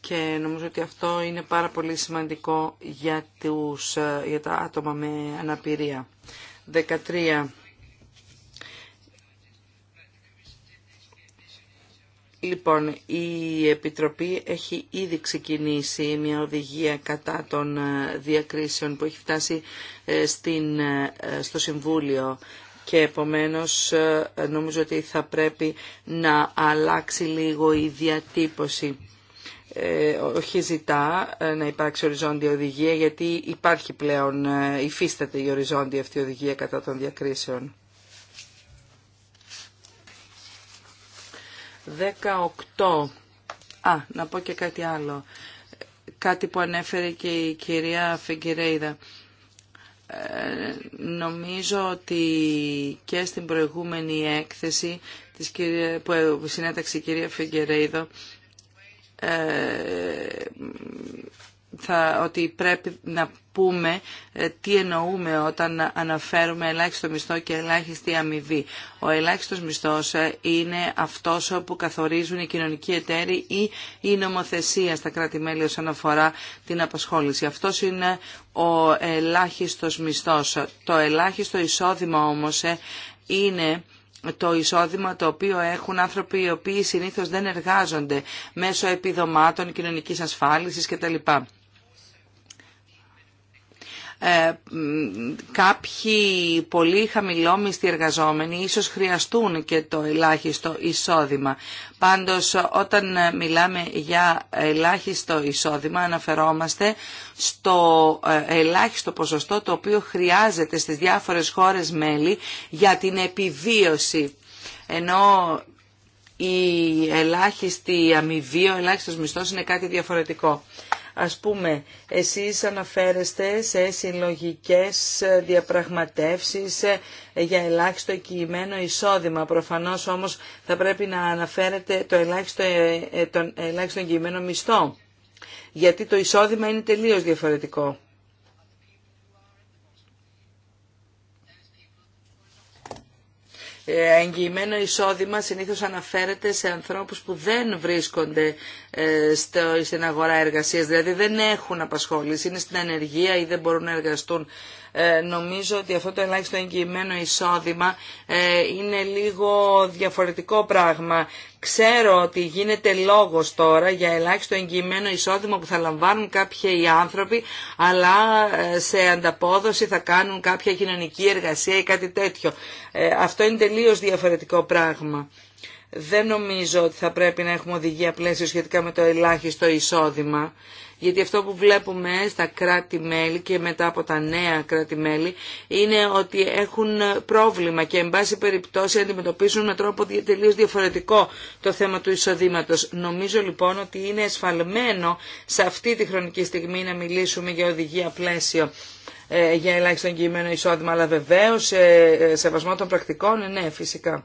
Και νομίζω ότι αυτό είναι πάρα πολύ σημαντικό για, τους, για τα άτομα με αναπηρία. 13. Λοιπόν, η Επιτροπή έχει ήδη ξεκινήσει μια οδηγία κατά των ε, διακρίσεων που έχει φτάσει ε, στην, ε, στο Συμβούλιο και επομένως νομίζω ότι θα πρέπει να αλλάξει λίγο η διατύπωση. Ε, όχι ζητά να υπάρξει οριζόντια οδηγία γιατί υπάρχει πλέον, υφίσταται η οριζόντια αυτή οδηγία κατά των διακρίσεων. 18. Α, να πω και κάτι άλλο. Κάτι που ανέφερε και η κυρία Φιγκερέιδα. Ε, νομίζω ότι και στην προηγούμενη έκθεση της κυρία, που συνέταξε η κυρία Φιγκερέιδα. Ε, θα, ότι πρέπει να πούμε ε, τι εννοούμε όταν αναφέρουμε ελάχιστο μισθό και ελάχιστη αμοιβή. Ο ελάχιστος μισθός ε, είναι αυτός που καθορίζουν οι κοινωνικοί εταίροι ή η νομοθεσία στα κράτη-μέλη όσον αφορά την απασχόληση. Αυτός είναι ο ελάχιστος μισθός. Το ελάχιστο εισόδημα όμως ε, είναι το εισόδημα το οποίο έχουν άνθρωποι οι οποίοι συνήθως δεν εργάζονται μέσω επιδομάτων κοινωνικής ασφάλισης κτλ. Ε, κάποιοι πολύ χαμηλόμιστοι εργαζόμενοι ίσως χρειαστούν και το ελάχιστο εισόδημα. Πάντως όταν μιλάμε για ελάχιστο εισόδημα αναφερόμαστε στο ε, ελάχιστο ποσοστό το οποίο χρειάζεται στις διάφορες χώρες μέλη για την επιβίωση. Ενώ η ελάχιστη αμοιβή, ο ελάχιστος μισθός είναι κάτι διαφορετικό. Ας πούμε, εσείς αναφέρεστε σε συλλογικές διαπραγματεύσεις ε, για ελάχιστο κειμένο εισόδημα. Προφανώς όμως θα πρέπει να αναφέρετε το ελάχιστο, ε, ε, τον ελάχιστο κειμένο μισθό, γιατί το εισόδημα είναι τελείως διαφορετικό. Ε, εγγυημένο εισόδημα συνήθως αναφέρεται σε ανθρώπους που δεν βρίσκονται ε, στην αγορά εργασίας, δηλαδή δεν έχουν απασχόληση, είναι στην ανεργία ή δεν μπορούν να εργαστούν ε, νομίζω ότι αυτό το ελάχιστο εγγυημένο εισόδημα ε, είναι λίγο διαφορετικό πράγμα. Ξέρω ότι γίνεται λόγος τώρα για ελάχιστο εγγυημένο εισόδημα που θα λαμβάνουν κάποιοι άνθρωποι, αλλά ε, σε ανταπόδοση θα κάνουν κάποια κοινωνική εργασία ή κάτι τέτοιο. Αυτό είναι τελείως διαφορετικό πράγμα. Δεν νομίζω ότι θα πρέπει να έχουμε οδηγία πλαίσιο σχετικά με το ελάχιστο εισόδημα. Γιατί αυτό που βλέπουμε στα κράτη-μέλη και μετά από τα νέα κράτη-μέλη είναι ότι έχουν πρόβλημα και εν πάση περιπτώσει αντιμετωπίζουν με τρόπο τελείως διαφορετικό το θέμα του εισοδήματος. Νομίζω λοιπόν ότι είναι εσφαλμένο σε αυτή τη χρονική στιγμή να μιλήσουμε για οδηγία πλαίσιο ε, για ελάχιστο κείμενο εισόδημα, αλλά βεβαίως ε, ε, σε βασμό των πρακτικών, ναι, φυσικά.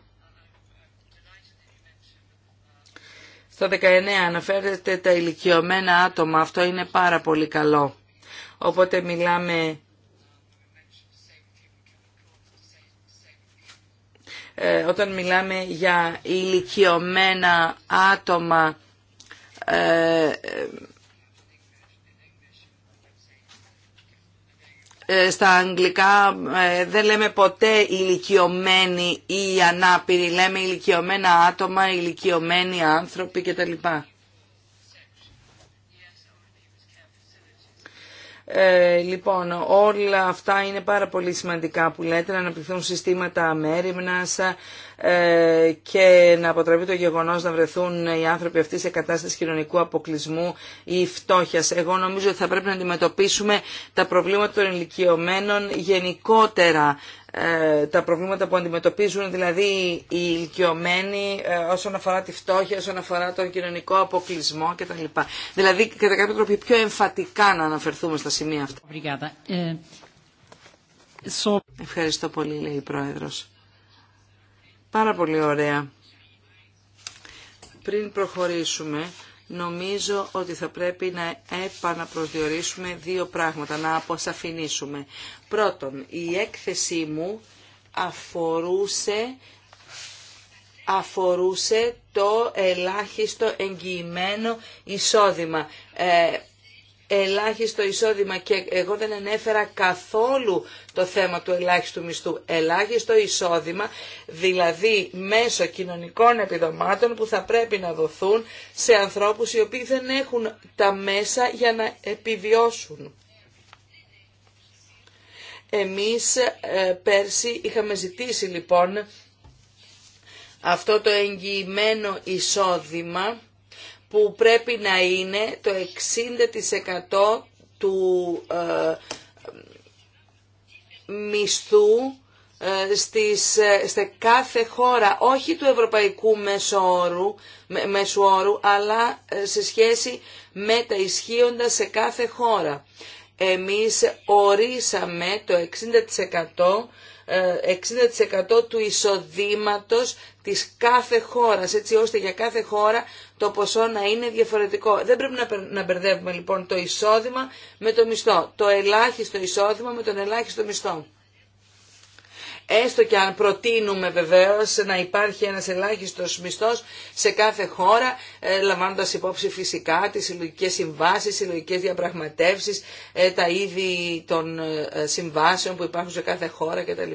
Στο 19 αναφέρεται τα ηλικιωμένα άτομα. Αυτό είναι πάρα πολύ καλό. Οπότε μιλάμε ε, όταν μιλάμε για ηλικιωμένα άτομα ε, ε Ε, στα αγγλικά ε, δεν λέμε ποτέ ηλικιωμένοι ή ανάπηροι, λέμε ηλικιωμένα άτομα, ηλικιωμένοι άνθρωποι κτλ. Ε, λοιπόν, όλα αυτά είναι πάρα πολύ σημαντικά που λέτε να αναπτυχθούν συστήματα αμέριμνας, ε, και να αποτραπεί το γεγονός να βρεθούν οι άνθρωποι αυτοί σε κατάσταση κοινωνικού αποκλεισμού ή φτώχειας. Εγώ νομίζω ότι θα πρέπει να αντιμετωπίσουμε τα προβλήματα των ηλικιωμένων γενικότερα ε, τα προβλήματα που αντιμετωπίζουν δηλαδή οι ηλικιωμένοι ε, όσον αφορά τη φτώχεια, όσον αφορά τον κοινωνικό αποκλεισμό κτλ. Δηλαδή κατά κάποιο τρόπο πιο εμφατικά να αναφερθούμε στα σημεία αυτά. Ευχαριστώ πολύ λέει η Πρόεδρος. Πάρα πολύ ωραία. Πριν προχωρήσουμε, νομίζω ότι θα πρέπει να επαναπροσδιορίσουμε δύο πράγματα, να αποσαφηνίσουμε. Πρώτον, η έκθεσή μου αφορούσε αφορούσε το ελάχιστο εγγυημένο εισόδημα. Ε, ελάχιστο εισόδημα και εγώ δεν ενέφερα καθόλου το θέμα του ελάχιστου μισθού. Ελάχιστο εισόδημα, δηλαδή μέσω κοινωνικών επιδομάτων που θα πρέπει να δοθούν σε ανθρώπους οι οποίοι δεν έχουν τα μέσα για να επιβιώσουν. Εμείς ε, πέρσι είχαμε ζητήσει λοιπόν αυτό το εγγυημένο εισόδημα που πρέπει να είναι το 60% του ε, μισθού ε, στις, ε, σε κάθε χώρα, όχι του ευρωπαϊκού μεσόρου, με, αλλά σε σχέση με τα ισχύοντα σε κάθε χώρα. Εμείς ορίσαμε το 60%, 60 του εισοδήματος της κάθε χώρας, έτσι ώστε για κάθε χώρα το ποσό να είναι διαφορετικό. Δεν πρέπει να μπερδεύουμε λοιπόν το εισόδημα με το μισθό, το ελάχιστο εισόδημα με τον ελάχιστο μισθό. Έστω και αν προτείνουμε βεβαίως να υπάρχει ένας ελάχιστος μισθός σε κάθε χώρα, ε, λαμβάνοντας υπόψη φυσικά τις συλλογικές συμβάσεις, συλλογικές διαπραγματεύσεις, ε, τα είδη των ε, συμβάσεων που υπάρχουν σε κάθε χώρα κτλ.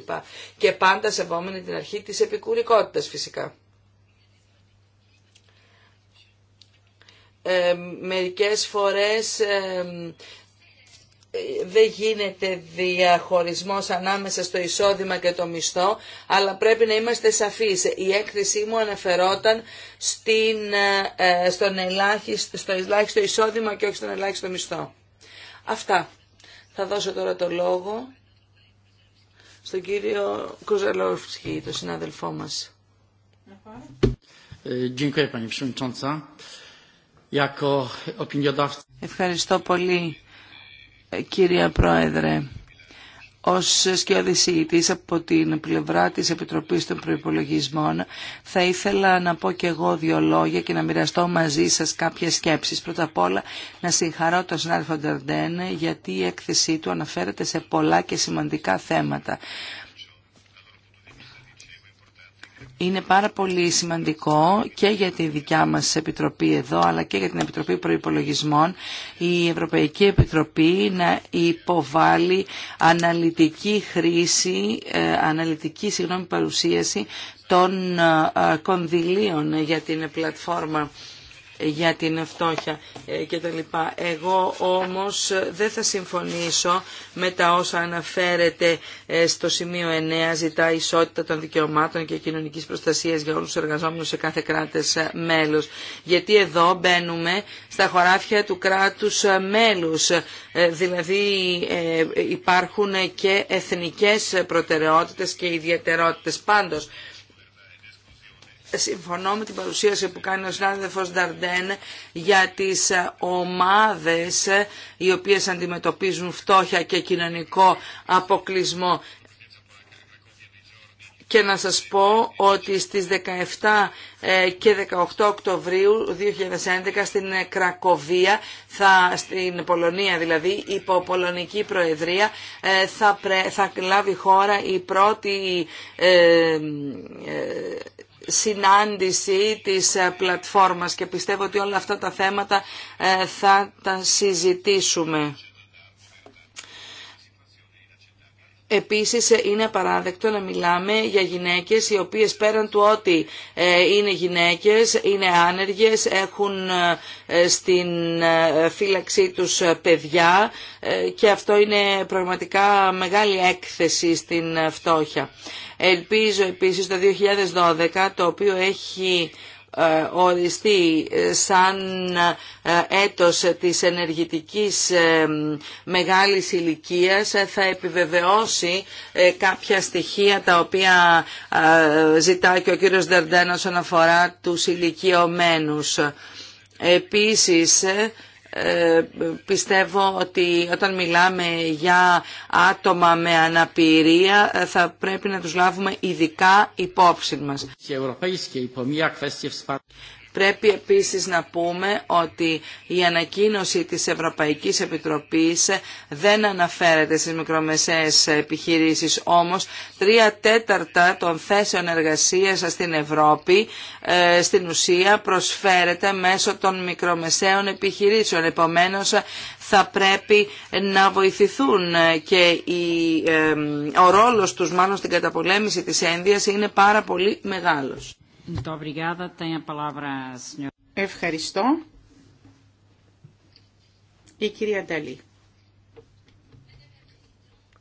Και πάντα επόμενη την αρχή της επικουρικότητας φυσικά. μερικές φορές δεν γίνεται διαχωρισμός ανάμεσα στο εισόδημα και το μισθό, αλλά πρέπει να είμαστε σαφείς. Η έκθεσή μου αναφερόταν στην, ε, στον ελάχιστο, στο ελάχιστο εισόδημα και όχι στον ελάχιστο μισθό. Αυτά. Θα δώσω τώρα το λόγο στον κύριο Κουζαλόφσκι, τον συνάδελφό μας. Ε, Ευχαριστώ πολύ κύριε Πρόεδρε. Ως σκιώδης από την πλευρά της Επιτροπής των Προϋπολογισμών θα ήθελα να πω και εγώ δύο λόγια και να μοιραστώ μαζί σας κάποιες σκέψεις. Πρώτα απ' όλα να συγχαρώ τον Σνάρφο Ντερντέν γιατί η έκθεσή του αναφέρεται σε πολλά και σημαντικά θέματα είναι πάρα πολύ σημαντικό και για τη δικιά μας Επιτροπή εδώ, αλλά και για την Επιτροπή Προϋπολογισμών, η Ευρωπαϊκή Επιτροπή να υποβάλει αναλυτική χρήση, ε, αναλυτική συγγνώμη παρουσίαση των ε, κονδυλίων για την πλατφόρμα για την φτώχεια ε, και τα λοιπά. Εγώ όμως δεν θα συμφωνήσω με τα όσα αναφέρεται ε, στο σημείο 9 ζητά ισότητα των δικαιωμάτων και κοινωνικής προστασίας για όλους τους εργαζόμενους σε κάθε κράτες μέλους. Γιατί εδώ μπαίνουμε στα χωράφια του κράτους ε, μέλους. Δηλαδή υπάρχουν και εθνικές προτεραιότητες και ιδιαιτερότητες. Πάντως συμφωνώ με την παρουσίαση που κάνει ο συνάδελφος Νταρντέν για τις ε, ομάδες ε, οι οποίες αντιμετωπίζουν φτώχεια και κοινωνικό αποκλεισμό. Και να σας πω ότι στις 17 ε, και 18 Οκτωβρίου 2011 στην Κρακοβία, θα, στην Πολωνία δηλαδή, υπό Πολωνική Προεδρία, θα, πρε, θα λάβει χώρα η πρώτη συνάντηση της ε, πλατφόρμας και πιστεύω ότι όλα αυτά τα θέματα ε, θα τα συζητήσουμε. Επίσης ε, είναι παράδεκτο να μιλάμε για γυναίκες οι οποίες πέραν του ότι είναι γυναίκες, είναι άνεργες, έχουν στην φύλαξή τους παιδιά και αυτό είναι πραγματικά μεγάλη έκθεση στην φτώχεια. Ελπίζω επίσης το 2012, το οποίο έχει ε, οριστεί σαν ε, έτος της ενεργητικής ε, μεγάλης ηλικίας θα επιβεβαιώσει κάποια στοιχεία τα οποία ζητάει και ο κύριος Δερντένας όσον αφορά τους ηλικιωμένους. Επίσης ε, πιστεύω ότι όταν μιλάμε για άτομα με αναπηρία ε, θα πρέπει να τους λάβουμε ειδικά υπόψη μας. Πρέπει επίσης να πούμε ότι η ανακοίνωση της Ευρωπαϊκής Επιτροπής δεν αναφέρεται στις μικρομεσαίες επιχειρήσεις, όμως τρία τέταρτα των θέσεων εργασίας στην Ευρώπη ε, στην ουσία προσφέρεται μέσω των μικρομεσαίων επιχειρήσεων. Επομένως θα πρέπει να βοηθηθούν και η, ε, ο ρόλος τους μάλλον στην καταπολέμηση της ένδυας είναι πάρα πολύ μεγάλος. Ευχαριστώ. Η κυρία Νταλή.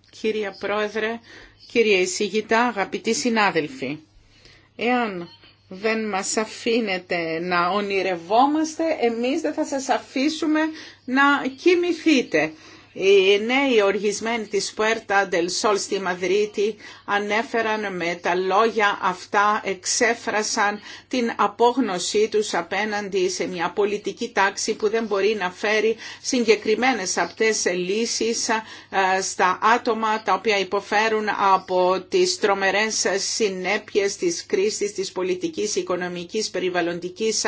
Κυρία Πρόεδρε, κύριε Εισηγητά, αγαπητοί συνάδελφοι, εάν δεν μας αφήνετε να ονειρευόμαστε, εμείς δεν θα σας αφήσουμε να κοιμηθείτε. Οι νέοι οργισμένοι της Πουέρτα del Sol στη Μαδρίτη ανέφεραν με τα λόγια αυτά, εξέφρασαν την απόγνωσή τους απέναντι σε μια πολιτική τάξη που δεν μπορεί να φέρει συγκεκριμένες αυτές λύσεις ε, στα άτομα τα οποία υποφέρουν από τις τρομερές συνέπειες της κρίσης της πολιτικής, οικονομικής, περιβαλλοντικής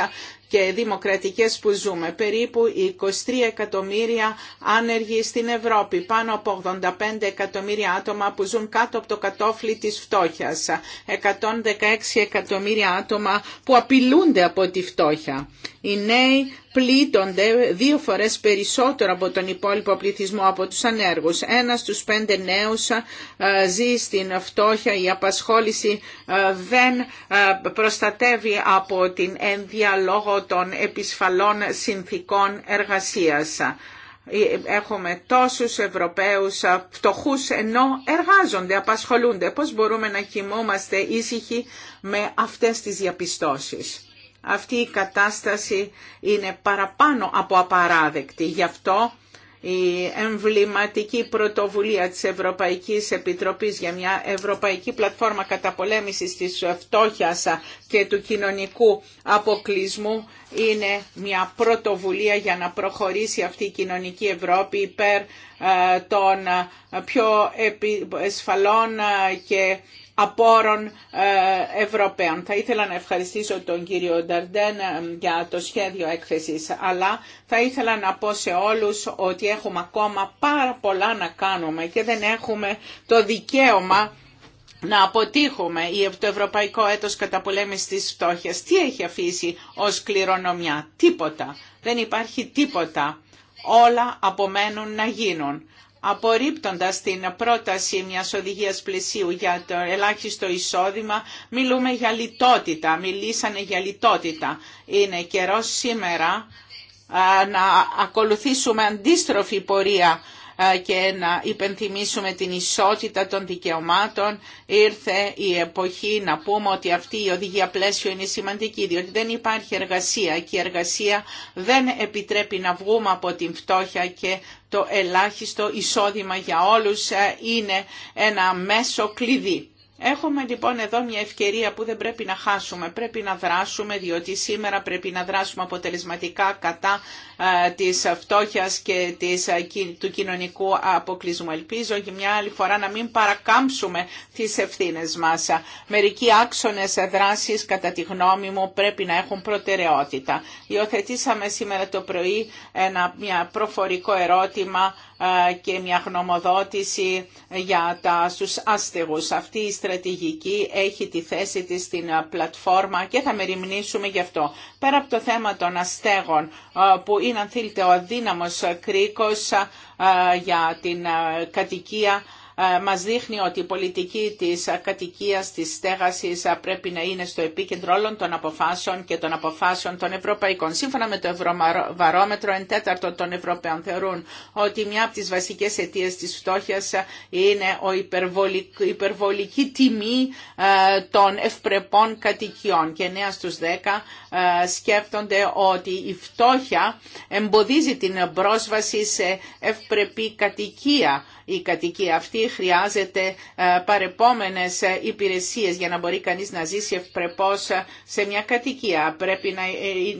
και δημοκρατικές που ζούμε. Περίπου 23 εκατομμύρια άνεργοι στην Ευρώπη, πάνω από 85 εκατομμύρια άτομα που ζουν κάτω από το κατόφλι της φτώχειας, 116 εκατομμύρια άτομα που απειλούνται από τη φτώχεια. Οι νέοι πλήττονται δύο φορές περισσότερο από τον υπόλοιπο πληθυσμό από τους ανέργους. Ένας στους πέντε νέους ε, ζει στην φτώχεια, η απασχόληση ε, δεν ε, προστατεύει από την ένδια λόγω των επισφαλών συνθήκων εργασίας έχουμε τόσους Ευρωπαίους φτωχούς ενώ εργάζονται, απασχολούνται. Πώς μπορούμε να κοιμόμαστε ήσυχοι με αυτές τις διαπιστώσεις αυτή η κατάσταση είναι παραπάνω από απαράδεκτη. Γι' αυτό η εμβληματική πρωτοβουλία της Ευρωπαϊκής Επιτροπής για μια Ευρωπαϊκή Πλατφόρμα Καταπολέμησης της Φτώχειας και του Κοινωνικού Αποκλεισμού είναι μια πρωτοβουλία για να προχωρήσει αυτή η κοινωνική Ευρώπη υπέρ ε, των ε, πιο εσφαλών ε, και απόρων ε, Ευρωπαίων. Θα ήθελα να ευχαριστήσω τον κύριο Νταρντέν ε, για το σχέδιο έκθεσης, αλλά θα ήθελα να πω σε όλους ότι έχουμε ακόμα πάρα πολλά να κάνουμε και δεν έχουμε το δικαίωμα να αποτύχουμε το Ευρωπαϊκό Έτος Καταπολέμησης της Φτώχειας. Τι έχει αφήσει ως κληρονομιά. Τίποτα. Δεν υπάρχει τίποτα. Όλα απομένουν να γίνουν απορρίπτοντας την πρόταση μιας οδηγίας πλαισίου για το ελάχιστο εισόδημα, μιλούμε για λιτότητα, μιλήσανε για λιτότητα. Είναι καιρό σήμερα να ακολουθήσουμε αντίστροφη πορεία και να υπενθυμίσουμε την ισότητα των δικαιωμάτων. Ήρθε η εποχή να πούμε ότι αυτή η οδηγία πλαίσιο είναι σημαντική, διότι δεν υπάρχει εργασία και η εργασία δεν επιτρέπει να βγούμε από την φτώχεια και το ελάχιστο εισόδημα για όλους ε, είναι ένα μέσο κλειδί. Έχουμε λοιπόν εδώ μια ευκαιρία που δεν πρέπει να χάσουμε, πρέπει να δράσουμε, διότι σήμερα πρέπει να δράσουμε αποτελεσματικά κατά ε, της φτώχειας και ε, του κοινωνικού αποκλεισμού. Ελπίζω για μια άλλη φορά να μην παρακάμψουμε τις ευθύνες μας. Μερικοί άξονες δράσης κατά τη γνώμη μου πρέπει να έχουν προτεραιότητα. Υιοθετήσαμε σήμερα το πρωί ένα μια προφορικό ερώτημα ε, και μια γνωμοδότηση για τα, στους άστεγους. Αυτή η στρατηγική έχει τη θέση της στην πλατφόρμα και θα μεριμνήσουμε γι' αυτό πέρα από το θέμα των αστέγων ε, που είναι αν θέλετε ο αδύναμος κρίκος ε, ε, για την κατοικία ε, μας δείχνει ότι η πολιτική της κατοικίας, της στέγασης ε, πρέπει να είναι στο επίκεντρο όλων των αποφάσεων και των αποφάσεων των ευρωπαϊκών. Σύμφωνα με το Ευρωβαρόμετρο, εν τέταρτο των Ευρωπαίων θεωρούν ότι μια από τις βασικές αιτίες της φτώχειας ε, είναι η υπερβολική, υπερβολική τιμή των ευπρεπών κατοικιών και 9 στους 10 σκέφτονται ότι η φτώχεια εμποδίζει την πρόσβαση σε ευπρεπή κατοικία η κατοικία αυτή χρειάζεται ε, παρεπόμενες ε, υπηρεσίες για να μπορεί κανείς να ζήσει ευπρεπώς ε, σε μια κατοικία. Πρέπει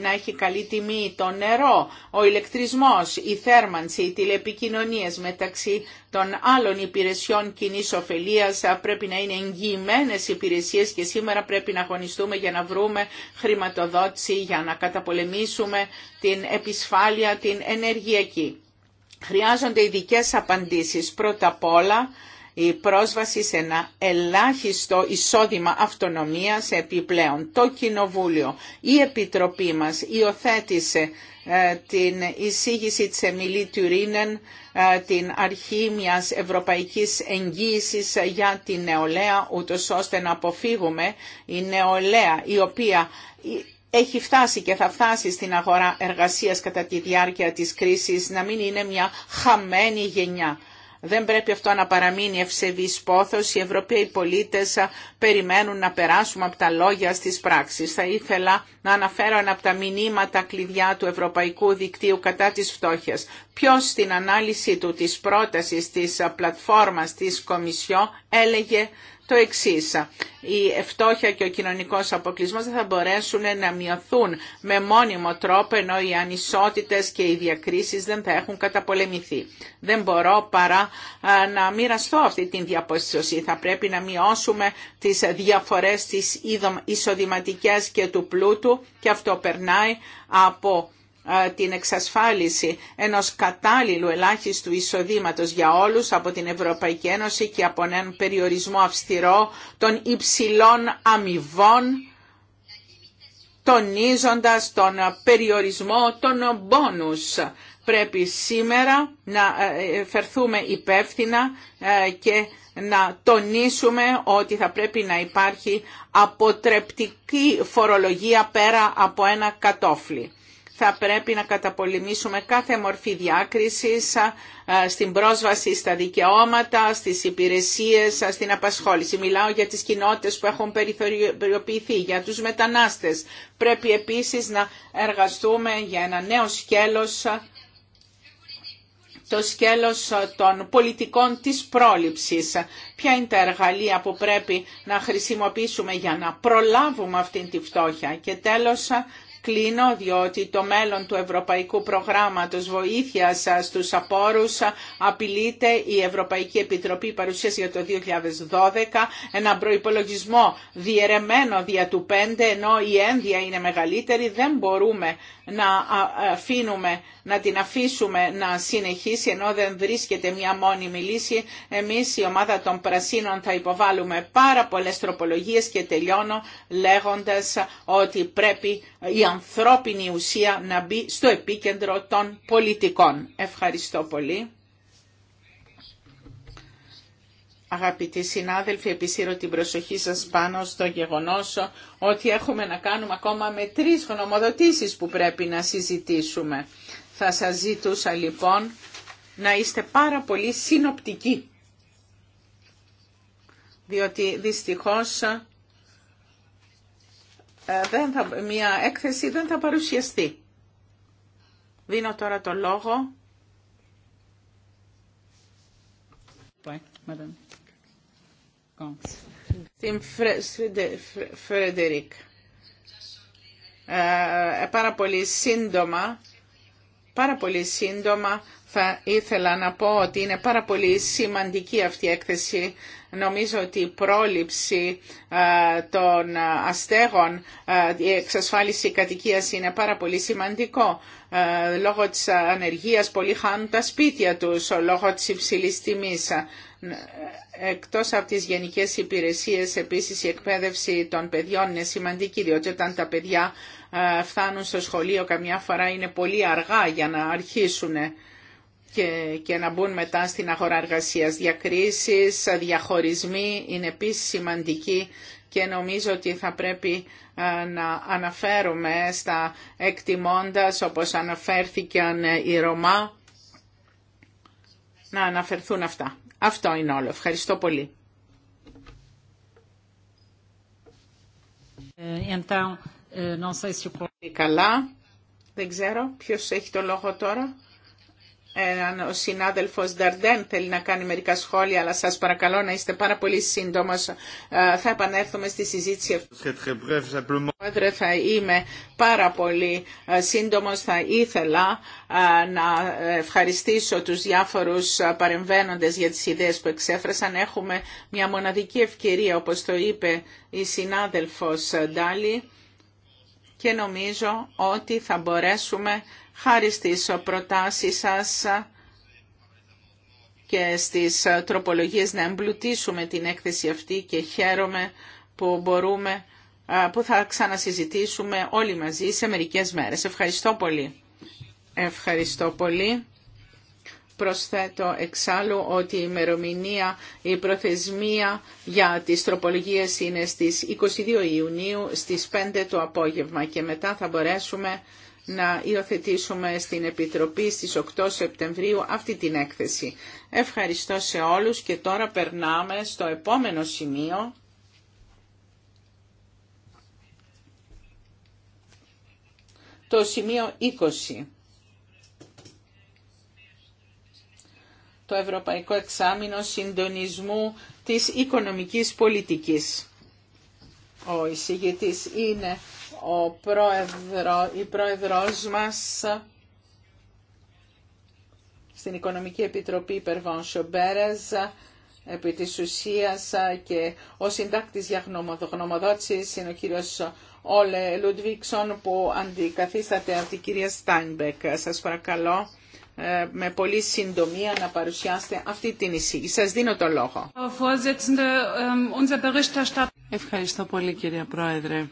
να έχει καλή τιμή το νερό, ο ηλεκτρισμός, η θέρμανση, οι τηλεπικοινωνίες μεταξύ των άλλων υπηρεσιών κοινή ωφελία πρέπει να είναι εγγυημένε υπηρεσίε και σήμερα πρέπει να αγωνιστούμε για να βρούμε χρηματοδότηση για να καταπολεμήσουμε την επισφάλεια την ενεργειακή. Χρειάζονται ειδικέ απαντήσεις. Πρώτα απ' όλα, η πρόσβαση σε ένα ελάχιστο εισόδημα αυτονομίας επιπλέον. Το Κοινοβούλιο, η Επιτροπή μας υιοθέτησε ε, την εισήγηση της Εμιλή Τουρίνεν, ε, την αρχή μιας ευρωπαϊκής εγγύησης για την νεολαία, ούτως ώστε να αποφύγουμε η νεολαία η οποία έχει φτάσει και θα φτάσει στην αγορά εργασίας κατά τη διάρκεια της κρίσης, να μην είναι μια χαμένη γενιά. Δεν πρέπει αυτό να παραμείνει ευσεβής πόθος. Οι Ευρωπαίοι πολίτες περιμένουν να περάσουμε από τα λόγια στις πράξεις. Θα ήθελα να αναφέρω ένα από τα μηνύματα κλειδιά του Ευρωπαϊκού Δικτύου κατά της φτώχειας. Ποιος στην ανάλυση του της πρότασης της πλατφόρμας της Κομισιό έλεγε το εξή. Η φτώχεια και ο κοινωνικό αποκλεισμό δεν θα μπορέσουν να μειωθούν με μόνιμο τρόπο, ενώ οι ανισότητε και οι διακρίσει δεν θα έχουν καταπολεμηθεί. Δεν μπορώ παρά να μοιραστώ αυτή την διαπίστωση. Θα πρέπει να μειώσουμε τι διαφορέ τι εισοδηματικέ και του πλούτου και αυτό περνάει από την εξασφάλιση ενός κατάλληλου ελάχιστου εισοδήματος για όλους από την Ευρωπαϊκή Ένωση και από έναν περιορισμό αυστηρό των υψηλών αμοιβών, τονίζοντας τον περιορισμό των μπόνους. Πρέπει σήμερα να ε, ε, φερθούμε υπεύθυνα ε, και να τονίσουμε ότι θα πρέπει να υπάρχει αποτρεπτική φορολογία πέρα από ένα κατόφλι θα πρέπει να καταπολεμήσουμε κάθε μορφή διάκρισης στην πρόσβαση στα δικαιώματα, στις υπηρεσίες, στην απασχόληση. Μιλάω για τις κοινότητες που έχουν περιθωριοποιηθεί, για τους μετανάστες. Πρέπει επίσης να εργαστούμε για ένα νέο σκέλος το σκέλος των πολιτικών της πρόληψης. Ποια είναι τα εργαλεία που πρέπει να χρησιμοποιήσουμε για να προλάβουμε αυτή τη φτώχεια. Και τέλος Κλείνω διότι το μέλλον του Ευρωπαϊκού Προγράμματος Βοήθειας στους Απόρους απειλείται η Ευρωπαϊκή Επιτροπή παρουσίασε για το 2012 ένα προϋπολογισμό διαιρεμένο δια του 5 ενώ η ένδια είναι μεγαλύτερη δεν μπορούμε να αφήνουμε, να την αφήσουμε να συνεχίσει ενώ δεν βρίσκεται μια μόνιμη λύση. Εμείς η ομάδα των Πρασίνων θα υποβάλουμε πάρα πολλές τροπολογίες και τελειώνω λέγοντας ότι πρέπει η ανθρώπινη ουσία να μπει στο επίκεντρο των πολιτικών. Ευχαριστώ πολύ. Αγαπητοί συνάδελφοι, επισύρω την προσοχή σας πάνω στο γεγονός ότι έχουμε να κάνουμε ακόμα με τρεις γνωμοδοτήσεις που πρέπει να συζητήσουμε. Θα σας ζητούσα λοιπόν να είστε πάρα πολύ συνοπτικοί, διότι δυστυχώς ε, δεν θα, μια έκθεση δεν θα παρουσιαστεί. Δίνω τώρα το λόγο. Bye, στην Φρεντερίκ. πάρα πολύ σύντομα, πάρα πολύ θα ήθελα να πω ότι είναι πάρα πολύ σημαντική αυτή η έκθεση. Νομίζω ότι η πρόληψη ε, των αστέγων, ε, η εξασφάλιση κατοικίας είναι πάρα πολύ σημαντικό. Ε, λόγω της ανεργίας πολλοί χάνουν τα σπίτια τους, λόγω της υψηλής τιμής. Εκτός από τις γενικές υπηρεσίες, επίσης η εκπαίδευση των παιδιών είναι σημαντική, διότι όταν τα παιδιά φτάνουν στο σχολείο καμιά φορά είναι πολύ αργά για να αρχίσουν και, και να μπουν μετά στην αγορά εργασίας. Διακρίσεις, διαχωρισμοί είναι επίσης σημαντικοί και νομίζω ότι θα πρέπει να αναφέρουμε στα εκτιμώντας, όπως αναφέρθηκαν οι Ρωμά, να αναφερθούν αυτά. Αυτό είναι όλο. Ευχαριστώ ε, ε, πολύ. Καλά. Δεν ξέρω ποιος έχει το λόγο τώρα. Εάν ο συνάδελφος Νταρντέν θέλει να κάνει μερικά σχόλια, αλλά σας παρακαλώ να είστε πάρα πολύ σύντομος, ε, θα επανέλθουμε στη συζήτηση Πρόεδρε, θα είμαι πάρα πολύ ε, σύντομος. Θα ήθελα ε, να ευχαριστήσω τους διάφορους παρεμβαίνοντες για τις ιδέες που εξέφρασαν. Έχουμε μια μοναδική ευκαιρία, όπως το είπε η συνάδελφος Ντάλι, και νομίζω ότι θα μπορέσουμε χάρη στις προτάσεις σας και στις τροπολογίες να εμπλουτίσουμε την έκθεση αυτή και χαίρομαι που μπορούμε που θα ξανασυζητήσουμε όλοι μαζί σε μερικές μέρες. Ευχαριστώ πολύ. Ευχαριστώ πολύ. Προσθέτω εξάλλου ότι η ημερομηνία, η προθεσμία για τις τροπολογίες είναι στις 22 Ιουνίου στις 5 το απόγευμα και μετά θα μπορέσουμε να υιοθετήσουμε στην Επιτροπή στις 8 Σεπτεμβρίου αυτή την έκθεση. Ευχαριστώ σε όλους και τώρα περνάμε στο επόμενο σημείο. Το σημείο 20. Το Ευρωπαϊκό Εξάμεινο Συντονισμού της Οικονομικής Πολιτικής. Ο εισηγητής είναι ο πρόεδρο, η πρόεδρός μας στην Οικονομική Επιτροπή Περβάνσιο Σομπέρες επί της ουσίας και ο συντάκτης για γνωμοδότησης είναι ο κύριος Όλε Λούντβιξον που αντικαθίσταται από την κυρία Στάινμπεκ. Σας παρακαλώ ε, με πολύ συντομία να παρουσιάσετε αυτή την εισήγηση. Σας δίνω το λόγο. Ähm, Ευχαριστώ πολύ κύριε Πρόεδρε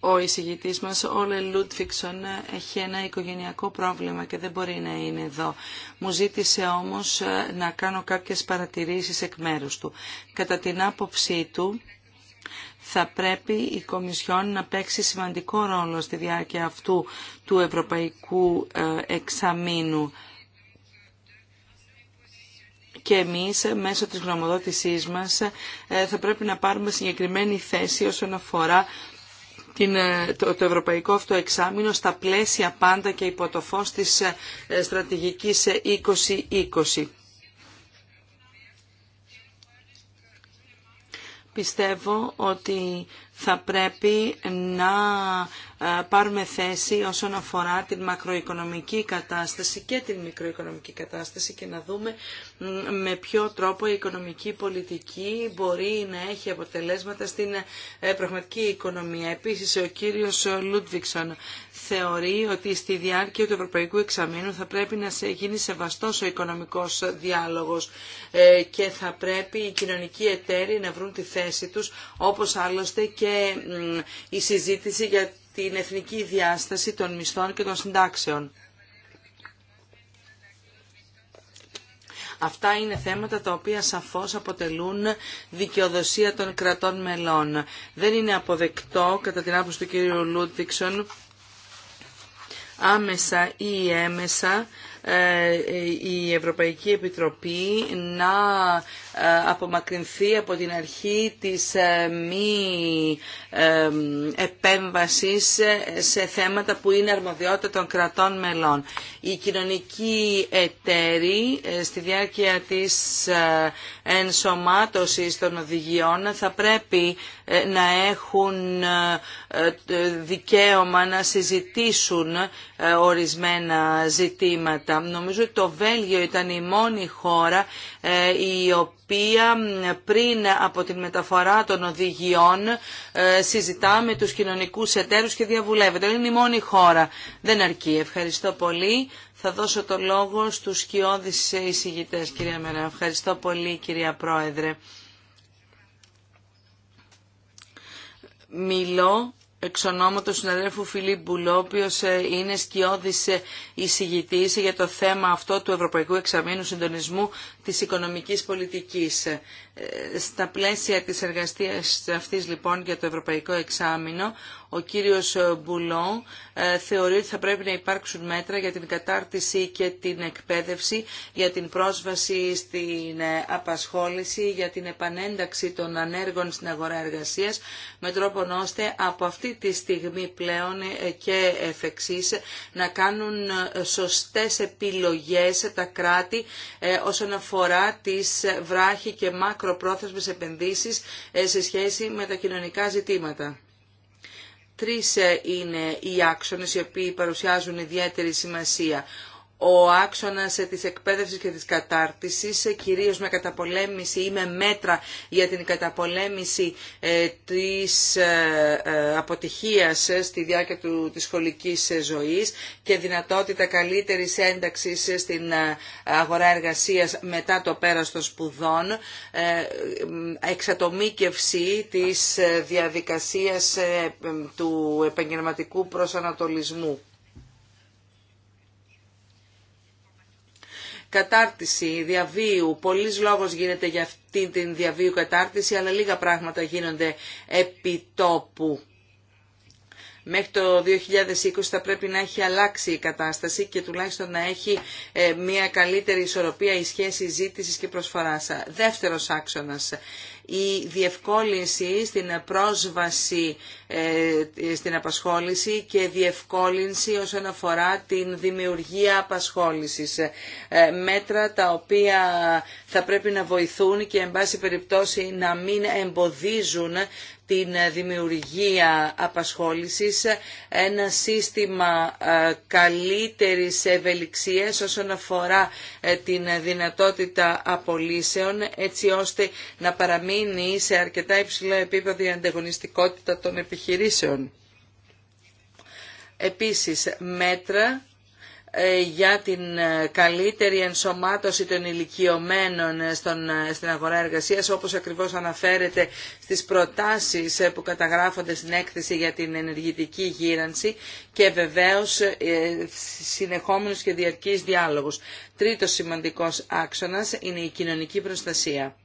ο εισηγητή μα, ο Λε Λούτφιξον, έχει ένα οικογενειακό πρόβλημα και δεν μπορεί να είναι εδώ. Μου ζήτησε όμως ε, να κάνω κάποιε παρατηρήσεις εκ μέρου του. Κατά την άποψή του, θα πρέπει η Κομισιόν να παίξει σημαντικό ρόλο στη διάρκεια αυτού του Ευρωπαϊκού ε, Εξαμήνου. Και εμείς ε, μέσω της γνωμοδότησής μας θα πρέπει να πάρουμε συγκεκριμένη θέση όσον αφορά την, ε, το, ευρωπαϊκό αυτό εξάμεινο στα πλαίσια πάντα και υπό το φως της ε, στρατηγικής 2020. Ε, Πιστεύω ότι θα πρέπει να πάρουμε θέση όσον αφορά την μακροοικονομική κατάσταση και την μικροοικονομική κατάσταση και να δούμε με ποιο τρόπο η οικονομική πολιτική μπορεί να έχει αποτελέσματα στην ε, πραγματική οικονομία. Επίσης, ο κύριος Λούντβικσον θεωρεί ότι στη διάρκεια του Ευρωπαϊκού Εξαμήνου θα πρέπει να γίνει σεβαστός ο οικονομικός διάλογος ε, και θα πρέπει οι κοινωνικοί εταίροι να βρουν τη θέση τους, όπως άλλωστε και η συζήτηση την εθνική διάσταση των μισθών και των συντάξεων. Αυτά είναι θέματα τα οποία σαφώς αποτελούν δικαιοδοσία των κρατών μελών. Δεν είναι αποδεκτό, κατά την άποψη του κ. Λούτιξον, άμεσα ή έμεσα ε, η Ευρωπαϊκή Επιτροπή να ε, απομακρυνθεί από την αρχή της ε, μη επέμβασης σε θέματα που είναι αρμοδιότητα των κρατών μελών. Η κοινωνική εταίροι στη διάρκεια της ενσωμάτωσης των οδηγιών θα πρέπει να έχουν δικαίωμα να συζητήσουν ορισμένα ζητήματα Νομίζω ότι το Βέλγιο ήταν η μόνη χώρα ε, η οποία πριν από την μεταφορά των οδηγιών ε, συζητά με τους κοινωνικούς εταίρους και διαβουλεύεται. Είναι η μόνη χώρα. Δεν αρκεί. Ευχαριστώ πολύ. Θα δώσω το λόγο στους σκιώδεις εισηγητές, κυρία Μέρα. Ευχαριστώ πολύ, κυρία Πρόεδρε. Μιλώ εξ ονόματος του συναδέλφου Φιλίπ Μπουλό, ο ε, είναι σκιώδης ε, εισηγητής για το θέμα αυτό του Ευρωπαϊκού Εξαμήνου Συντονισμού της Οικονομικής Πολιτικής. Ε, στα πλαίσια της εργασίας αυτής λοιπόν για το Ευρωπαϊκό Εξάμεινο, ο κύριος ε, Μπουλόν ε, θεωρεί ότι θα πρέπει να υπάρξουν μέτρα για την κατάρτιση και την εκπαίδευση, για την πρόσβαση στην ε, απασχόληση, για την επανένταξη των ανέργων στην αγορά εργασίας, με τρόπο ώστε από αυτή τη στιγμή πλέον και εφ' να κάνουν σωστές επιλογές τα κράτη όσον αφορά τις βράχοι και μακροπρόθεσμες επενδύσεις σε σχέση με τα κοινωνικά ζητήματα. Τρεις ε, είναι οι άξονες οι οποίοι παρουσιάζουν ιδιαίτερη σημασία ο άξονας ε, της εκπαίδευσης και της κατάρτισης, ε, κυρίως με καταπολέμηση ή με μέτρα για την καταπολέμηση ε, της αποτυχίας στη διάρκεια του, της σχολικής ζωής και δυνατότητα καλύτερης ένταξης στην αγορά εργασίας μετά το πέρας των σπουδών, εξατομίκευση της διαδικασίας του επαγγελματικού προσανατολισμού. κατάρτιση διαβίου. Πολλής λόγος γίνεται για αυτήν την διαβίου κατάρτιση, αλλά λίγα πράγματα γίνονται επί τόπου. Μέχρι το 2020 θα πρέπει να έχει αλλάξει η κατάσταση και τουλάχιστον να έχει ε, μια καλύτερη ισορροπία η σχέση ζήτησης και προσφοράς. Δεύτερος άξονας, η διευκόλυνση στην πρόσβαση ε, στην απασχόληση και διευκόλυνση όσον αφορά την δημιουργία απασχόλησης. Ε, μέτρα τα οποία θα πρέπει να βοηθούν και εν πάση περιπτώσει να μην εμποδίζουν την ε, δημιουργία απασχόλησης, ε, ένα σύστημα ε, καλύτερης ευελιξίας όσον αφορά την δυνατότητα απολύσεων, έτσι ώστε να παραμείνει σε αρκετά υψηλό επίπεδο η ανταγωνιστικότητα των επιχειρήσεων. Επίσης, μέτρα ε, για την ε, καλύτερη ενσωμάτωση των ηλικιωμένων ε, στον, στην αγορά εργασίας, όπως ακριβώς αναφέρεται στις προτάσεις που καταγράφονται στην έκθεση για την ενεργητική γύρανση και βεβαίως συνεχόμενους και διαρκείς διάλογους. Τρίτος σημαντικός άξονας είναι η κοινωνική προστασία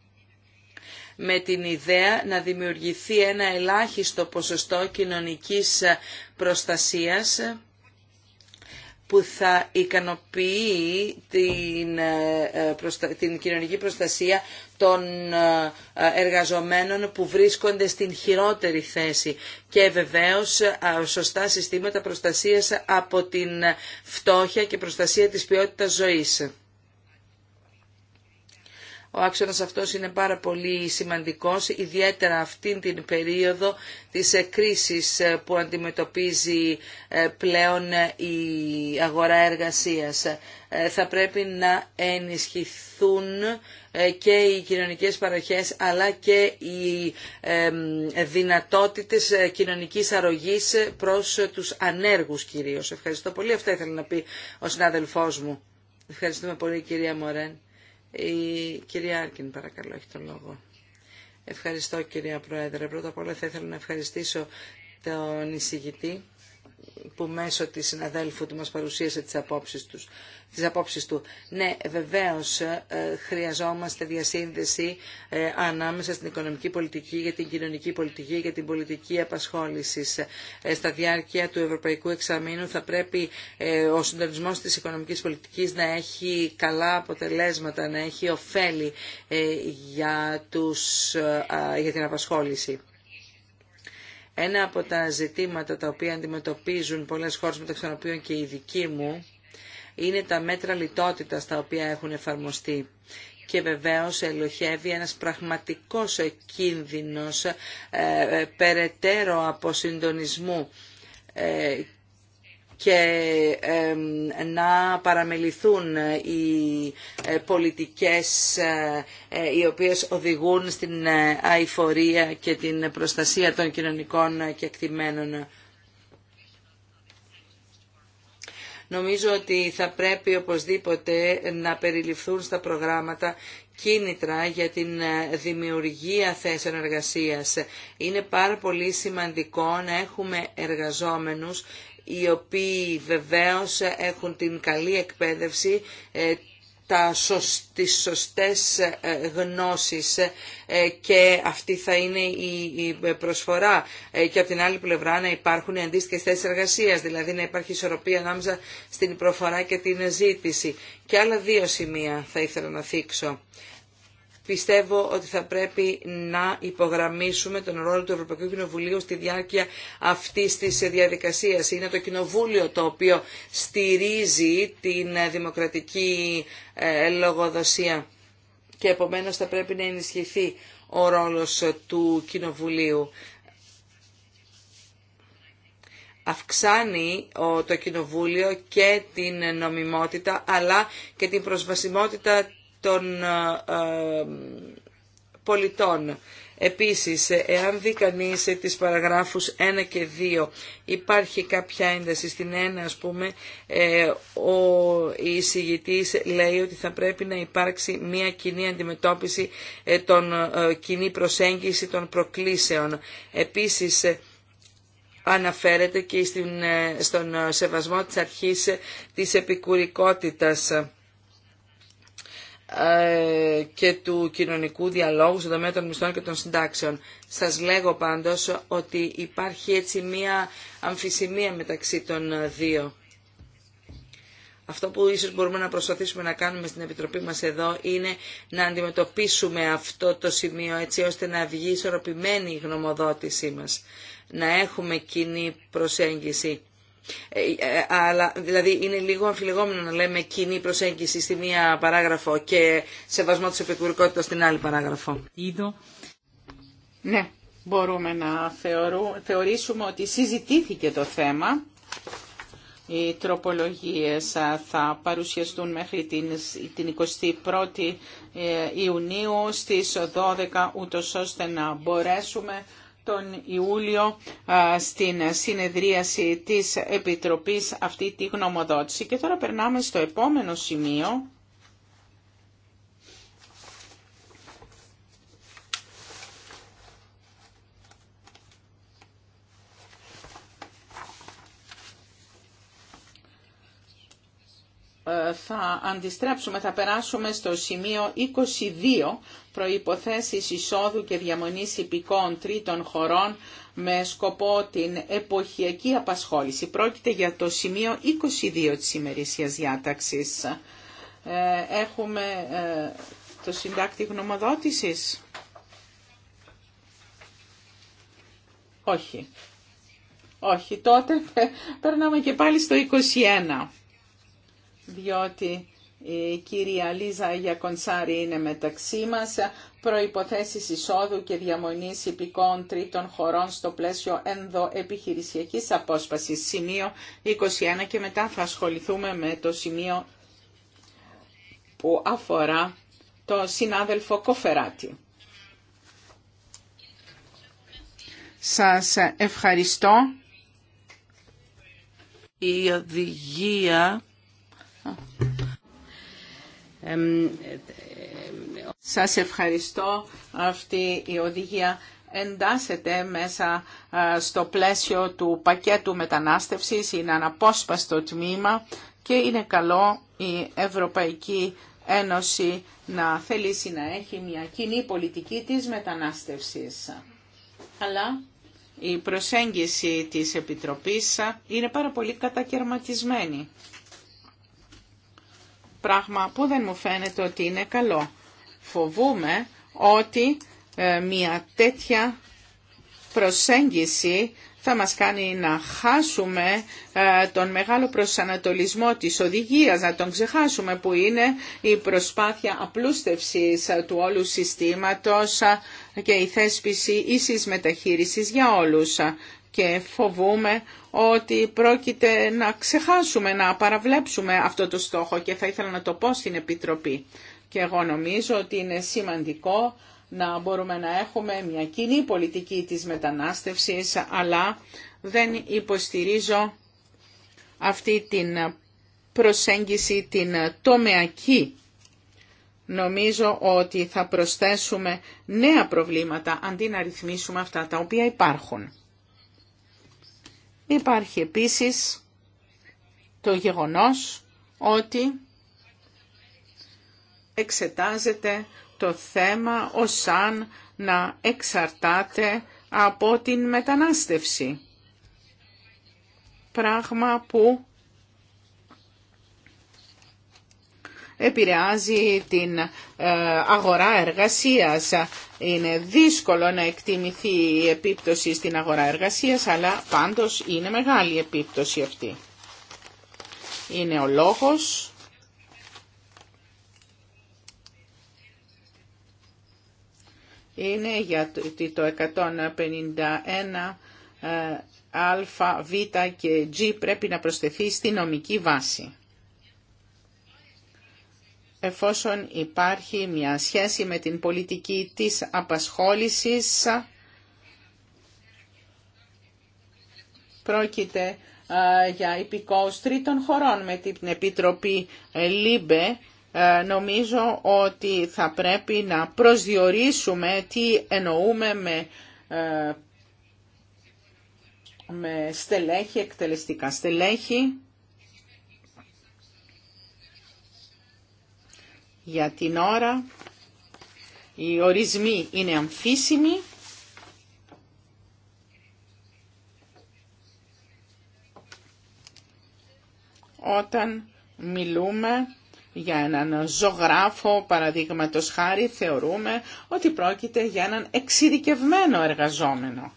με την ιδέα να δημιουργηθεί ένα ελάχιστο ποσοστό κοινωνικής προστασίας που θα ικανοποιεί την, ε, ε, την κοινωνική προστασία των ε, εργαζομένων που βρίσκονται στην χειρότερη θέση και βεβαίως σωστά συστήματα προστασίας από την φτώχεια και προστασία της ποιότητας ζωής. Ο άξονας αυτός είναι πάρα πολύ σημαντικός, ιδιαίτερα αυτήν την περίοδο της ε, κρίσης ε, που αντιμετωπίζει ε, πλέον η αγορά εργασίας. Θα πρέπει να ενισχυθούν και οι κοινωνικές παροχές αλλά και οι δυνατότητες κοινωνικής αρρωγής προς τους ανέργους κυρίως. Ευχαριστώ πολύ. Αυτό ήθελα να πει ο συνάδελφός μου. Ευχαριστούμε πολύ κυρία Μωρέν. Η κυρία Άρκιν παρακαλώ έχει τον λόγο. Ευχαριστώ κυρία Πρόεδρε. Πρώτα απ' όλα θα ήθελα να ευχαριστήσω τον εισηγητή που μέσω της συναδέλφου του μας παρουσίασε τις απόψεις, τους, τις απόψεις του. Ναι, βεβαίως ε, χρειαζόμαστε διασύνδεση ε, ανάμεσα στην οικονομική πολιτική, για την κοινωνική πολιτική, για την πολιτική απασχόλησης. Ε, στα διάρκεια του Ευρωπαϊκού Εξαμήνου θα πρέπει ο συντονισμός της οικονομικής πολιτικής να έχει καλά αποτελέσματα, να έχει ωφέλη για, τους, για την απασχόληση. Ένα από τα ζητήματα τα οποία αντιμετωπίζουν πολλές χώρες μεταξύ των οποίων και η δική μου είναι τα μέτρα λιτότητας τα οποία έχουν εφαρμοστεί και βεβαίως ελοχεύει ένας πραγματικός κίνδυνος ε, ε, περαιτέρω από συντονισμού ε, και να παραμεληθούν οι ε, πολιτικές ε, ε, οι οποίες οδηγούν στην αηφορία και την προστασία των κοινωνικών και εκτιμένων. Νομίζω ότι θα πρέπει οπωσδήποτε να περιληφθούν στα προγράμματα κίνητρα για την δημιουργία θέσεων εργασίας. Είναι πάρα πολύ σημαντικό να έχουμε εργαζόμενους οι οποίοι βεβαίως έχουν την καλή εκπαίδευση, ε, τα σωσ... τις σωστές ε, γνώσεις ε, και αυτή θα είναι η προσφορά και από την άλλη πλευρά να υπάρχουν οι αντίστοιχες θέσεις εργασίας, δηλαδή να υπάρχει ισορροπία ανάμεσα στην προφορά και την ζήτηση. Και άλλα δύο σημεία θα ήθελα να θίξω πιστεύω ότι θα πρέπει να υπογραμμίσουμε τον ρόλο του Ευρωπαϊκού Κοινοβουλίου στη διάρκεια αυτή της διαδικασία. Είναι το Κοινοβούλιο το οποίο στηρίζει την δημοκρατική ε, λογοδοσία και επομένως θα πρέπει να ενισχυθεί ο ρόλος του Κοινοβουλίου. Αυξάνει το Κοινοβούλιο και την νομιμότητα αλλά και την προσβασιμότητα των ε, ε, πολιτών. Επίσης, εάν δει κανεί τις παραγράφους 1 και 2, υπάρχει κάποια ένταση. Στην 1, ας πούμε, ε, ο εισηγητής λέει ότι θα πρέπει να υπάρξει μια κοινή αντιμετώπιση, των, κοινή προσέγγιση των προκλήσεων. Επίσης, αναφέρεται και στην, στον σεβασμό της αρχής της επικουρικότητας ε, και του κοινωνικού διαλόγου στον τομέα των μισθών και των συντάξεων. Σας λέγω πάντως ότι υπάρχει έτσι μία αμφισημία μεταξύ των δύο. Αυτό που ίσως μπορούμε να προσπαθήσουμε να κάνουμε στην Επιτροπή μας εδώ είναι να αντιμετωπίσουμε αυτό το σημείο έτσι ώστε να βγει ισορροπημένη η γνωμοδότησή μας. Να έχουμε κοινή προσέγγιση ε, ε, ε, δηλαδή είναι λίγο αμφιλεγόμενο να λέμε κοινή προσέγγιση στη μία παράγραφο και σεβασμό της επικουρικότητας στην άλλη παράγραφο. Είδω. Ναι, μπορούμε να θεωρού, θεωρήσουμε ότι συζητήθηκε το θέμα. Οι τροπολογίες θα παρουσιαστούν μέχρι την 21η Ιουνίου στις 12 ούτως ώστε να μπορέσουμε τον Ιούλιο στην συνεδρίαση της Επιτροπής αυτή τη γνωμοδότηση. Και τώρα περνάμε στο επόμενο σημείο Ε, θα αντιστρέψουμε, θα περάσουμε στο σημείο 22 προϋποθέσεις εισόδου και διαμονής υπηκών τρίτων χωρών με σκοπό την εποχιακή απασχόληση. Πρόκειται για το σημείο 22 της ημερήσιας διάταξης. Ε, έχουμε ε, το συντάκτη γνωμοδότησης. Όχι. Όχι, τότε περνάμε και πάλι στο 21 διότι η κυρία Λίζα Γιακονσάρη είναι μεταξύ μας, προϋποθέσεις εισόδου και διαμονής υπηκών τρίτων χωρών στο πλαίσιο ενδοεπιχειρησιακής απόσπασης, σημείο 21 και μετά θα ασχοληθούμε με το σημείο που αφορά το συνάδελφο Κοφεράτη. Σας ευχαριστώ. Η οδηγία σας ευχαριστώ. Αυτή η οδηγία εντάσσεται μέσα στο πλαίσιο του πακέτου μετανάστευσης, είναι αναπόσπαστο τμήμα και είναι καλό η Ευρωπαϊκή Ένωση να θελήσει να έχει μια κοινή πολιτική της μετανάστευσης. Αλλά η προσέγγιση της Επιτροπής είναι πάρα πολύ κατακαιρματισμένη πράγμα που δεν μου φαίνεται ότι είναι καλό. Φοβούμε ότι ε, μια τέτοια προσέγγιση θα μας κάνει να χάσουμε ε, τον μεγάλο προσανατολισμό της οδηγίας, να τον ξεχάσουμε που είναι η προσπάθεια απλούστευσης ε, του όλου συστήματος και η θέσπιση ίσης μεταχείρισης για όλους και φοβούμε ότι πρόκειται να ξεχάσουμε, να παραβλέψουμε αυτό το στόχο και θα ήθελα να το πω στην Επιτροπή. Και εγώ νομίζω ότι είναι σημαντικό να μπορούμε να έχουμε μια κοινή πολιτική της μετανάστευσης, αλλά δεν υποστηρίζω αυτή την προσέγγιση την τομεακή. Νομίζω ότι θα προσθέσουμε νέα προβλήματα αντί να ρυθμίσουμε αυτά τα οποία υπάρχουν. Υπάρχει επίσης το γεγονός ότι εξετάζεται το θέμα ως αν να εξαρτάται από την μετανάστευση. Πράγμα που επηρεάζει την ε, αγορά εργασίας. Είναι δύσκολο να εκτιμηθεί η επίπτωση στην αγορά εργασίας, αλλά πάντως είναι μεγάλη η επίπτωση αυτή. Είναι ο λόγος είναι γιατί το 151 α, β και g πρέπει να προσθεθεί στη νομική βάση εφόσον υπάρχει μια σχέση με την πολιτική της απασχόλησης, πρόκειται για υπηκόους τρίτων χωρών με την Επιτροπή ε, ΛΥΜΠΕ, νομίζω ότι θα πρέπει να προσδιορίσουμε τι εννοούμε με, με στελέχη, εκτελεστικά στελέχη, Για την ώρα οι ορισμοί είναι αμφίσιμοι. Όταν μιλούμε για έναν ζωγράφο, παραδείγματος χάρη, θεωρούμε ότι πρόκειται για έναν εξειδικευμένο εργαζόμενο.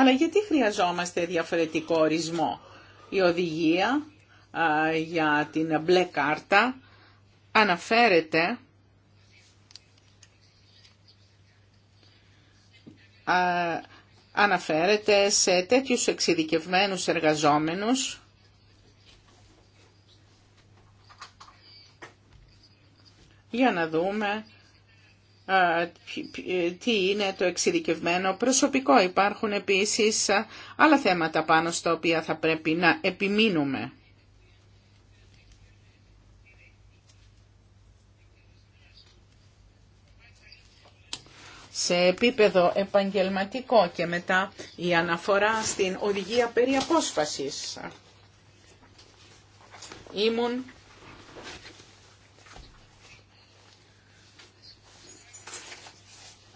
Αλλά γιατί χρειαζόμαστε διαφορετικό ορισμό. Η οδηγία για την μπλε κάρτα αναφέρεται α, αναφέρεται σε τέτοιους εξειδικευμένους εργαζόμενους για να δούμε ε, τι είναι το εξειδικευμένο προσωπικό. Υπάρχουν επίσης άλλα θέματα πάνω στα οποία θα πρέπει να επιμείνουμε. σε επίπεδο επαγγελματικό και μετά η αναφορά στην οδηγία περί απόσπασης. Ήμουν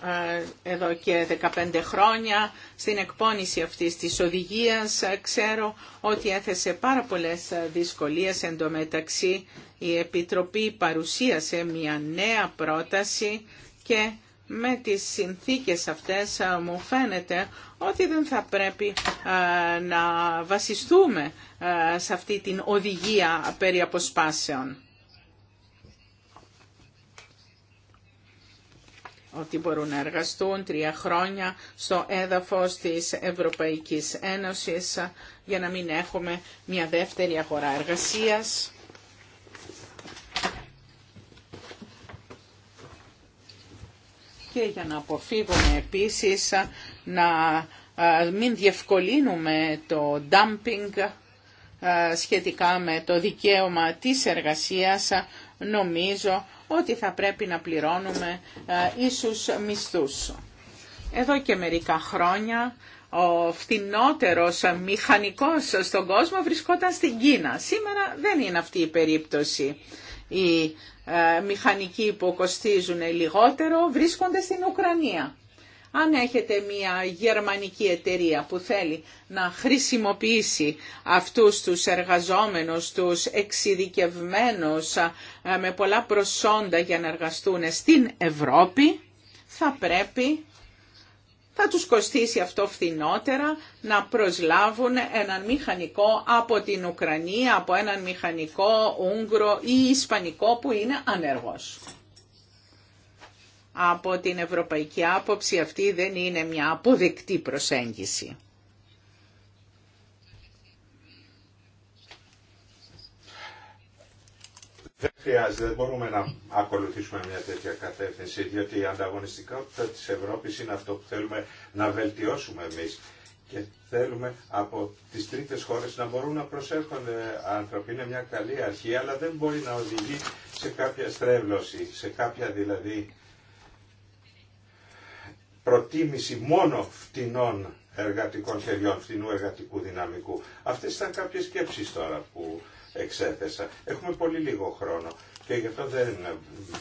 Ε, εδώ και 15 χρόνια στην εκπόνηση αυτής της οδηγίας. Ξέρω ότι έθεσε πάρα πολλές δυσκολίες εντωμεταξύ. Η Επιτροπή παρουσίασε μια νέα πρόταση και με τις συνθήκες αυτές ε, μου φαίνεται ότι δεν θα πρέπει ε, να βασιστούμε σε αυτή την οδηγία περί αποσπάσεων. ότι μπορούν να εργαστούν τρία χρόνια στο έδαφος της Ευρωπαϊκής Ένωσης για να μην έχουμε μια δεύτερη αγορά εργασίας. Και για να αποφύγουμε επίσης να μην διευκολύνουμε το dumping σχετικά με το δικαίωμα της εργασίας, νομίζω ότι θα πρέπει να πληρώνουμε ε, ίσους μισθούς. Εδώ και μερικά χρόνια ο φτηνότερος μηχανικός στον κόσμο βρισκόταν στην Κίνα. Σήμερα δεν είναι αυτή η περίπτωση. Οι ε, μηχανικοί που κοστίζουν λιγότερο βρίσκονται στην Ουκρανία. Αν έχετε μια γερμανική εταιρεία που θέλει να χρησιμοποιήσει αυτούς τους εργαζόμενους, τους εξειδικευμένους με πολλά προσόντα για να εργαστούν στην Ευρώπη, θα πρέπει θα τους κοστίσει αυτό φθηνότερα να προσλάβουν έναν μηχανικό από την Ουκρανία, από έναν μηχανικό Ούγγρο ή Ισπανικό που είναι ανεργός. Από την ευρωπαϊκή άποψη αυτή δεν είναι μια αποδεκτή προσέγγιση. Δεν χρειάζεται, δεν μπορούμε να ακολουθήσουμε μια τέτοια κατεύθυνση, διότι η ανταγωνιστικότητα της Ευρώπης είναι αυτό που θέλουμε να βελτιώσουμε εμείς και θέλουμε από τις τρίτες χώρες να μπορούν να προσέρχονται άνθρωποι. Είναι μια καλή αρχή, αλλά δεν μπορεί να οδηγεί σε κάποια στρέβλωση, σε κάποια δηλαδή προτίμηση μόνο φτηνών εργατικών χεριών, φτηνού εργατικού δυναμικού. Αυτές ήταν κάποιες σκέψεις τώρα που εξέθεσα. Έχουμε πολύ λίγο χρόνο και γι' αυτό δεν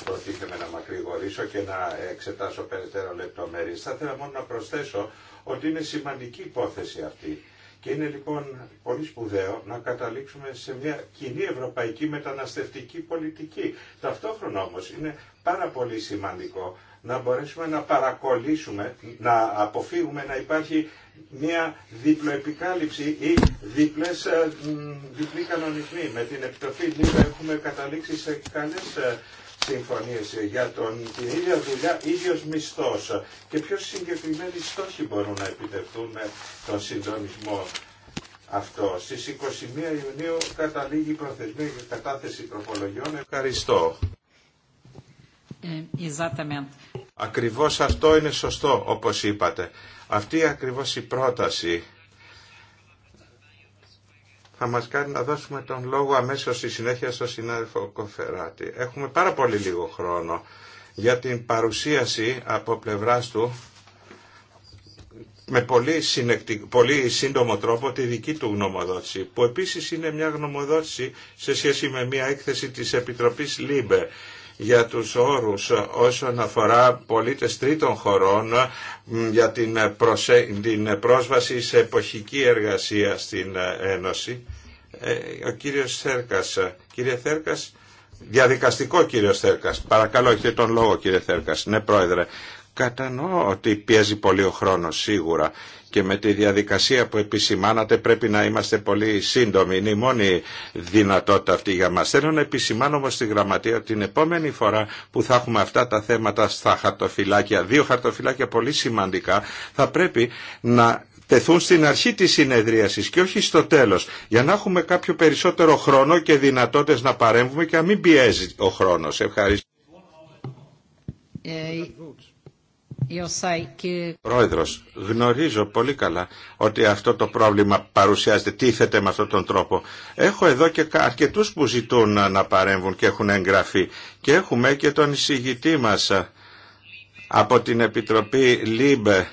προτίθεμαι να μακρηγορήσω και να εξετάσω περαιτέρω λεπτομέρειες. Θα ήθελα μόνο να προσθέσω ότι είναι σημαντική υπόθεση αυτή. Και είναι λοιπόν πολύ σπουδαίο να καταλήξουμε σε μια κοινή ευρωπαϊκή μεταναστευτική πολιτική. Ταυτόχρονα όμως είναι πάρα πολύ σημαντικό να μπορέσουμε να παρακολύσουμε, να αποφύγουμε να υπάρχει μια διπλοεπικάλυψη ή διπλές, ε, διπλή κανονισμή. Με την επιτροπή λίγο έχουμε καταλήξει σε καλές ε, συμφωνίες για τον, την ίδια δουλειά, ίδιος μισθός και πιο συγκεκριμένοι στόχοι μπορούν να επιτευχθούν με τον συντονισμό αυτό. Στις 21 Ιουνίου καταλήγει η προθεσμία για κατάθεση τροπολογιών. Ευχαριστώ. Ε, ακριβώς αυτό είναι σωστό όπως είπατε. Αυτή ακριβώς η πρόταση θα μας κάνει να δώσουμε τον λόγο αμέσως στη συνέχεια στο συνάδελφο Κοφεράτη. Έχουμε πάρα πολύ λίγο χρόνο για την παρουσίαση από πλευράς του με πολύ, σύντομο τρόπο τη δική του γνωμοδότηση, που επίσης είναι μια γνωμοδότηση σε σχέση με μια έκθεση της Επιτροπής ΛΥΜΠΕ για τους όρους όσον αφορά πολίτες τρίτων χωρών για την, την πρόσβαση σε εποχική εργασία στην ε, Ένωση. Ε, ο κύριος Θέρκας. Κύριε Θέρκας, διαδικαστικό κύριος Θέρκας. Παρακαλώ, έχετε τον λόγο κύριε Θέρκας. Ναι, πρόεδρε. Κατανοώ ότι πιέζει πολύ ο χρόνος σίγουρα και με τη διαδικασία που επισημάνατε πρέπει να είμαστε πολύ σύντομοι. Είναι η μόνη δυνατότητα αυτή για μας. Θέλω να επισημάνω όμως στη γραμματεία ότι την επόμενη φορά που θα έχουμε αυτά τα θέματα στα χαρτοφυλάκια, δύο χαρτοφυλάκια πολύ σημαντικά, θα πρέπει να τεθούν στην αρχή της συνεδρίασης και όχι στο τέλος για να έχουμε κάποιο περισσότερο χρόνο και δυνατότητες να παρέμβουμε και να μην πιέζει ο χρόνος. Ευχαριστώ. Ε, Πρόεδρος, γνωρίζω πολύ καλά ότι αυτό το πρόβλημα παρουσιάζεται, τίθεται με αυτόν τον τρόπο. Έχω εδώ και αρκετούς που ζητούν να παρέμβουν και έχουν εγγραφεί και έχουμε και τον εισηγητή μας ε, από την Επιτροπή ΛΥΜΠΕ,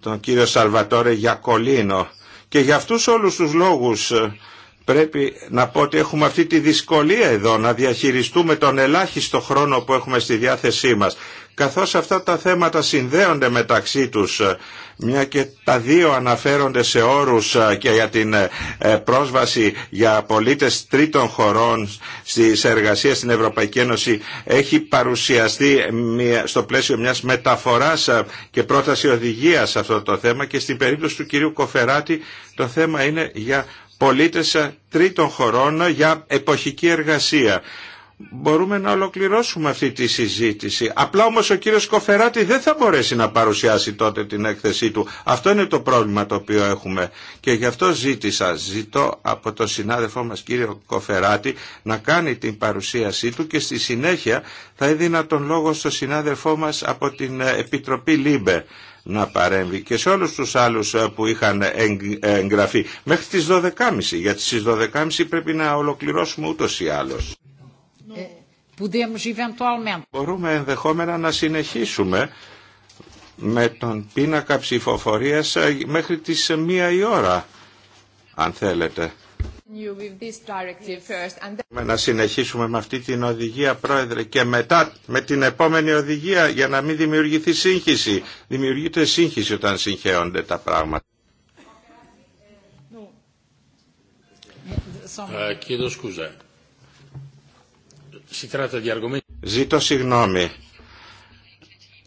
τον κύριο Σαλβατόρε Γιακολίνο και για αυτούς όλους τους λόγους ε, πρέπει να πω ότι έχουμε αυτή τη δυσκολία εδώ να διαχειριστούμε τον ελάχιστο χρόνο που έχουμε στη διάθεσή μας καθώς αυτά τα θέματα συνδέονται μεταξύ τους ε, μια και τα δύο αναφέρονται σε όρους ε, και για την ε, πρόσβαση για πολίτες τρίτων χωρών στις εργασίες στην Ευρωπαϊκή Ένωση έχει παρουσιαστεί στο πλαίσιο μιας μεταφοράς και πρόταση οδηγίας σε αυτό το θέμα και στην περίπτωση του κυρίου Κοφεράτη το θέμα είναι για πολίτες τρίτων χωρών για εποχική εργασία μπορούμε να ολοκληρώσουμε αυτή τη συζήτηση. Απλά όμως ο κύριος Κοφεράτη δεν θα μπορέσει να παρουσιάσει τότε την έκθεσή του. Αυτό είναι το πρόβλημα το οποίο έχουμε. Και γι' αυτό ζήτησα, ζητώ από τον συνάδελφό μας κύριο Κοφεράτη να κάνει την παρουσίασή του και στη συνέχεια θα έδινα τον λόγο στον συνάδελφό μας από την ε, Επιτροπή Λίμπε να παρέμβει και σε όλους τους άλλους ε, που είχαν ε, εγγραφεί μέχρι τις 12.30 γιατί στις 12.30 πρέπει να ολοκληρώσουμε ούτως ή άλλως. Μπορούμε ενδεχόμενα να συνεχίσουμε με τον πίνακα ψηφοφορίας ε, μέχρι τις μία η ώρα, αν θέλετε. Να συνεχίσουμε με αυτή την οδηγία, Πρόεδρε, και μετά με την επόμενη οδηγία για να μην δημιουργηθεί σύγχυση. Δημιουργείται σύγχυση όταν συγχέονται τα πράγματα. Ε, Κύριε Ζήτω συγγνώμη.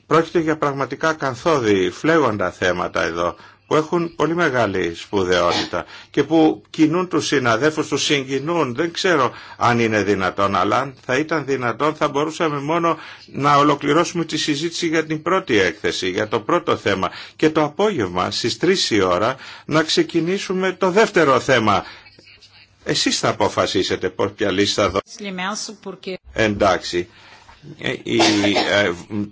Πρόκειται για πραγματικά κανθόδη, φλέγοντα θέματα εδώ, που έχουν πολύ μεγάλη σπουδαιότητα και που κινούν τους συναδέφους τους συγκινούν. Δεν ξέρω αν είναι δυνατόν, αλλά αν θα ήταν δυνατόν θα μπορούσαμε μόνο να ολοκληρώσουμε τη συζήτηση για την πρώτη έκθεση, για το πρώτο θέμα και το απόγευμα στις 3 η ώρα να ξεκινήσουμε το δεύτερο θέμα Εσεί θα αποφασίσετε ποια λίστα θα δώσετε. Εντάξει. Ε, ε,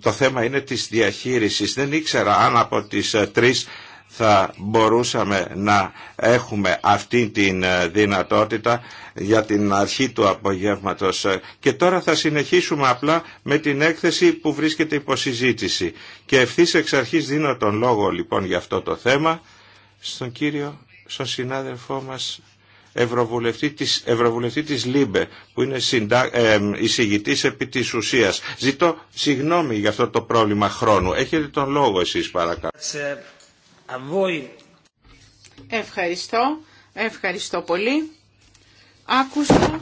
το θέμα είναι της διαχείρισης. Δεν ήξερα αν από τις ε, τρεις θα μπορούσαμε να έχουμε αυτή την δυνατότητα για την αρχή του απογεύματος. Και τώρα θα συνεχίσουμε απλά με την έκθεση που βρίσκεται συζήτηση. Και ευθύς εξ αρχής δίνω τον λόγο λοιπόν για αυτό το θέμα στον κύριο, στον συνάδελφό μας Ευρωβουλευτή της, Ευρωβουλευτή της ΛΥΜΠΕ που είναι συντα... ε, εισηγητής επί της ουσίας. Ζητώ συγγνώμη για αυτό το πρόβλημα χρόνου. Έχετε τον λόγο εσείς παρακαλώ. Ευχαριστώ. Ευχαριστώ πολύ. Άκουσα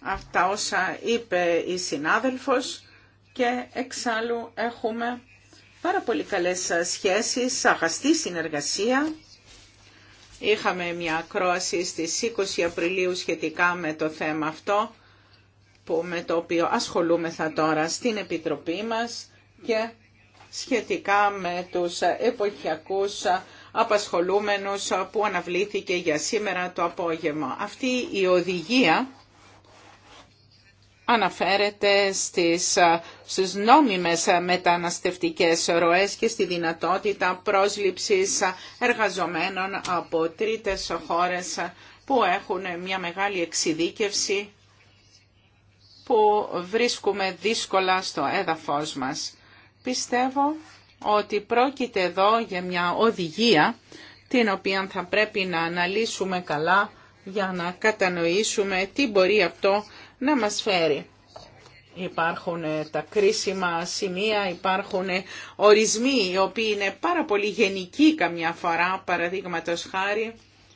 αυτά όσα είπε η συνάδελφος και εξάλλου έχουμε πάρα πολύ καλές σχέσεις, αγαστή συνεργασία Είχαμε μια ακρόαση στις 20 Απριλίου σχετικά με το θέμα αυτό, που με το οποίο ασχολούμεθα τώρα στην Επιτροπή μας και σχετικά με τους εποχιακούς απασχολούμενους που αναβλήθηκε για σήμερα το απόγευμα. Αυτή η οδηγία αναφέρεται στις, ε, στις νόμιμες ε, μεταναστευτικές ροές και στη δυνατότητα πρόσληψης ε, εργαζομένων από τρίτες χώρες που έχουν μια μεγάλη εξειδίκευση που βρίσκουμε δύσκολα στο έδαφος μας. Πιστεύω ότι πρόκειται εδώ για μια οδηγία την οποία θα πρέπει να αναλύσουμε καλά για να κατανοήσουμε τι μπορεί αυτό να μας φέρει. Υπάρχουν ε, τα κρίσιμα σημεία, υπάρχουν ε, ορισμοί οι οποίοι είναι πάρα πολύ γενικοί καμιά φορά, παραδείγματο χάρη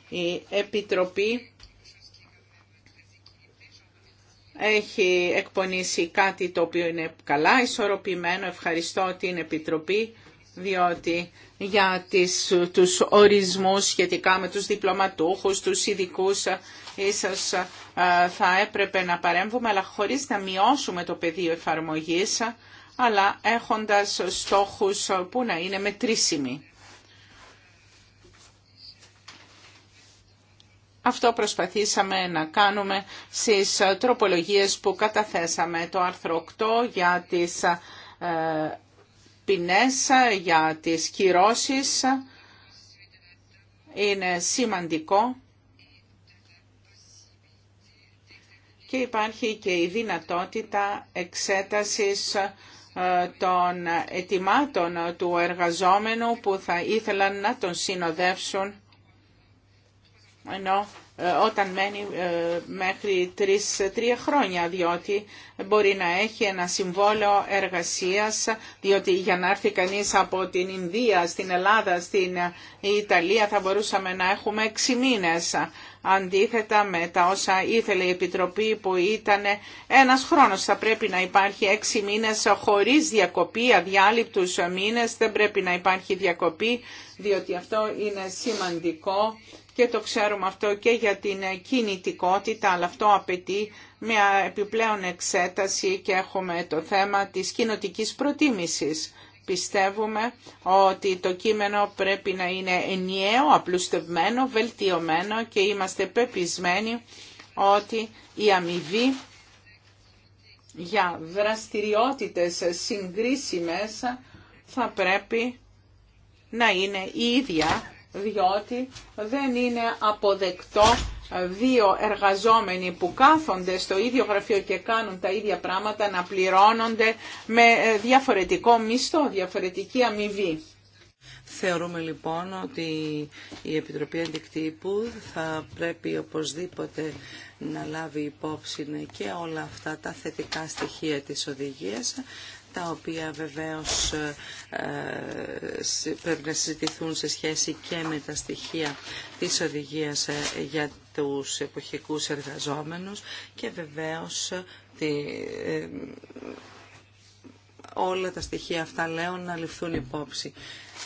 η Επιτροπή έχει εκπονήσει κάτι το οποίο είναι καλά ισορροπημένο. Ευχαριστώ την Επιτροπή διότι για τις, τους ορισμούς σχετικά με τους διπλωματούχους, τους ειδικού ε, ίσως ε, θα έπρεπε να παρέμβουμε, αλλά χωρίς να μειώσουμε το πεδίο εφαρμογής, αλλά έχοντας στόχους που να είναι μετρήσιμοι. Αυτό προσπαθήσαμε να κάνουμε στις τροπολογίες που καταθέσαμε το άρθρο 8 για τις ε, ποινές, ε, για τις κυρώσεις. Είναι σημαντικό και υπάρχει και η δυνατότητα εξέτασης ε, των ετοιμάτων του εργαζόμενου που θα ήθελαν να τον συνοδεύσουν ενώ ε, όταν μένει ε, μέχρι τρεις, τρία χρόνια, διότι μπορεί να έχει ένα συμβόλαιο εργασίας, διότι για να έρθει κανείς από την Ινδία, στην Ελλάδα, στην Ιταλία θα μπορούσαμε να έχουμε έξι μήνες. Αντίθετα με τα όσα ήθελε η Επιτροπή που ήταν ένας χρόνος. Θα πρέπει να υπάρχει έξι μήνες χωρίς διακοπή, αδιάλειπτους μήνες. Δεν πρέπει να υπάρχει διακοπή, διότι αυτό είναι σημαντικό και το ξέρουμε αυτό και για την κινητικότητα, αλλά αυτό απαιτεί μια επιπλέον εξέταση και έχουμε το θέμα της κοινοτικής προτίμησης. Πιστεύουμε ότι το κείμενο πρέπει να είναι ενιαίο, απλουστευμένο, βελτιωμένο και είμαστε πεπισμένοι ότι η αμοιβή για δραστηριότητες συγκρίσιμες θα πρέπει να είναι η ίδια διότι δεν είναι αποδεκτό δύο εργαζόμενοι που κάθονται στο ίδιο γραφείο και κάνουν τα ίδια πράγματα να πληρώνονται με διαφορετικό μισθό, διαφορετική αμοιβή. Θεωρούμε λοιπόν ότι η Επιτροπή Αντικτύπου θα πρέπει οπωσδήποτε να λάβει υπόψη και όλα αυτά τα θετικά στοιχεία της οδηγίας τα οποία βεβαίως ε, ε, πρέπει να συζητηθούν σε σχέση και με τα στοιχεία της οδηγίας ε, για τους εποχικούς εργαζόμενους και βεβαίως τη, όλα τα στοιχεία αυτά λέω να ληφθούν υπόψη.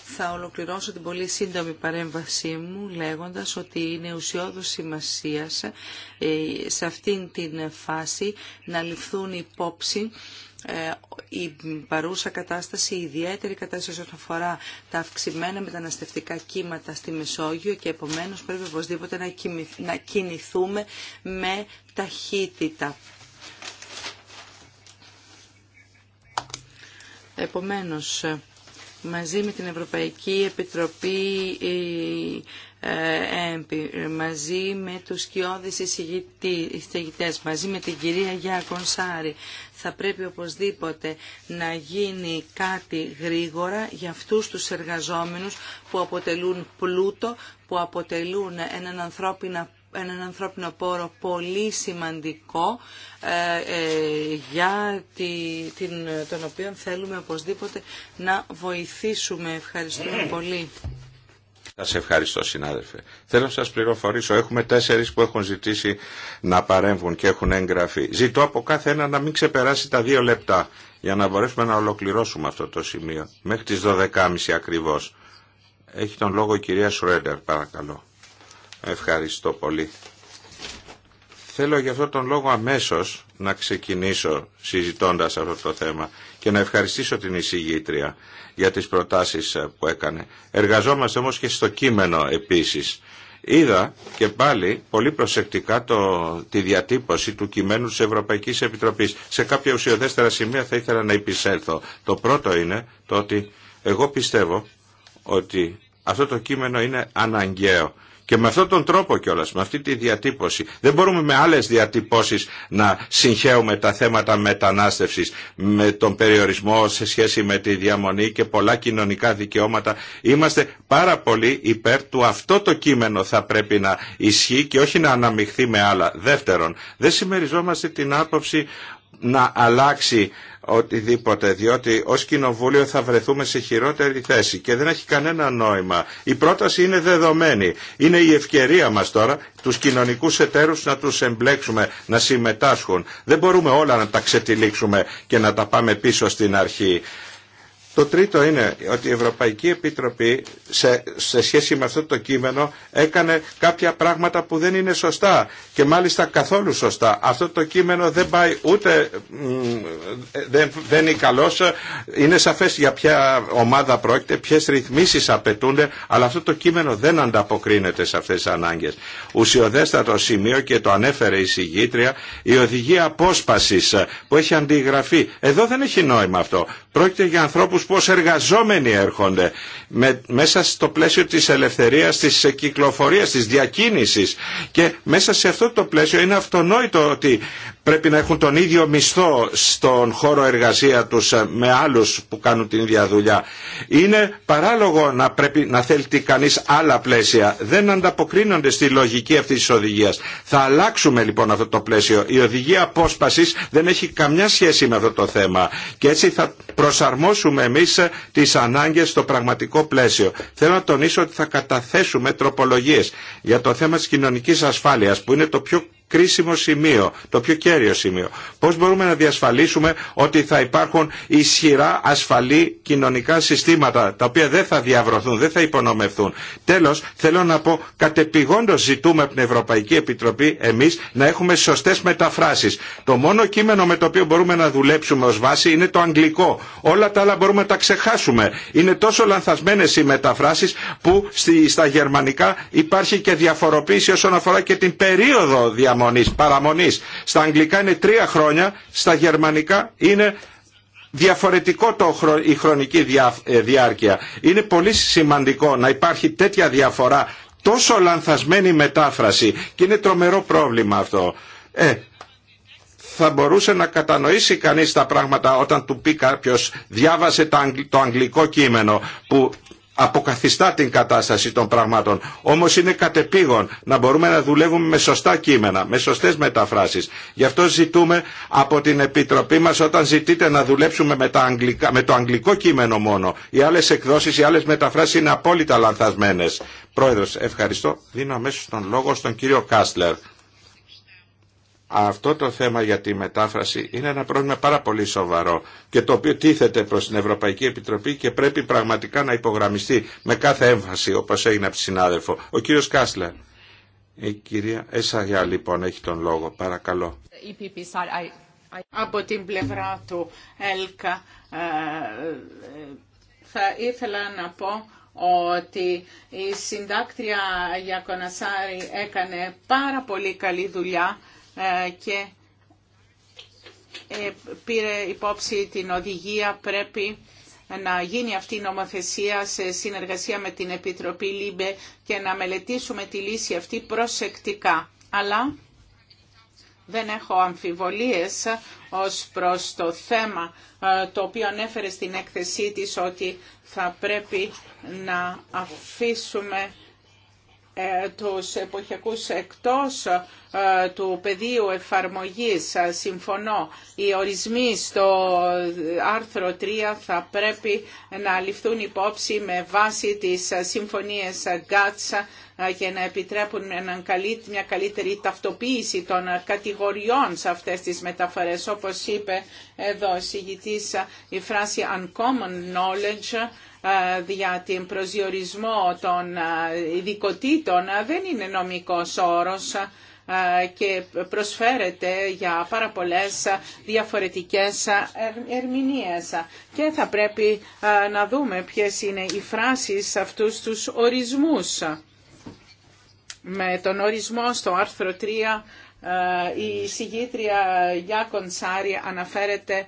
Θα ολοκληρώσω την πολύ σύντομη παρέμβασή μου λέγοντας ότι είναι ουσιώδους σημασίας ε, σε αυτήν την φάση να ληφθούν υπόψη ε, η παρούσα κατάσταση, η ιδιαίτερη κατάσταση όσον αφορά τα αυξημένα μεταναστευτικά κύματα στη Μεσόγειο και επομένως πρέπει οπωσδήποτε να κινηθούμε με ταχύτητα. Επομένως, μαζί με την Ευρωπαϊκή Επιτροπή ε, μαζί με τους σκιώδεις εισηγητές, μαζί με την κυρία Γιά Κονσάρη. Θα πρέπει οπωσδήποτε να γίνει κάτι γρήγορα για Σάρη, θα πρεπει οπωσδηποτε να γινει κατι γρηγορα για αυτους τους εργαζόμενους που αποτελούν πλούτο, που αποτελούν έναν ανθρώπινα έναν ανθρώπινο πόρο πολύ σημαντικό ε, ε, για την, τον οποίο θέλουμε οπωσδήποτε να βοηθήσουμε. Ευχαριστούμε πολύ. Σα ευχαριστώ συνάδελφε. Θέλω να σας πληροφορήσω, έχουμε τέσσερις που έχουν ζητήσει να παρέμβουν και έχουν έγγραφει. Ζητώ από κάθε ένα να μην ξεπεράσει τα δύο λεπτά για να μπορέσουμε να ολοκληρώσουμε αυτό το σημείο. Μέχρι τις 12.30 ακριβώς. Έχει τον λόγο η κυρία Σρέντερ, παρακαλώ. Ευχαριστώ πολύ. Θέλω για αυτόν τον λόγο αμέσως να ξεκινήσω συζητώντας αυτό το θέμα και να ευχαριστήσω την εισηγήτρια για τις προτάσεις ε, που έκανε. Εργαζόμαστε όμως και στο κείμενο επίσης. Είδα και πάλι πολύ προσεκτικά το, τη διατύπωση του κειμένου της Ευρωπαϊκής Επιτροπής. Σε κάποια ουσιοδέστερα σημεία θα ήθελα να υπησέλθω. Το πρώτο είναι το ότι εγώ πιστεύω ότι αυτό το κείμενο είναι αναγκαίο και με αυτόν τον τρόπο κιόλα, με αυτή τη διατύπωση. Δεν μπορούμε με άλλε διατυπώσει να συγχαίουμε τα θέματα μετανάστευση με τον περιορισμό σε σχέση με τη διαμονή και πολλά κοινωνικά δικαιώματα. Είμαστε πάρα πολύ υπέρ του αυτό το κείμενο θα πρέπει να ισχύει και όχι να αναμειχθεί με άλλα. Δεύτερον, δεν συμμεριζόμαστε την άποψη να αλλάξει οτιδήποτε, διότι ως κοινοβούλιο θα βρεθούμε σε χειρότερη θέση και δεν έχει κανένα νόημα. Η πρόταση είναι δεδομένη. Είναι η ευκαιρία μας τώρα τους κοινωνικούς εταίρους να τους εμπλέξουμε, να συμμετάσχουν. Δεν μπορούμε όλα να τα ξετυλίξουμε και να τα πάμε πίσω στην αρχή. Το τρίτο είναι ότι η Ευρωπαϊκή Επιτροπή σε, σε σχέση με αυτό το κείμενο έκανε κάποια πράγματα που δεν είναι σωστά και μάλιστα καθόλου σωστά. Αυτό το κείμενο δεν πάει ούτε, δεν, δεν είναι καλός, είναι σαφές για ποια ομάδα πρόκειται, ποιες ρυθμίσεις απαιτούνται, αλλά αυτό το κείμενο δεν ανταποκρίνεται σε αυτές τις ανάγκες. Ουσιοδέστατο σημείο και το ανέφερε η συγγήτρια, η οδηγία απόσπασης που έχει αντιγραφεί. Εδώ δεν έχει νόημα αυτό. Πρόκειται για ανθρώπου που εργαζόμενοι έρχονται μέσα στο πλαίσιο της ελευθερίας, της κυκλοφορίας, της διακίνησης και μέσα σε αυτό το πλαίσιο είναι αυτονόητο ότι πρέπει να έχουν τον ίδιο μισθό στον χώρο εργασία τους ε, με άλλους που κάνουν την ίδια δουλειά. Είναι παράλογο να πρέπει να θέλει κανείς άλλα πλαίσια. Δεν ανταποκρίνονται στη λογική αυτής της οδηγίας. Θα αλλάξουμε λοιπόν αυτό το πλαίσιο. Η οδηγία απόσπαση δεν έχει καμιά σχέση με αυτό το θέμα και έτσι θα προσαρμόσουμε εμείς ε, τις ανάγκες στο πραγματικό πλαίσιο. Θέλω να τονίσω ότι θα καταθέσουμε τροπολογίες για το θέμα της κοινωνικής ασφάλειας που είναι το πιο κρίσιμο σημείο, το πιο κέριο σημείο. Πώς μπορούμε να διασφαλίσουμε ότι θα υπάρχουν ισχυρά ασφαλή κοινωνικά συστήματα τα οποία δεν θα διαβρωθούν, δεν θα υπονομευθούν. Τέλος, θέλω να πω κατεπηγόντως ζητούμε από την Ευρωπαϊκή Επιτροπή εμείς να έχουμε σωστές μεταφράσεις. Το μόνο κείμενο με το οποίο μπορούμε να δουλέψουμε ως βάση είναι το αγγλικό. Όλα τα άλλα μπορούμε να τα ξεχάσουμε. Είναι τόσο λανθασμένες οι μεταφράσεις που στα γερμανικά υπάρχει και διαφοροποίηση όσον αφορά και την περίοδο παραμονής, Στα αγγλικά είναι τρία χρόνια, στα γερμανικά είναι διαφορετικό το, η χρονική ε, διάρκεια. Είναι πολύ σημαντικό να υπάρχει τέτοια διαφορά, τόσο λανθασμένη μετάφραση και είναι τρομερό πρόβλημα αυτό. Ε, θα μπορούσε να κατανοήσει κανείς τα πράγματα όταν του πει κάποιος διάβασε το αγγλικό κείμενο που αποκαθιστά την κατάσταση των πραγμάτων. Όμως είναι κατεπήγον να μπορούμε να δουλεύουμε με σωστά κείμενα, με σωστές μεταφράσεις. Γι' αυτό ζητούμε από την Επιτροπή μας όταν ζητείτε να δουλέψουμε με, με το αγγλικό κείμενο μόνο. Οι άλλε εκδόσεις, οι άλλε μεταφράσεις είναι απόλυτα λανθασμένες. Πρόεδρο, ευχαριστώ. Δίνω αμέσω τον λόγο στον κύριο Κάστλερ αυτό το θέμα για τη μετάφραση είναι ένα πρόβλημα πάρα πολύ σοβαρό και το οποίο τίθεται προς την Ευρωπαϊκή Επιτροπή και πρέπει πραγματικά να υπογραμμιστεί με κάθε έμφαση όπως έγινε από τη συνάδελφο. Ο κύριος Κάσλερ. Η κυρία Εσαγιά λοιπόν έχει τον λόγο. Παρακαλώ. Από την πλευρά του ΕΛΚΑ ε, ε, θα ήθελα να πω ότι η συντάκτρια Γιακονασάρη έκανε πάρα πολύ καλή δουλειά ε, και ε, πήρε υπόψη την οδηγία πρέπει να γίνει αυτή η νομοθεσία σε συνεργασία με την Επιτροπή ΛΥΜΠΕ και να μελετήσουμε τη λύση αυτή προσεκτικά. Αλλά δεν έχω αμφιβολίες ως προς το θέμα ε, το οποίο ανέφερε στην έκθεσή της ότι θα πρέπει να αφήσουμε ε, τους εποχιακούς εκτός ε, του πεδίου εφαρμογής. Ε, συμφωνώ, οι ορισμοί στο άρθρο 3 θα πρέπει να ληφθούν υπόψη με βάση τις συμφωνίες GATS και να επιτρέπουν μια καλύτερη ταυτοποίηση των κατηγοριών σε αυτές τις μεταφορές. Όπως είπε εδώ ο συγητής, η φράση «uncommon knowledge» Ε, για την προσδιορισμό των ε, ειδικοτήτων ε, δεν είναι νομικός όρος και προσφέρεται για πάρα πολλές διαφορετικές ερμηνείες. Και θα πρέπει να δούμε ποιες είναι οι φράσεις αυτούς τους ορισμούς. Με τον ορισμό στο άρθρο 3 ε, η συγγήτρια Γιάκον Σάρη αναφέρεται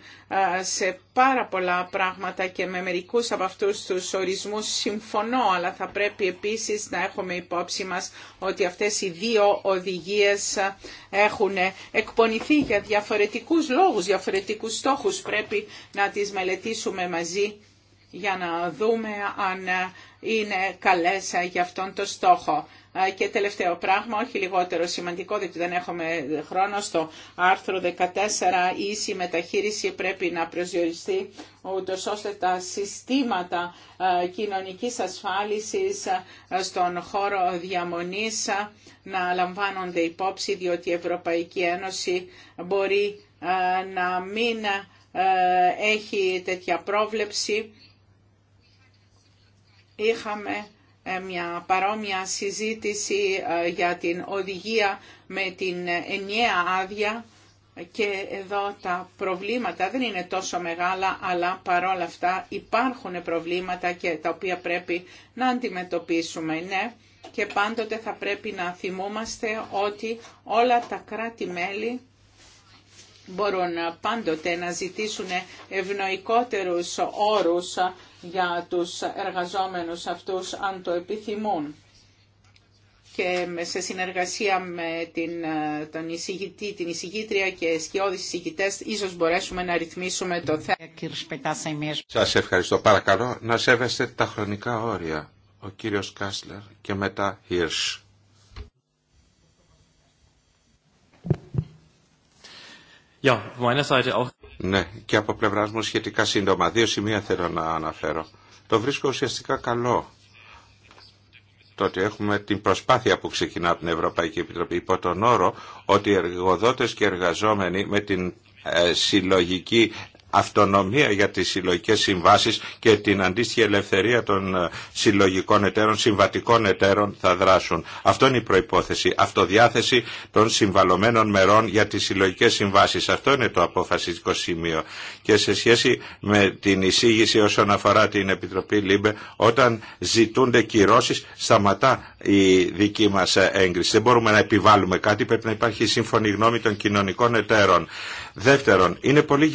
ε, σε πάρα πολλά πράγματα και με μερικούς από αυτούς τους ορισμούς συμφωνώ, αλλά θα πρέπει επίσης να έχουμε υπόψη μας ότι αυτές οι δύο οδηγίες ε, έχουν εκπονηθεί για διαφορετικούς λόγους, διαφορετικούς στόχους. Πρέπει να τις μελετήσουμε μαζί για να δούμε αν ε, είναι καλές ε, για αυτόν τον στόχο. Ε, και τελευταίο πράγμα, όχι λιγότερο σημαντικό, διότι δεν έχουμε χρόνο, στο άρθρο 14 η ίση μεταχείριση πρέπει να προσδιοριστεί ούτω ώστε τα συστήματα κοινωνικής ασφάλισης στον χώρο διαμονής να λαμβάνονται υπόψη, διότι η Ευρωπαϊκή Ένωση μπορεί να μην έχει τέτοια πρόβλεψη είχαμε ε, μια παρόμοια συζήτηση ε, για την οδηγία με την ε, ενιαία άδεια και εδώ τα προβλήματα δεν είναι τόσο μεγάλα, αλλά παρόλα αυτά υπάρχουν προβλήματα και τα οποία πρέπει να αντιμετωπίσουμε. Ναι, και πάντοτε θα πρέπει να θυμόμαστε ότι όλα τα κράτη-μέλη μπορούν πάντοτε να ζητήσουν ευνοϊκότερους όρους για τους εργαζόμενους αυτούς αν το επιθυμούν. Και σε συνεργασία με την, ε, τον εισηγητή, την εισηγήτρια και σκιώδεις εισηγητές ίσως μπορέσουμε να ρυθμίσουμε το θέμα. Σας ευχαριστώ. Παρακαλώ να σέβεστε τα χρονικά όρια. Ο κύριος Κάσλερ και μετά Hirsch. ναι, και από πλευρά μου σχετικά σύντομα. Δύο σημεία θέλω να αναφέρω. Το βρίσκω ουσιαστικά καλό το ότι έχουμε την προσπάθεια που ξεκινά από την Ευρωπαϊκή Επιτροπή υπό τον όρο ότι οι εργοδότες και εργαζόμενοι με την ε, συλλογική αυτονομία για τις συλλογικές συμβάσεις και την αντίστοιχη ελευθερία των ε, συλλογικών εταίρων, συμβατικών εταίρων θα δράσουν. Αυτό είναι η προϋπόθεση. Αυτοδιάθεση των συμβαλωμένων μερών για τις συλλογικές συμβάσεις. Αυτό είναι το αποφασιστικό σημείο. Και σε σχέση με την εισήγηση όσον αφορά την Επιτροπή ΛΥΜΠΕ, όταν ζητούνται κυρώσεις, σταματά η δική μας έγκριση. Δεν μπορούμε να επιβάλλουμε κάτι, πρέπει να υπάρχει σύμφωνη γνώμη των κοινωνικών εταίρων. Δεύτερον, είναι πολύ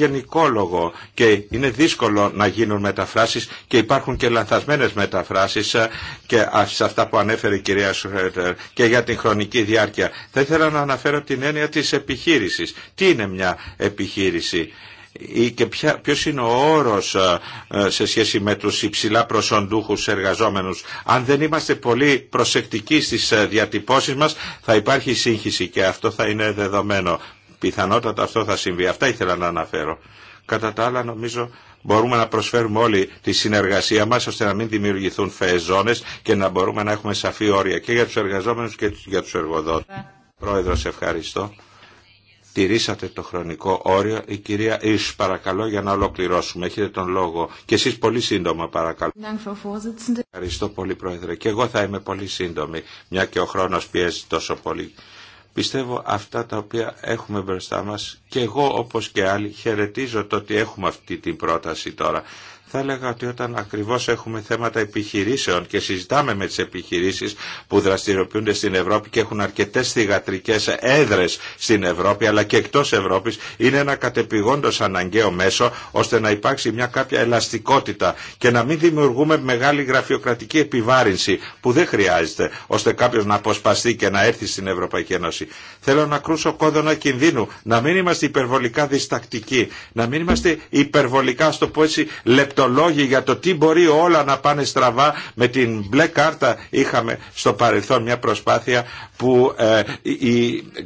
λόγο και είναι δύσκολο να γίνουν μεταφράσεις και υπάρχουν και λανθασμένες μεταφράσεις ε, και σε αυτά που ανέφερε η κυρία Σουρέτερ και για την χρονική διάρκεια. Θα ήθελα να αναφέρω την έννοια της επιχείρησης. Τι είναι μια επιχείρηση ή και ποια, ποιος είναι ο όρος ε, ε, σε σχέση με τους υψηλά προσοντούχους εργαζόμενους. Αν δεν είμαστε πολύ προσεκτικοί στις διατυπώσεις μας θα υπάρχει σύγχυση και αυτό θα είναι δεδομένο. Πιθανότατα αυτό θα συμβεί. Αυτά ήθελα να αναφέρω. Κατά τα άλλα νομίζω μπορούμε να προσφέρουμε όλοι τη συνεργασία μας ώστε να μην δημιουργηθούν φεεζόνες και να μπορούμε να έχουμε σαφή όρια και για τους εργαζόμενους και για τους εργοδότες. Πρόεδρος, ευχαριστώ. Τηρήσατε το χρονικό όριο. Η κυρία Ισ, παρακαλώ για να ολοκληρώσουμε. Έχετε τον λόγο. Και εσείς πολύ σύντομα, παρακαλώ. Ευχαριστώ πολύ, Πρόεδρε. Και εγώ θα είμαι πολύ σύντομη, μια και ο χρόνος πιέζει τόσο πολύ. Πιστεύω αυτά τα οποία έχουμε μπροστά μας και εγώ όπως και άλλοι χαιρετίζω το ότι έχουμε αυτή την πρόταση τώρα. Θα έλεγα ότι όταν ακριβώς έχουμε θέματα επιχειρήσεων και συζητάμε με τις επιχειρήσεις που δραστηριοποιούνται στην Ευρώπη και έχουν αρκετές θηγατρικές έδρες στην Ευρώπη αλλά και εκτός Ευρώπης είναι ένα κατεπηγόντος αναγκαίο μέσο ώστε να υπάρξει μια κάποια ελαστικότητα και να μην δημιουργούμε μεγάλη γραφειοκρατική επιβάρυνση που δεν χρειάζεται ώστε κάποιος να αποσπαστεί και να έρθει στην Ευρωπαϊκή Ένωση. Θέλω να κρούσω κόδωνα κινδύνου, να μην είμαστε υπερβολικά διστακτικοί, να μην είμαστε υπερβολικά, στο πω έτσι, για το τι μπορεί όλα να πάνε στραβά. Με την μπλε κάρτα είχαμε στο παρελθόν μια προσπάθεια που ε,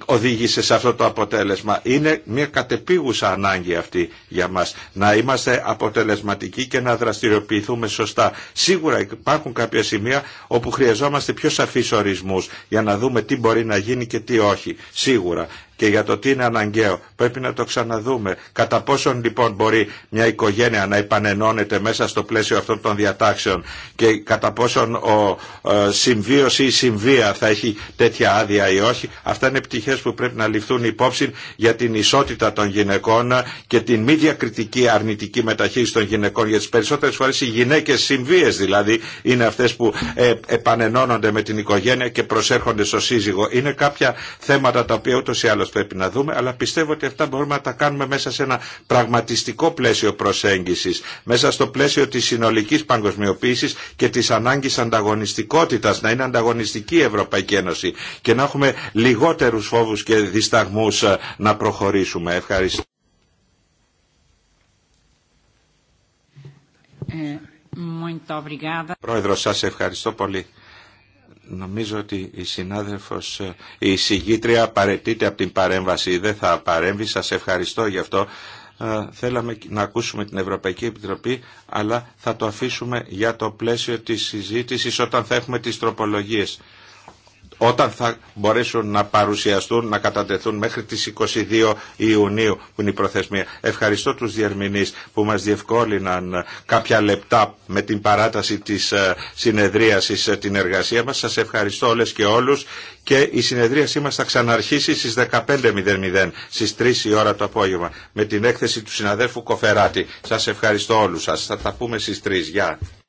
οδήγησε σε αυτό το αποτέλεσμα. Είναι μια κατεπίγουσα ανάγκη αυτή για μας να είμαστε αποτελεσματικοί και να δραστηριοποιηθούμε σωστά. Σίγουρα υπάρχουν κάποια σημεία όπου χρειαζόμαστε πιο σαφείς ορισμούς για να δούμε τι μπορεί να γίνει και τι όχι. Σίγουρα και για το τι είναι αναγκαίο. Πρέπει να το ξαναδούμε. Κατά πόσον λοιπόν μπορεί μια οικογένεια να επανενώνεται μέσα στο πλαίσιο αυτών των διατάξεων και κατά πόσον ο ε, συμβίος ή η συμβία θα έχει τέτοια άδεια ή όχι. Αυτά είναι πτυχές που πρέπει να ληφθούν υπόψη για την ισότητα των γυναικών και την μη διακριτική αρνητική μεταχείριση των γυναικών. Για τις περισσότερες φορές οι γυναίκες συμβίες δηλαδή είναι αυτές που ε, επανενώνονται με την οικογένεια και προσέρχονται στο σύζυγο. Είναι κάποια θέματα τα οποία ούτως ή πρέπει να δούμε, αλλά πιστεύω ότι αυτά μπορούμε να τα κάνουμε μέσα σε ένα πραγματιστικό πλαίσιο προσέγγισης, μέσα στο πλαίσιο της συνολικής παγκοσμιοποίησης και της ανάγκης ανταγωνιστικότητας, να είναι ανταγωνιστική η Ευρωπαϊκή Ένωση και να έχουμε λιγότερους φόβους και δισταγμούς ε, να προχωρήσουμε. Ευχαριστώ. Ε, Πρόεδρο, σας ευχαριστώ πολύ. Νομίζω ότι η συνάδελφος, ε, η συγγήτρια παρετείται από την παρέμβαση, δεν θα παρέμβει, σας ευχαριστώ γι' αυτό. Ε, θέλαμε να ακούσουμε την Ευρωπαϊκή Επιτροπή, αλλά θα το αφήσουμε για το πλαίσιο της συζήτησης όταν θα έχουμε τις τροπολογίες όταν θα μπορέσουν να παρουσιαστούν, να κατατεθούν μέχρι τις 22 Ιουνίου που είναι η προθεσμία. Ευχαριστώ τους διερμηνείς που μας διευκόλυναν κάποια λεπτά με την παράταση της ε, συνεδρίασης ε, την εργασία μας. Σας ευχαριστώ όλες και όλους και η συνεδρίασή μας θα ξαναρχίσει στις 15.00 στις 3 η ώρα το απόγευμα με την έκθεση του συναδέλφου Κοφεράτη. Σας ευχαριστώ όλους σας. Θα τα πούμε στις 3. Γεια.